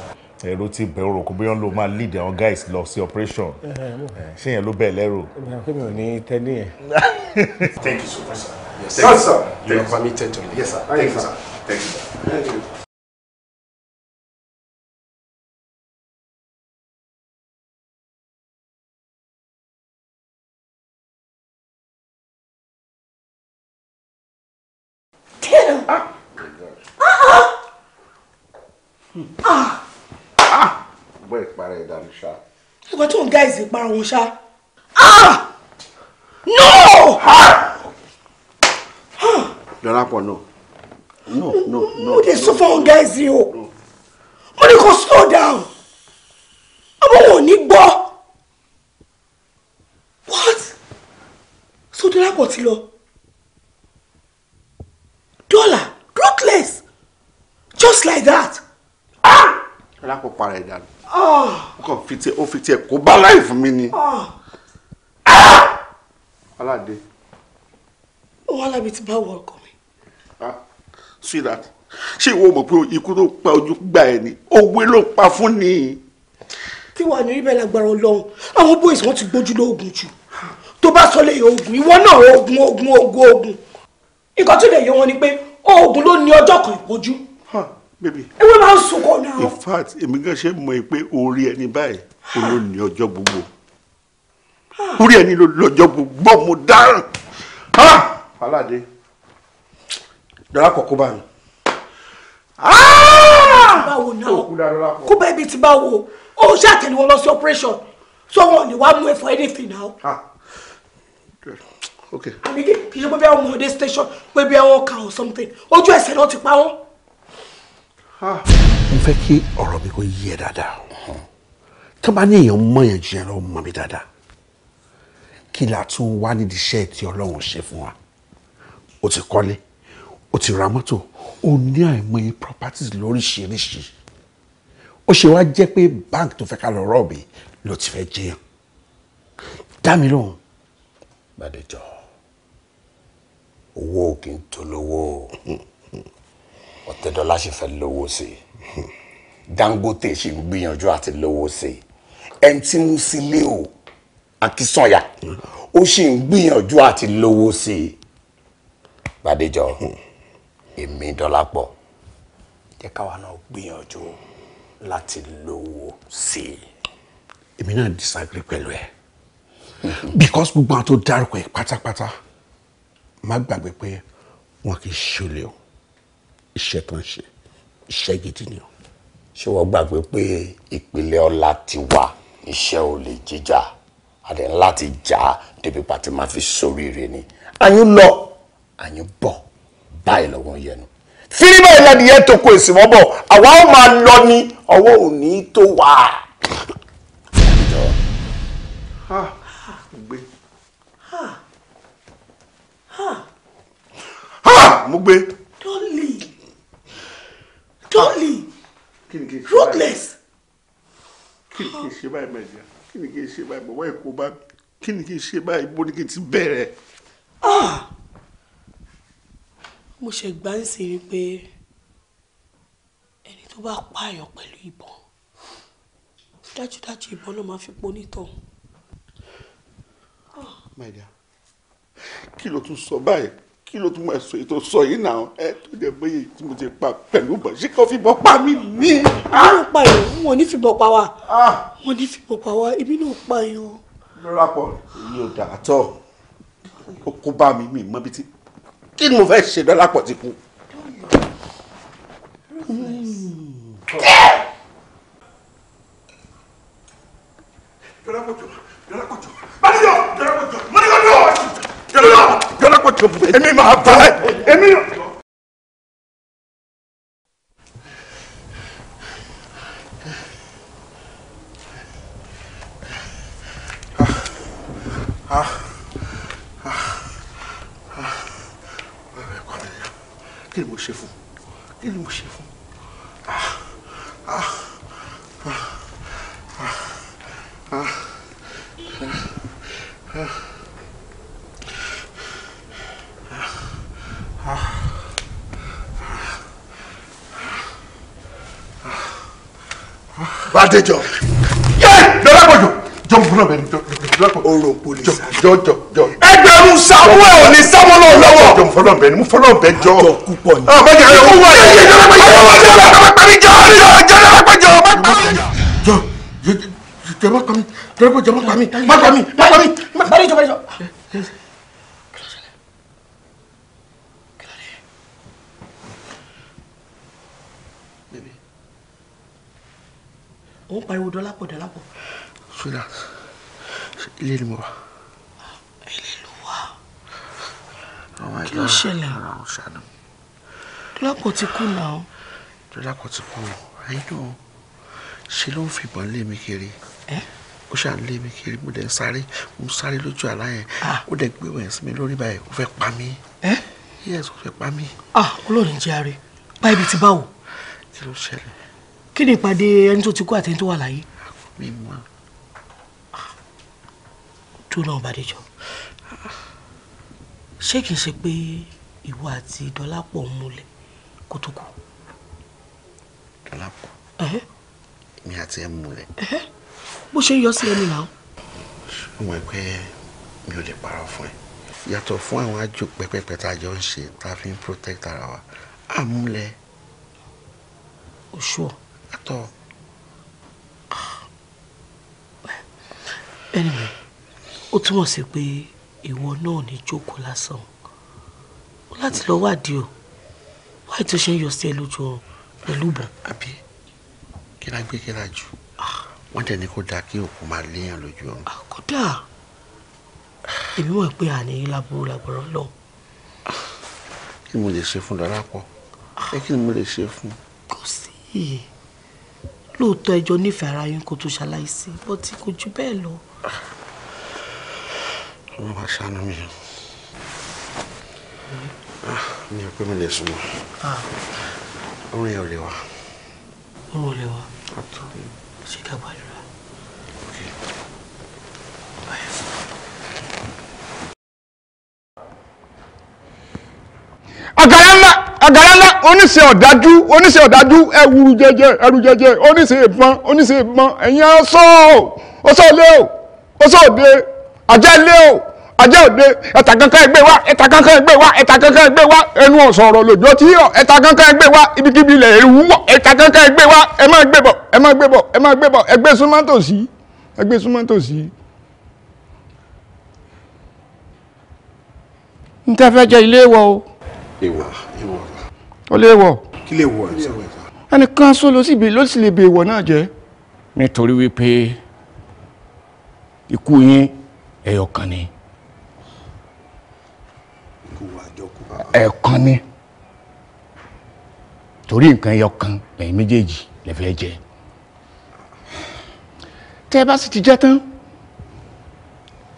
ẹ̀rọ ti bẹ̀rù rò kó bóyá ló máa lead àwọn guys lọ sí operation ṣé yẹn ló bẹ̀ lẹ́rù. mi ò ní tẹ́lẹ̀ yẹn. thank you so much sir. yes sir. you are permitted to leave. yes sir. thank you sir. thank you sir. wọn ṣá. ẹgbẹ́ tó ń guys para wọn ṣá. ah, ah! no. Ah! dọ́lápọ̀ náà no no no. mo dey suffer on guys yìí o mo ní kó slow down àmọ́ wọn ò ní gbọ́ what so dọ́lápọ̀ ti lọ. alákò para ẹ̀ dànù ah! ó kàn fi tiẹ̀ ó fi tiẹ̀ kó bá láì fún mi ni aládé. Ah! Ah! wàhálà mi ti bá wọ ọkọ mi. see that ṣé ìwọ mọ̀ pé ikú tó pa ojú gbà ẹ̀ ni òwe ló pa fún ni. tí wàá ní ibẹ̀ lágbára ọlọ́run àwọn boys wọn ti gbójú lóògùn jù tó bá sọ lẹ́yìn oògùn ìwọ náà oògùn oògùn oògùn oògùn nǹkan tó lè yẹ wọn ni pé oògùn ló ní ọjọ́ kan ìpọ́jú bébì. ewé máa ń sunkún náà. in fact èmi gan ṣe mọ̀ ẹ́ pé orí ẹni báyìí olóòní ọjọ́ gbogbo orí ẹni lọ́jọ́ gbogbo mo dáràn. aládé darapọ̀ kó bá mi. báwo náà kó bá ibi tí báwo ó ṣàtẹ̀lẹ́wọ́ lọ sí operation so wọn ò ní wàá mú ẹ for anything now. okay. àbí kí ìṣe pé bí àwọn ọmọdé station pé bí àwọn kà or something ojú ẹsẹ̀ náà ti pa wọ́n mo fẹ́ kí ọ̀rọ̀ mi kó yẹ dáadáa tó bá ní èèyàn mọ̀ yẹn jù yẹn lọ mọ̀ mi dáadáa kí la tún wá nídìí iṣẹ́ tí ọlọ́run ṣe fún wa o ti kọ́lé o ti ra mọ́tò o ní àìmọye properties lóríṣiríṣi ó ṣe wá jẹ́ pé bank tó fẹ́ ká lọ rọ́ọ̀bì ló ti fẹ́ jẹyàn dá mi lóhùn. Bàdéjọ owó kì í tó lówó ọ̀tẹ̀dọ́lá ṣe fẹ́ lówó sí i dangote ṣe ń gbìyànjú àti lówó sí i ẹni tí Musiliu o akínsànyà ó ṣe ń gbìyànjú àti lówó sí i gbàdéjọ èmi dọ́lápọ̀ jẹ́ káwa náà gbìyànjú láti lówó sí i. èmi náà disagree pẹ̀lú ẹ because gbogbo àwọn tó dárúkọ ẹ pátápátá má gbàgbé pé wọn kì í ṣe olè o iṣẹ́ tó ń ṣe iṣẹ́ gidi ni o. ṣé wọ́n gbàgbé pé ìpìlẹ̀ ọlá ti wà iṣẹ́ ò lè jíjà àdé láti jà á débi pàtí máa fi sóríire ni àyín lọ àyín bọ̀ báyìí lọ́wọ́ yẹnu fírímọ̀ ìlànìyẹ tó kó èsì wọ́n bọ̀ àwa ó máa lọ ní ọwọ́ òní tó wà. mo gbé. dọ́lì. Totally, ruthless. kí ni kí n ṣe báyìí mẹ́jọ kí ni kí n ṣe báyìí bọ̀wọ́ èkó bá mi kí ni kí n ṣe báyìí bó ni kí n ti bẹ̀rẹ̀. Ah! mo ṣe gbá ń sí i pé ẹni tó bá pààyàn pẹ̀lú ìbọn dájúdájú ìbọn náà máa fi ponítọ̀. mẹ́jọ kí ló tún sọ báyìí kí ló tún máa sọ èyí tó sọ yìí náà ẹ tó jẹ pé èyí tí mo ti pa pẹ̀lú bọ̀ ṣé kò fìbọn pa mí ní. mo pa yẹn n ò ní fìbọn pa wá ah. mo ní fìbọn pa wá èmi náà pa yẹn. lọ́la pọ̀ èyí ò dà tọ́ ó kó bá mi mi mọ́ bí tí kí ni mo fẹ́ ṣe lọ́la pọ̀ ti kú. lọ́la pọ̀ jọ lọ́la pọ̀ jọ bá a ní yọ lọ́la pọ̀ jọ mọ́ ní kọ́ ní yọ yọlọ kí ni mo ṣe fún kí ni mo ṣe fún ah ah. ah. Adéjọ. Yẹ́ lọ́lápọ̀jọ. Jọ́mú fún ọ̀bẹ ni lọ́lápọ̀. Orò poli sá. Jọ jọ jọ. Ẹgbẹ̀rún Samuel ò ní Samuel náà lọ́wọ́. Jọ́mú fún ọ̀bẹ ni mú fún ọ̀bẹ jọ. Àjọ púpọ̀ ni. Ọ̀bẹ jẹ ẹ̀rọ wúwo ayé. Jẹ́ lọ́lápọ̀jọ. Jẹ́ lọ́lápọ̀jọ. Jọ jẹ má pa mi. Jọ má pa mi. Má pa mi. Má pa mi. Má pa mi. Má pa mi. pariwo dọ́lápọ̀ dọ́lápọ̀. sódà ilé ni mo wà. ilé ló wà. kí ló ṣẹlẹ̀? dọ́lápọ̀ ti kú náà. dọ́lápọ̀ ti kú ayé náà ṣe ló ń fìbọn lé mi kiri. Eh? ó ṣà ń lé mi kiri mo dẹ̀ ń sáré mo ń sáré lójú àlá yẹn ah. ó dẹ̀ gbé wọ̀nyẹn sí mi lórí báyìí ó fẹ́ pa mí. ẹ yẹ́sì fẹ́ pa mí. ah olóòrìn jẹ́ ààrẹ pa ibi tí báwo. kí ló ṣẹlẹ̀ kí ni ìpàdé ẹni tó ti kú àtẹni tó wà láyé. tó náà bá dé jọ ṣé kìí ṣe pé ìwọ àti Dọlápọ̀ ń múlẹ̀ kó tó kú. Dọlápọ̀ mi àti ẹ̀ ń múlẹ̀. bó ṣe ń yọ sí ẹni náà. ọmọ ẹgbẹ́ mi ò lè parọ́ fún ẹ yàtọ̀ fún àwọn àjò pẹ́pẹ́pẹ́ tá a jọ ń ṣe tá a fi ń protect ara wa àmúlẹ̀. oṣù ọ̀ doctor. anyway ó túmọ̀ sí pé ìwọ náà ní jókòó lásán o láti lọ wádìí o wáyé tó ṣe ń yọ sí ẹ lójú ọrùn pẹ̀lú ìbọn. àbí kí la gbé kí la jù wọ́n dẹ̀ ní kó dáa kí òkú máa léèyàn lójú ọrùn. Ah, kódà èmi mọ̀ pé àní láburú làgbọ̀rọ̀ lọ. kí mo lè ṣe fún Dọlápọ̀ ẹ kí ni mo lè ṣe fún. kò sí lóòótọ́ ẹjọ́ nífẹ̀ẹ́ ara yín kò tó ṣaláìsí bó ti kò jù bẹ́ẹ̀ lọ. wọ́n máa ṣàánú mi ah, mi ò pé mi lè súnmọ́ ah. orin ò lè wá. orin ò lè wá. ṣé ká gbàdúrà. ọ̀gá ẹ̀ àgàrà ńlá oníṣẹ́ ọ̀dájú oníṣẹ́ ọ̀dájú ẹwùrú jẹjẹ ẹrù jẹjẹ oníṣẹ́ ìbọn oníṣẹ́ ìbọn ẹ̀yìn ọ̀ṣọ́ ọ̀ṣọ́ òde o ọ̀ṣọ́ òde àjẹ́ ilé o àjẹ́ òde ẹ̀ta kankan ẹgbẹ́ wa ẹ̀ta kankan ẹgbẹ́ wa ẹ̀ta kankan ẹgbẹ́ wa ẹnu ọ̀sọ̀rọ̀ lòjọ́ tí yọ ẹ̀ta kankan ẹgbẹ́ wa ibikíbi ilẹ̀ ẹ̀rù wúwọ̀ ẹ̀ta kankan ẹgbẹ́ wa ẹ máa gbé bọ̀ ẹ máa gbé bọ̀ ẹ máa gbé bọ̀ ẹgbẹ́ súnmọ́ tòsí ẹgbẹ́ súnmọ́ tòsí. n tẹ́ fẹ́ jẹ ilé wọ o. ìwà ìwà ó lè wọ̀. kí lè wọ̀ ẹ̀ sẹ́wọ̀ ẹ̀fà. ẹnìkan sọ ló sì lè bè ìwọ̀ náà jẹ́. nítorí wípé ikú yín ẹyọ kan ni. ẹ̀ẹ̀kan ni torí nǹkan ẹyọ kan lẹ́yìn méjèèjì lè fẹ́ jẹ. tẹ́ ẹ bá sì ti jẹ tán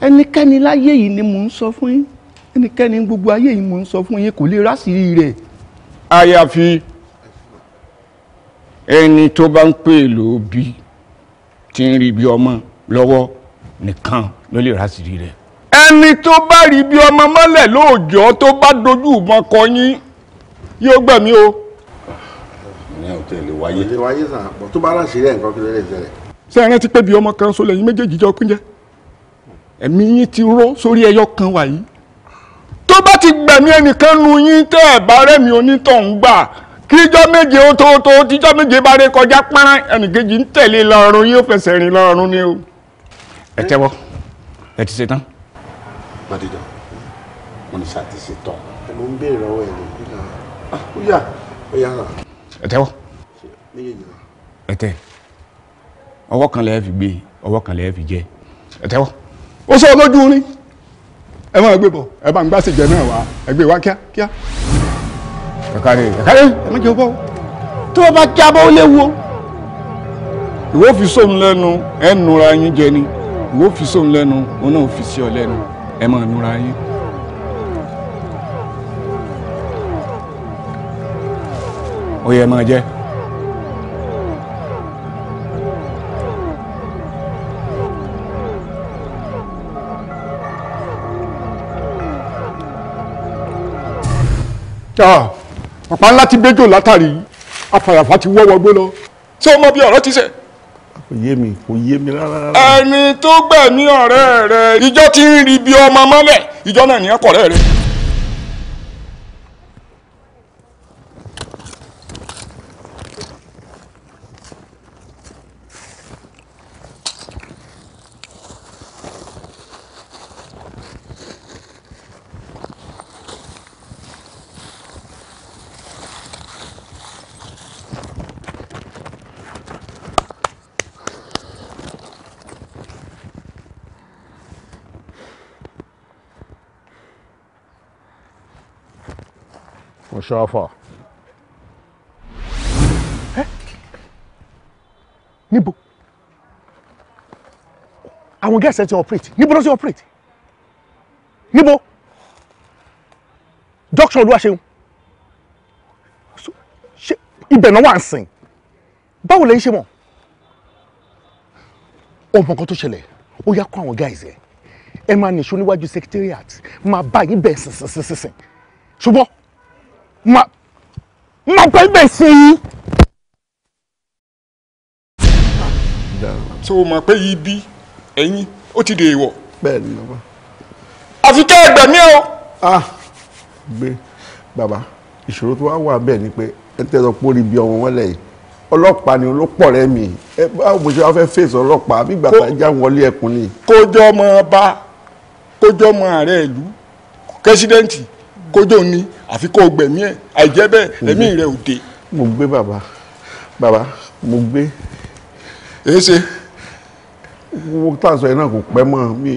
ẹnikẹ́ni láyé yìí ni mò ń sọ fún yín ẹnikẹ́ni gbogbo ayé yìí mò ń sọ fún yín kò lè rásìrí rẹ̀ àyàfi ẹni tó bá ń pè lóbi tí ń rí bí ọmọ lọ́wọ́ nìkan ló lè rásìrí rẹ̀ ẹni tó bá rí bí ọmọ mọ́lẹ̀ lóòjọ́ tó bá dojú ìbọn kọ yín yóò gbẹ̀mí o. ìyẹn ò tẹ̀lé wáyé. tẹ̀lé wáyé sàn ṣé ẹ rántí pé bí ọmọ kan sólẹ̀ yín méjèèjì jọ kúnjẹ́ ẹ̀mí yín ti ró sórí ẹyọ kan wà yìí tó bá ti gbẹ̀mí ẹnìkan nu yín tẹ́ ẹ̀ bá rẹ̀mí onítọ̀hún gbà kíjọ́ méje ó tó tó tíjọ́ méje bá kọjá pẹ́rán ẹnìkejì ń tẹ̀lé e lọ́rùn yóò rìn lọ́rùn ni o. ẹ ti ṣetán. mo ní ẹnu ń béèrè ah, ẹ ó yà ó yà ẹ ẹ tẹ ọwọ́ kan lẹ́ẹ̀ fi gbé ọwọ́ kan lẹ́ẹ̀ fi jẹ ẹ ó sọ ni. ẹ máa gbé bọ̀ ẹ bá ń gbá sèjẹ náà wá ẹ gbé wá kíá kíá. kàkàrí kàkàrí ẹ má jẹ́ bọ́ tó o bá kí abọ́ ó léwu o. ìwọ fi sóun lẹ́nu ẹ nura yín jẹ ni ìwọ fi sóun lẹ́nu òun náà fi sí ọ lẹ́nu ẹ máa nura yín. ó yẹ máa jẹ́. ọ̀pá ah, ńlá ti gbẹ́jọ́ látàrí afàyàfà ti wọ́wọ́ gbó lọ ṣé o mọ bí ọ̀rọ̀ ti ṣe. kò yé mi kò yé mi rárá. ẹni tó gbẹ̀mí ọ̀rẹ́ rẹ̀ ìjọ ti ń rí bí ọmọ mọ́lẹ̀ ìjọ náà ní ẹ̀kọ́ rẹ̀ rẹ̀. ṣọ́fọ̀. níbo àwọn gẹ́sẹ̀ ti operate Nibo, ló ti operate doctor dókítà Olúwaṣeun ṣe ibẹ̀ náà wà ń sìn báwo lẹ́yìn ṣe mọ̀ ọmọ nǹkan tó ṣẹlẹ̀ ó yá kó àwọn guys ẹ̀ ẹ máa nìṣó níwájú secretariat máa bá yín bẹ̀ sìn sìn sìn sìn ṣùgbọ́n ma ma pẹ́ bẹ̀ sí i. so o mọ̀ pé ibi ẹ̀yin ó ti dè wọ̀. bẹ́ẹ̀ni bàbá. àfi kẹ́ ẹ gbẹ̀mí o. ah gbé bàbá ìṣòro tó wá wà bẹ́ẹ̀ ni pé ẹ tẹ́ lọ pórí bí ọmọ wọn lẹ́yìn ọlọ́pàá ni olópọ̀ rẹ mi ẹ bá bó ṣe wá fẹ́ fèsì ọlọ́pàá bí gbàgbà já wọlé ẹkùn ni. kójọ́ mọ ọba kójọ́ mọ ààrẹ ìlú kẹ́sídẹ́ǹtì kójó ni àfi kó gbẹ̀mí ẹ̀ àìjẹ́ bẹ́ẹ̀ ẹ̀mí rẹ̀ ò dé. mo gbé bàbá bàbá mo gbé. èsè. owó tá a sọ yẹn náà kò pẹ́ mọ́ mi.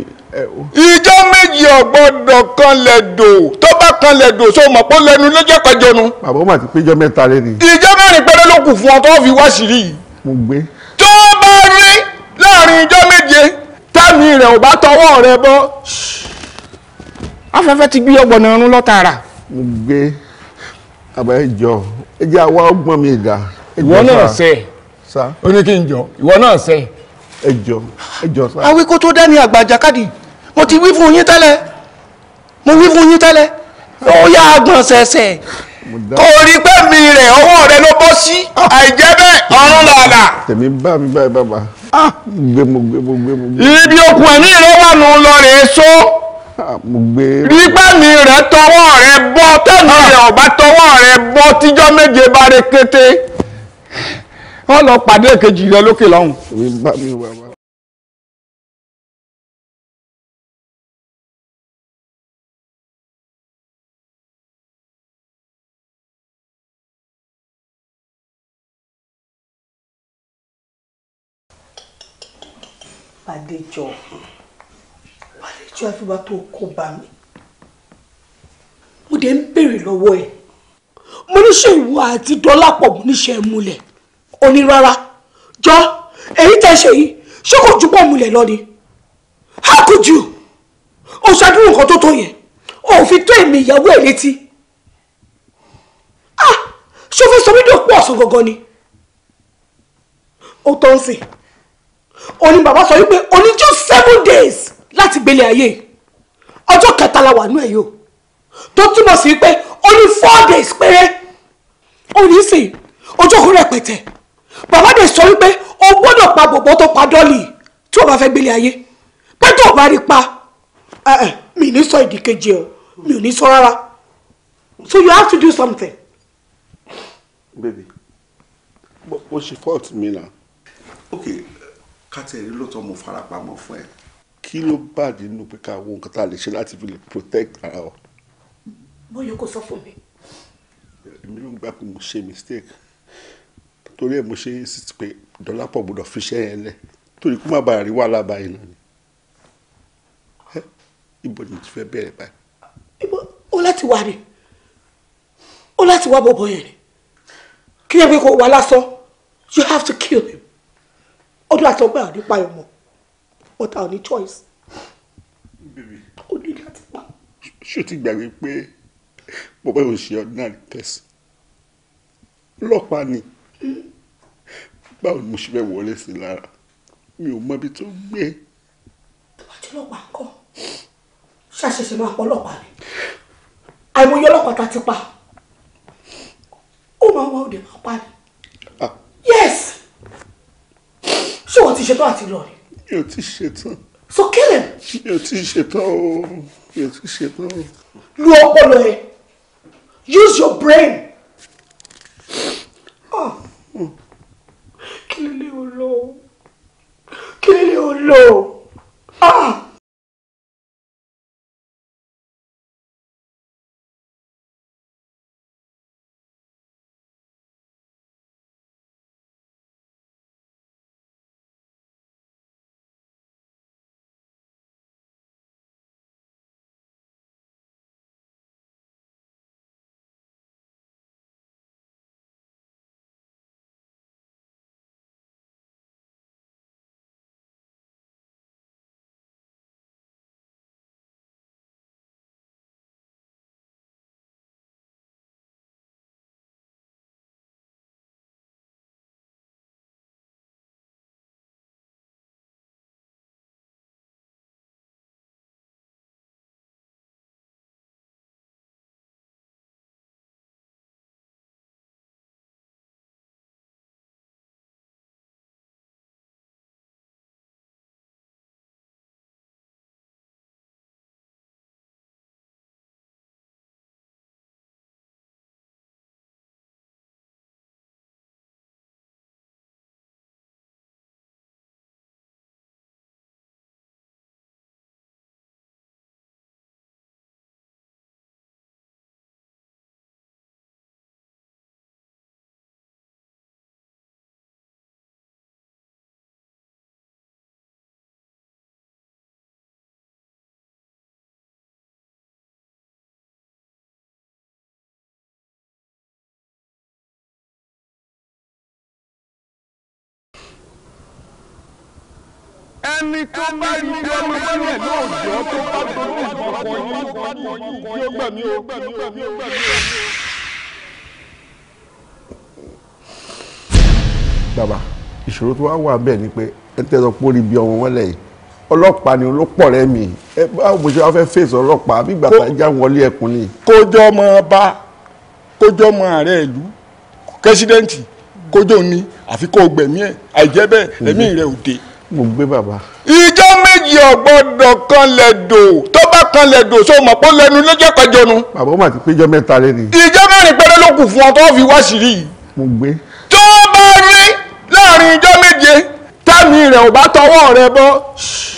ìjọ méjì ọ̀gbọ́dọ̀ kan lẹ̀ dò tó bá kan lẹ̀ dò sóò mọ̀ pé lẹnu ló jẹ́ pẹ́jọnu. bàbá ó mà ti péjọ mẹ́ta rẹ ni. ìjọ mẹ́rin péré ló kù fún ọ tó fi wá sírí yìí. mo gbé. tó bá rí láàrin ìjọ méje tẹ́mi rẹ̀ ò bá tọwọ́ rẹ̀ bọ́ afẹ́fẹ́ ti gbé ọgbọ̀n ọrùn lọ́tàrà. mo gbé àbá ìjọ ẹjẹ àwa ọgbọ́n mi ìdá. ìwọ náà ṣe ó ní kí n jọ ìwọ náà ṣe. ẹjọ ẹjọ sá. awí kó tó dání àgbà àjàkadì mo ti wí fún yín tẹ́lẹ̀ mo wí fún yín tẹ́lẹ̀ ó yá agbọ̀n ṣẹ̀ṣẹ̀ kò rí pé mi rẹ̀ ọwọ́ rẹ̀ ló bọ́ sí àìjẹ́ bẹ́ẹ̀ ọ̀run làlà. tèmi bá mi báyìí bàbá ah. gbé mo gbé mo gbé mo gbé. ibi okùn ẹ̀mí rẹ̀ wà nù lọ rèé só rígbẹ́mi rẹ̀ tọwọ́ rẹ̀ bọ́ tẹ́mi rẹ̀ ọ̀bá tọwọ́ rẹ̀ bọ́ tíjọ́ méje bá rẹ̀ kété wọ́n lọ pàdé èkejì rẹ̀ lókè lọ́hùn. pàdé jọ ìjọ àfihàn tó kó bá mi mo dẹ̀ ń béèrè lọ́wọ́ ẹ̀ mo ní ṣe ìwọ àti dọ́lápọ̀ mo ní ṣe é múlẹ̀ ó rárá jọ èyí tẹ́ ṣe yìí ṣé kò jù pọ̀ múlẹ̀ lọ how could you ó ṣàdúrà nǹkan tó tó yẹn ó fi tó èmi ìyàwó ẹ̀ létí ah ṣó fẹ́ sọ mí dòpò ọ̀sán gangan ni ó tó ń sìn ó ní bàbá sọ wípé ó ní just seven days láti gbélé ayé ọjọ́ kẹta la wà nú ẹ̀ yóò tó túmọ̀ sí pé ó ní four days péré ó ní sìn ojú òkú rẹpẹtẹ bàbá dẹ̀ sọ wípé o gbọ́dọ̀ pa bòbọ́ tó pa dọ́ọ̀lì tí o bá fẹ́ gbélé ayé pé tó o bá rí pa eh, eh, mi ní sọ ìdí kejì o mi ò ní sọ rárá so you have to do something. baby bó ṣe fault mi náà. ok ká tẹ̀lé lóòótọ́ mo fara pamọ́ fún ẹ kí ló bá nínú pé ká wo nǹkan tá a lè ṣe láti fi lè protect ara wa. bóyá kò sọ fún mi. èmi ló ń gbà pé mo ṣe mistake torí ẹ mo ṣe é sì pé dọ́là pọ̀ gbọ́dọ̀ fi ṣẹ́ yẹn lẹ̀ torí kó má bàa rí wàhálà báyìí náà ni ibo ni ti fẹ́ bẹ̀rẹ̀ báyìí. ibo ó láti wá ni ó láti wá bọ̀bọ̀ yẹn ni kí ẹ pé kó wà lásán you have to kill him ọdún àtọgbà nípa ìmọ̀ but our ò choice. bèbè ó ní láti pa. ṣé o ti gbàgbé pé mo bẹ́ẹ̀ ò ṣe ordinary person lọ́pàá ni báwo ni mo ṣe fẹ́ wọlé sí lára mi ò mọbi tó gbé. tó bá jẹ́ ọlọ́pàá ńkọ́ ṣàṣẹṣe máa pọ̀ ọlọ́pàá ni àìmọye ọlọ́pàá ta ti pa ó máa wá òde máa pa ni. Ah. yes ṣé wọ́n ti ṣetán àti lọ rẹ̀ mi ò ti ṣetán. so kill him. mi ò ti ṣetán o mi ò ti ṣetán o. lu ọpọlọ ẹ use your brain. Ah. kí lè lè o lọ kí lè lè o lọ. Ah. ẹni tó bá rí ibi ọmọ bọ́ọ̀lù ẹ̀ lóò jọ tó bá dojú ìbọn kọ yín yóò gbẹ̀mí o bàbá ìṣòro tó wá wà bẹ́ẹ̀ ni pé ẹ tẹ́tọ̀ pórí bí ọmọ wọn lẹ́yìn ọlọ́pàá ni olópọ̀ rẹ mi ẹ báwo bó ṣe wá fẹ́ fèsì ọlọ́pàá bí gbàgbà já wọlé ẹkùn ni. kójọ́ ọmọ ọba kójọ́ ọmọ ààrẹ ìlú kẹ́sídẹ́ǹtì kójọ́ ni àfi kó gbẹ̀mí ẹ̀ àìjẹ́ bẹ́ẹ̀ ẹ̀mí rẹ̀ ò mo gbé bàbá. ìjọ méjì ọ̀gbọ́dọ̀ kan lẹ̀dò tó bá kan lẹ̀dò sọ mọ̀ pé lẹnu ló jẹ́ kẹjọnu. bàbá ó mà ti péjọ mẹ́ta rẹ ni. ìjọ mẹ́rin péré ló kù fún ọ tó fi wá sírí yìí. mo gbé. tó bá rí láàrin ìjọ méje tẹ́mi rẹ̀ ò bá tọwọ́ rẹ̀ bọ́ ṣì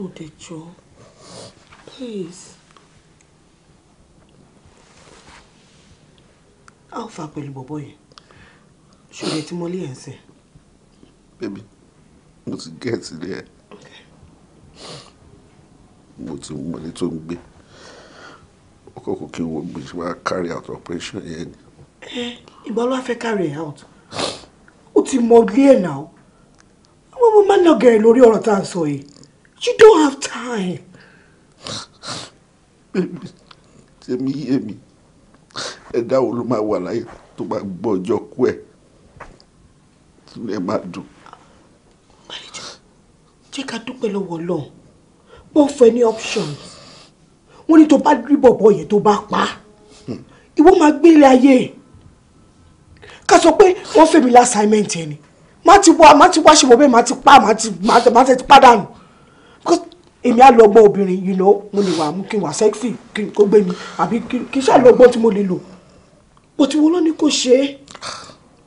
òde oh, please a ó fa pẹ̀lú bọ̀bọ̀ yẹn ṣùgbọ́n tí mo lé ẹ̀ baby mo ti gẹ̀ẹ́tì lé ẹ mo ti mọ̀lẹ́ tó ń gbé ọkọ̀ kò kí n carry out operation yẹn Eh, ẹ ìgbà ló wá carry out ó ti mọ ilé ẹ̀ náà wọ́n mọ máa ń nàgẹ̀rẹ̀ lórí ọ̀rọ̀ You don't have time. Bẹ́ẹ̀ni, tèmi yé mi, ẹ̀dá wo ló máa wà láyé tó to gbọ́ ọjọ́ kú ẹ̀ tí ẹ máa dùn. Màlẹ́jọ́, jẹ́ ká dúpẹ́ lọ́wọ́ Ọlọ́run, wọ́n fún ẹ ní options. Wọ́n ní tó bá rí bọ̀bọ̀ yẹn tó bá pa, ìwọ máa gbé ilé ayé. Ká sọ pé wọ́n fẹ́ mi lá assignment yẹn ni, má ti wá má ti wá ṣe wọ́n bẹ́ẹ̀ má ti pa má ti má ti padà nù èmi á lọ gbọ́ obìnrin yìí lọ mo lè wà mú kí n wà sexy kí n kó gbé mi àbí kí n ṣáà lọ gbọ́ tí mo lè lò bó ti wọ́n lọ́ni kò ṣe é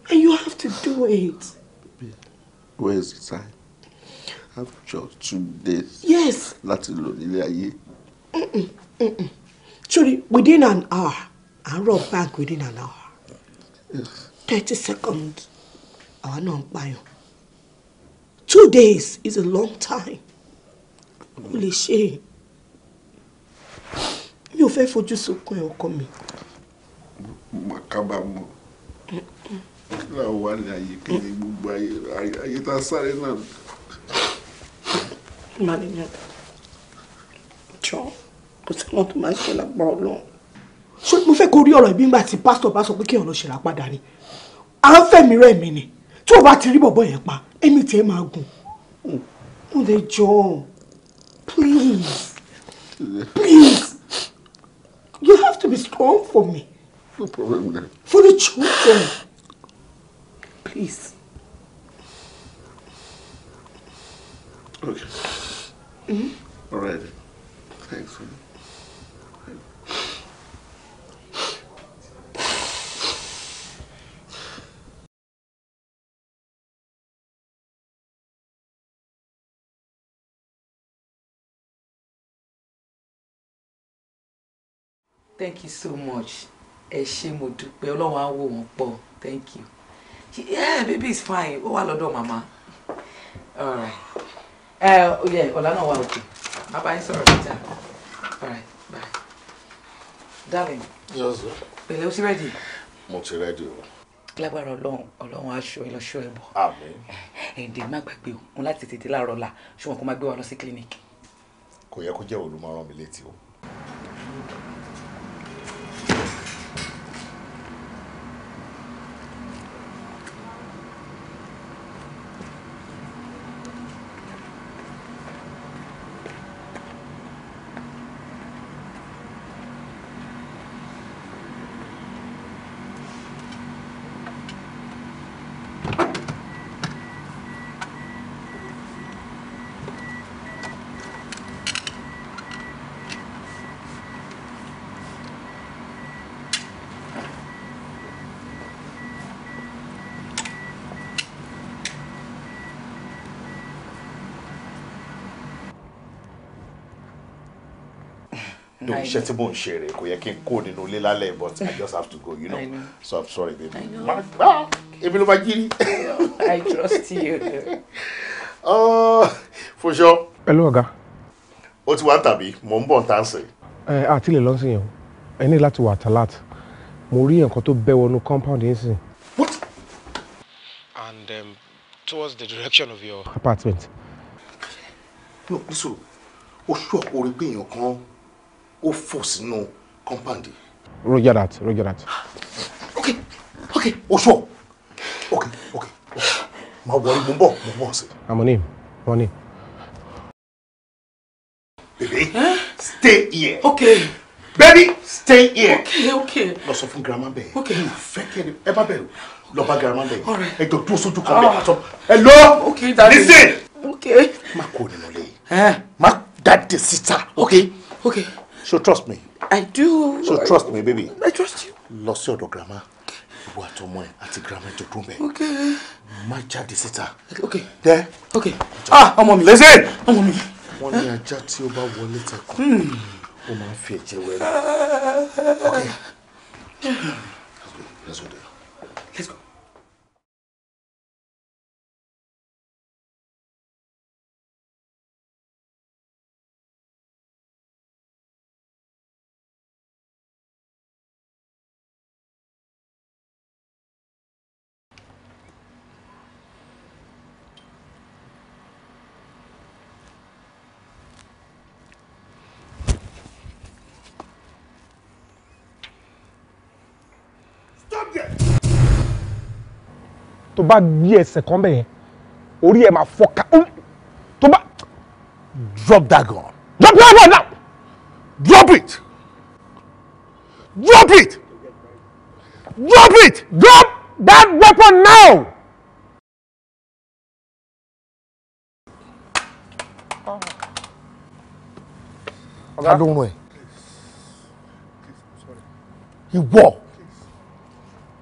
and you have to do it. where is the time i have just two days. yes. láti lò nílé ayé. sorry within an hour i rub back within an hour thirty seconds àwa náà ń payàn two days is a long time mo lè ṣe é mi ò fẹ́ fojú sunkún ẹ̀ ọkọ mi. mà kábàámọ̀ kí là wà ní ayé kiri gbogbo ayé ayé tá a sáré náà. má lè yàn jọ kò sí wọn tó máa ń ṣe lágbá Ọlọ́run ṣé mo fẹ́ kó rí ọ̀rọ̀ ìbí ńgbà tí pásítọ̀ bá sọ pé kéèyàn lọ ṣèrà padà ni à ń fẹ̀mí rẹ̀ mi ni tí o bá ti rí bọ̀bọ̀ yẹn pa èmi tiẹ̀ máa gùn. mo lè jọ ọ́. Please. Please. You have to be strong for me. No problem, then. For the children. Please. Okay. Mm -hmm. All right. Thanks. thank you so much ẹ ṣé mo dúpẹ́ ọlọ́run á wò wọ́n pọ̀ thank you yeah baby is fine ó wà lọ́dọ̀ màmá alright ọ̀la náà wà òkè bàbá yín sọ̀rọ̀ níta alright bye darling pẹ̀lẹ́ o ti rẹ́dì. mo ti rẹ́dì o. lágbára ọlọ́run ọlọ́run aṣọ ẹ lọ́ṣọ́ ẹ bọ̀. àmín. ẹ̀ǹdẹ̀ má gbàgbé o mo láti tètè láàárọ̀ la ṣùgbọ́n kó má gbé wa lọ sí clinic. kò yẹ kó jẹ́ olùmọ̀ràn mi létí o. no iṣẹ́ tí mò ń ṣe rẹ̀ kò yẹ kí n kó nínú ilé lálẹ́ but i (laughs) just have to go you know, know. so i'm sorry baby má gbá ah, èmi ló máa jírí. (laughs) i trust you. (laughs) Oh, for sure. hello ọ̀gá. ó ti wá ń tàbí mò ń bọ̀ ń tàǹsì. ẹ àti lè lọ sí yẹn ẹ ní láti wà talat mo rí nǹkan tó bẹ́ wọnú compound yìí sìn. what. and um, towards the direction of your. apartment. no nisoro o ṣú ọkọ orí pé èèyàn kan ó fò sínú compound roger that roger that. ok ok o sure ok ok máa wọrí mo ń bọ̀ mo ń bọ̀ sí. amoni ah, moni. baby stay here. okay. baby stay here. okay okay. lọ sọ fún girama bẹ́ẹ̀. okay fẹ́ kí ẹ bá bẹ̀rù lọ bá girama bẹ́ẹ̀. ẹ jọ dúró sójú kan ah. bẹ́ẹ̀ àtọ. ẹ lọ. okay daddy listen. okay. má kó o nínú ilé yìí. má dáde síta. okay okay. okay so trust me. I do. so trust me baby. I trust you. Lost your ọ̀dọ̀ grandma ìwọ àtọmọ ẹ àti grandma ẹ tó dún bẹ. ok. má jáde síta. ok. dẹ. ok. ah ọmọ mi. lẹ́sẹ̀. ọmọ mi. wọ́n ní ajá tí ó bá wọlé tẹkùn hmm. ó máa ń fi ẹ̀jẹ̀ wẹ̀rẹ̀. Ah. ok. ok. let's go there. tó bá gbé ẹsẹ̀ kan bẹ̀ yẹn orí ẹ̀ máa fọ́ka um, tó bá. drop that gun. drop that gun now drop it drop it drop it drop that weapon now. ọ̀gá ló ń rún ẹ̀ ìwọ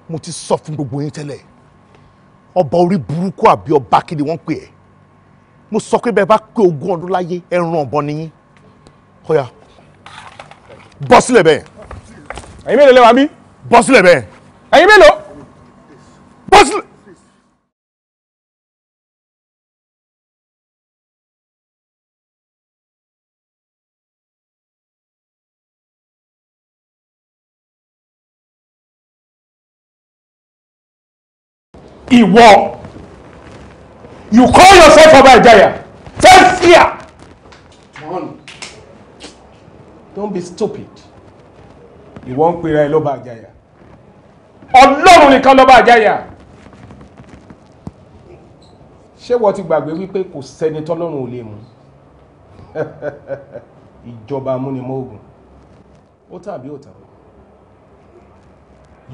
mo ti sọ fún gbogbo yín tẹ́lẹ̀ ọba orí burúkú àbí ọba kí ni wọ́n pè ẹ́ mo sọ pé bẹ́ẹ̀ bá pé ogún ọdún láyé ẹran ọ̀bọ nìyí ọ̀yà bọ́ sílẹ̀ bẹ́ẹ̀. ẹ̀yin mélòó lẹ́wà bí. bọ́ sílẹ̀ bẹ́ẹ̀. ẹ̀yin mélòó. ìwọ you call yourself ọba ìjayà first fear. Mọ́nù don't be stupid ìwọ ń pera ẹ lọ́ba àjàyà ọlọ́run nìkan lọ́ba àjàyà ṣé wọ́n ti gbàgbé wípé kò sẹ́ni tọ́lọ́run ò lè mú (laughs) ìjọba amúnimóògùn ó tàbí ó tàbí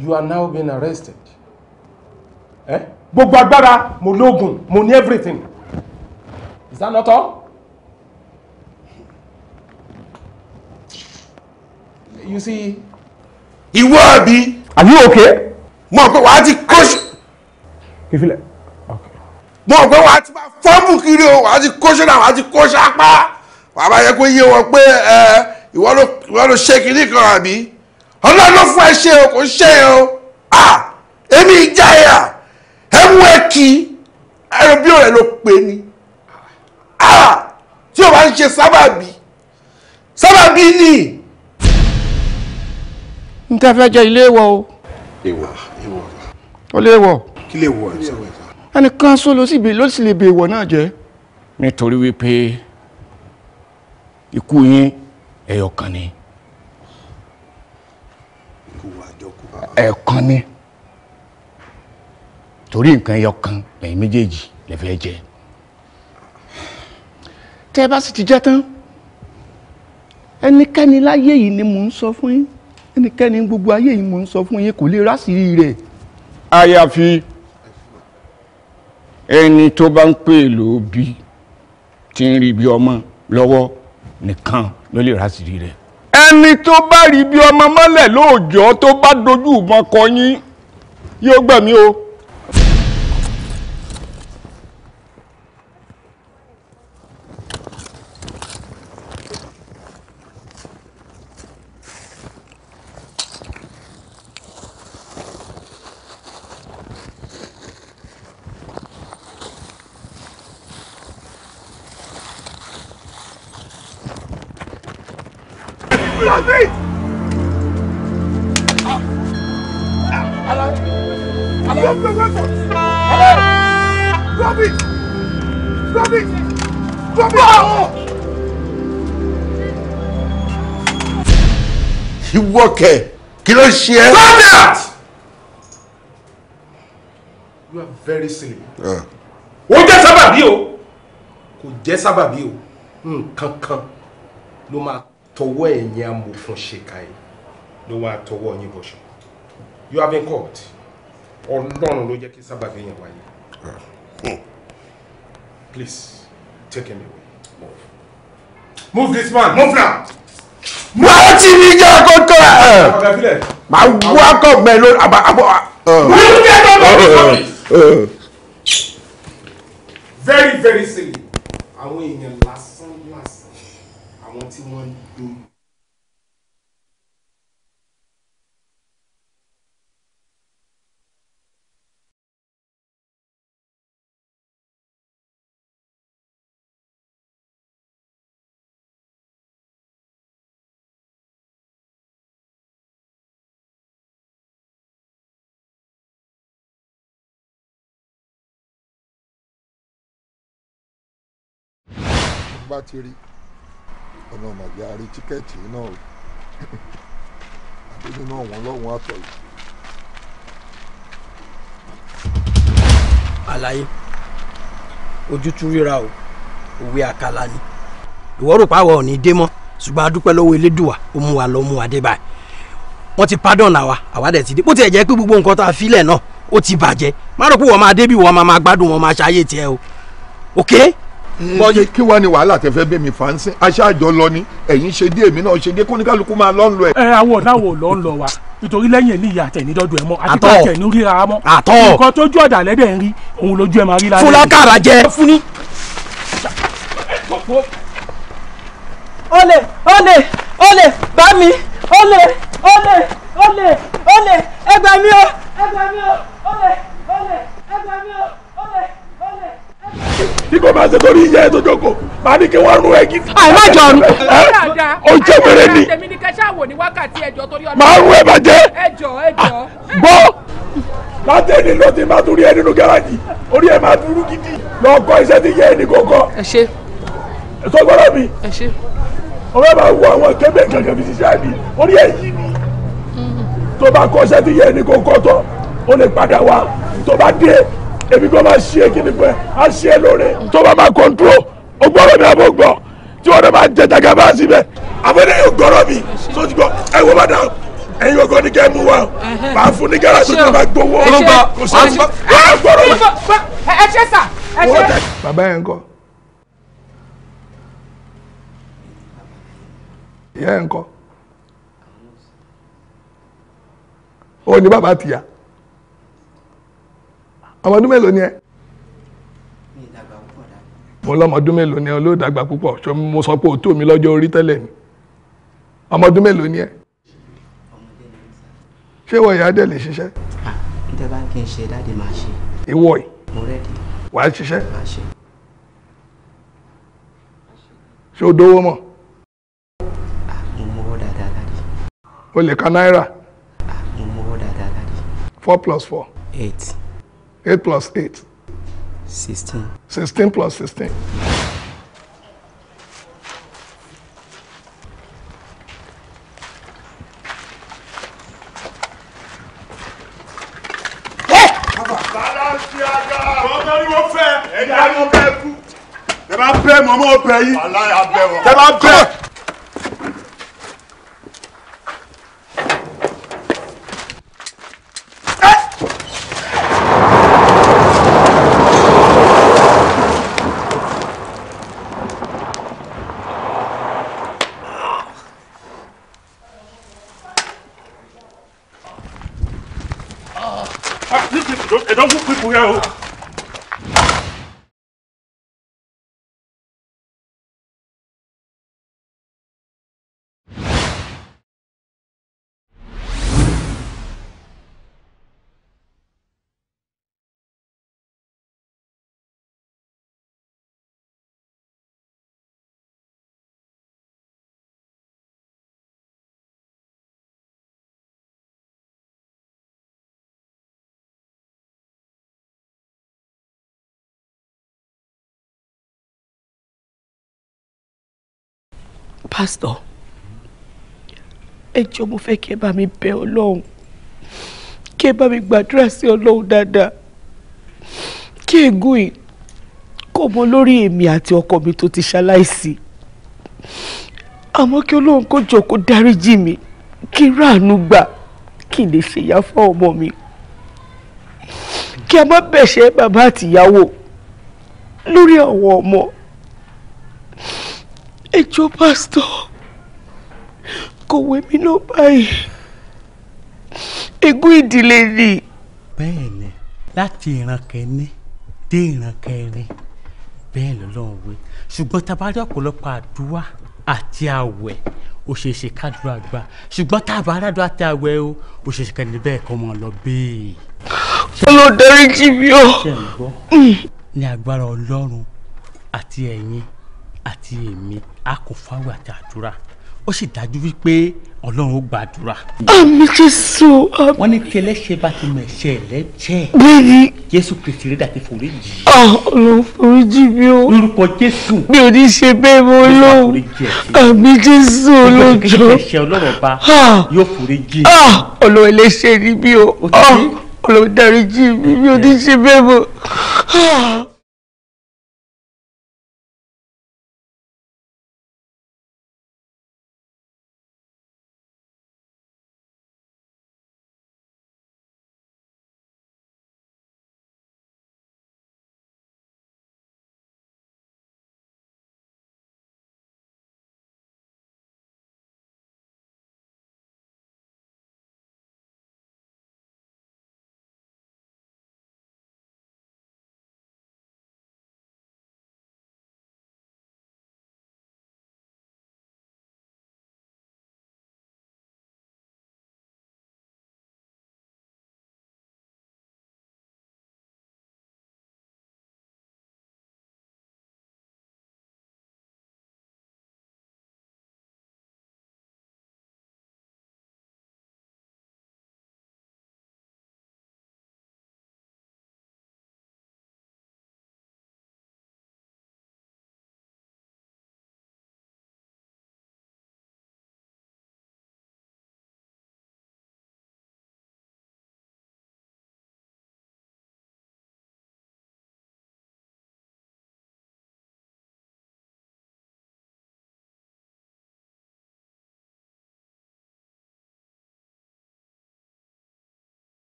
you are now being arrested Eh? gbogbo agbára mo lóògùn mo ní everything is that not all you see. ìwọ àbí. are you okay. mọ̀ pé wàá ti kọ́ṣù. kìfìlẹ̀. mọ̀ pé wàá ti máa fọ́ọ̀mù kiri o wàá ti kọ́ṣù náà wàá ti kọ́ṣù apá wàá bá yẹ kó yé wọn pé ìwọ ló ìwọ ló ṣe kiri kan àbí ọlọ́run ló fún ẹ ṣe o kò ṣe o ah èmi ìjà yà ẹ̀wù ẹ̀ kì í ẹ̀rọ bí ọ̀rẹ́ ló pè ní ah! tí o bá ń ṣe sábàbí sábàbí ni. n tẹ́ fẹ́ jẹ ilé ìwọ o. èèwọ̀ èèwọ̀. o lè wọ̀. kí lè wọ̀ ẹ̀ sọ́wọ́ ìta. ẹnìkan sọ ló sì lè bè ìwọ̀ náà jẹ́. nítorí wípé ikú yín ẹyọkan ni. ikú wa ni torí nǹkan ẹyọ kan lẹ́yìn méjèèjì lè fẹ́ jẹ tẹ́ ẹ bá sì ti jẹ tán ẹnikẹ́ni láyé yìí ni mò ń sọ fún yín ẹnikẹ́ni gbogbo ayé yìí mò ń sọ fún yín kò lè rásìrí rẹ̀. àyàfi ẹni tó bá ń pè lóbi tí ń rí bí ọmọ lọ́wọ́ nìkan ló lè rásìrí rẹ̀. ẹni tó bá rí bí ọmọ mọ́lẹ̀ lóòjọ́ tó bá dojú ìbọn kọ yín yóò gbẹ̀mí o. wọ̀kẹ̀ kí ló ṣe ẹ́. stop that you are very silly. Ah. ó jẹ́ sábàbí o kò jẹ́ sábàbí o nǹkan kan ló máa tọwọ́ ẹ̀yìn amòfin ṣèkà yìí ló máa tọwọ́ yín bọ̀ṣọ́ you have been caught ọlọ́run ló jẹ́ kí sábàbí yẹn wáyé hmm. please take him away move move this man move now máa ti ní jẹ́ àkọ́kọ́ ẹ̀ máa wú akọ mẹ́ lórí àbá àbọ̀. very very simple àwọn èèyàn lásán lásán àwọn tí wọ́n ń dojú. bá ti rí ọ̀nà màgbé àrí tíkẹ́ẹ̀tì náà o àdéhùn náà wọ́n lọ́wọ́n àtọ̀ yìí. àlàyé ojú tún o òwe àkàlà ni ìwọ rò pàwọ ò ní dé mọ́ ṣùgbọ́n a dúpẹ́ elédùà ó mú wa lọ mú wa dé báyìí wọ́n ti pardon àwa àwa dẹ̀ ti dé bó tiẹ̀ jẹ́ pé gbogbo nǹkan tá a filẹ̀ náà ó ti bàjẹ́ má rò pé wọ́n máa débí wọ́n máa gbádùn wọ́n máa ṣayé tiẹ̀ o okay bọ́yì kí wàá ní wàhálà tẹ fẹ́ bẹ́ mi fà ń sìn aṣáájọ lọ ni ẹ̀yin ṣe dé èmi náà ṣe dé kóníkálukú máa lọ́n lọ ẹ̀. ẹ awọ dáwọ lọ ń lọ wa nítorí lẹ́yìn ẹ̀ ní ìyá àtẹ̀nídọ́dọ̀ ẹ̀ mọ́ àti pé àtẹ̀nú ríra mọ́ àtọ̀ nǹkan tójú ọ̀dà lẹ́dẹ̀ ń rí òun lójú ẹ̀ máa rí lára. fúlákàrà jẹ. fúni. olè olè olè bá mi olè olè olè olè ẹ gbà o ẹ gbà o olè olè ẹ gbà o kíkọ́ máa ṣe torí ìyá ẹ̀ tó jókòó máa ní kí wọ́n rún ẹ gidi. àìmọ̀ jọ̀rù ó jẹ́ wẹ̀rẹ̀ ni máa rún ẹ bàjẹ́ gbọ́ láti ẹni ló ti máa torí ẹ nínú gáràjì orí ẹ máa dúró gidi lọ kọ́ iṣẹ́ ti yẹ ẹni kọ́kọ́ sọgbọ́dọ̀ mi ọ̀rẹ́ máa wọ àwọn kébé kankan fi ṣiṣẹ́ àbí orí ẹ yí ni tó bá kọ́ iṣẹ́ ti yẹ ẹni kọ́kọ́ tọ́ ó lè padà wá tó bá dé èmi kò máa ṣe é kìnnìkan ẹ̀ á ṣe é lóore tó bá máa kọ́ńtúrò ó gbọ́dọ̀ mi àbò gbọ́ tí wọ́n máa jẹ jàgà bá síbẹ̀ àbẹ̀dẹ̀ yóò gbọ́dọ̀ mi sójú gbọ́ ẹ wọ́n bá dà ẹ̀yin gbọ́dọ̀ ní kẹ́ mú wa bá a fún ní gẹ́rà tó ti máa gbowó kò sí ẹ gbọ́dọ̀ mi. ẹ ṣe sà ẹ ṣe. bàbá yẹn kọ́ ìyá yẹn kọ́ ó ní bàbá tìyà ọmọ ọdún mélòó ni ẹ. mo lọ́mọ ọdún mélòó ni ẹ olóòdàgbà púpọ̀ ṣọ mo sọ pé òtó mi lọ́jọ́ orí tẹ́lẹ̀ ni ọmọ ọdún mélòó ni ẹ. ṣé ìwọ ìyá dẹ̀ lè ṣiṣẹ́. ǹjẹ́ ah, bá kí n ṣe dáàdi máa ṣe. ìwọ yìí. mo rẹ́dí. wàá ṣé o dówó mọ̀. Ah, o lè ka náírà. Ah, four plus four. eight. 8 plus 8. 16. 16 plus 16. tẹ bá bẹ mọ mọ bẹ yìí tẹ bá bẹ. 不要 pastor, ẹ jọ̀ọ́ mo fẹ́ kí ẹ bá mi bẹ ọlọ́run kí ẹ bá mi gbàdúrà sí ọlọ́run dáadáa kí ègún yìí kò mọ lórí èmi àti ọkọ mi tó ti ṣaláìsí àmọ́ kí ọlọ́run kó jọ kó dáríjì mi kí n ráàánú gbà kí n lè ṣèyá fún ọmọ mi kí a má bẹ̀ṣẹ̀ bàbá àtìyàwó lórí àwọn ọmọ ẹ jọ pásítọ̀ kò wé mi náà báyìí ègún ìdílé ni. bẹ́ẹ̀ ni láti ìran kẹ́ni dé ìran kẹrin bẹ́ẹ̀ lọ́lọ́run wí ṣùgbọ́n tá a bá rí ọ̀pọ̀lọpọ̀ àdúrà àti àwẹ̀ ó ṣe é ṣe kádùrà gbà ṣùgbọ́n tá a bá rádùn àti àwẹ̀ o ó ṣe é ṣe kẹ́ni bẹ́ẹ̀ kọ́ mọ́ lọ bẹ́ẹ̀. olùdarí jì mí o. Mm. ní agbára ọlọ́run àti ẹ̀yin àti èmi a kò fáwọn àti àdúrà ó sì dájú wípé ọlọ́run ó gbàdúrà. àmì jésù. wọ́n ní tí ẹlẹ́ṣẹ̀ bá ti mọ ẹ̀ṣẹ̀ ẹlẹ́ṣẹ̀. bẹ́ẹ̀ni. jésù kristi rẹ̀ dàtí forí jì. ọlọ́run forí jì mí o. lórúkọ jésù. mi ò ní ṣe bẹ́ẹ̀ mọ́ lóhùn. àmì jésù olójó. gbogbo ẹ̀ṣẹ̀ ọlọ́run ọba yóò forí jì. ọlọ́run ẹlẹ́ṣẹ̀ ni mí o. ọlọ́run dáríjì mí mi ò ní ṣe bẹ́ẹ̀ mọ́.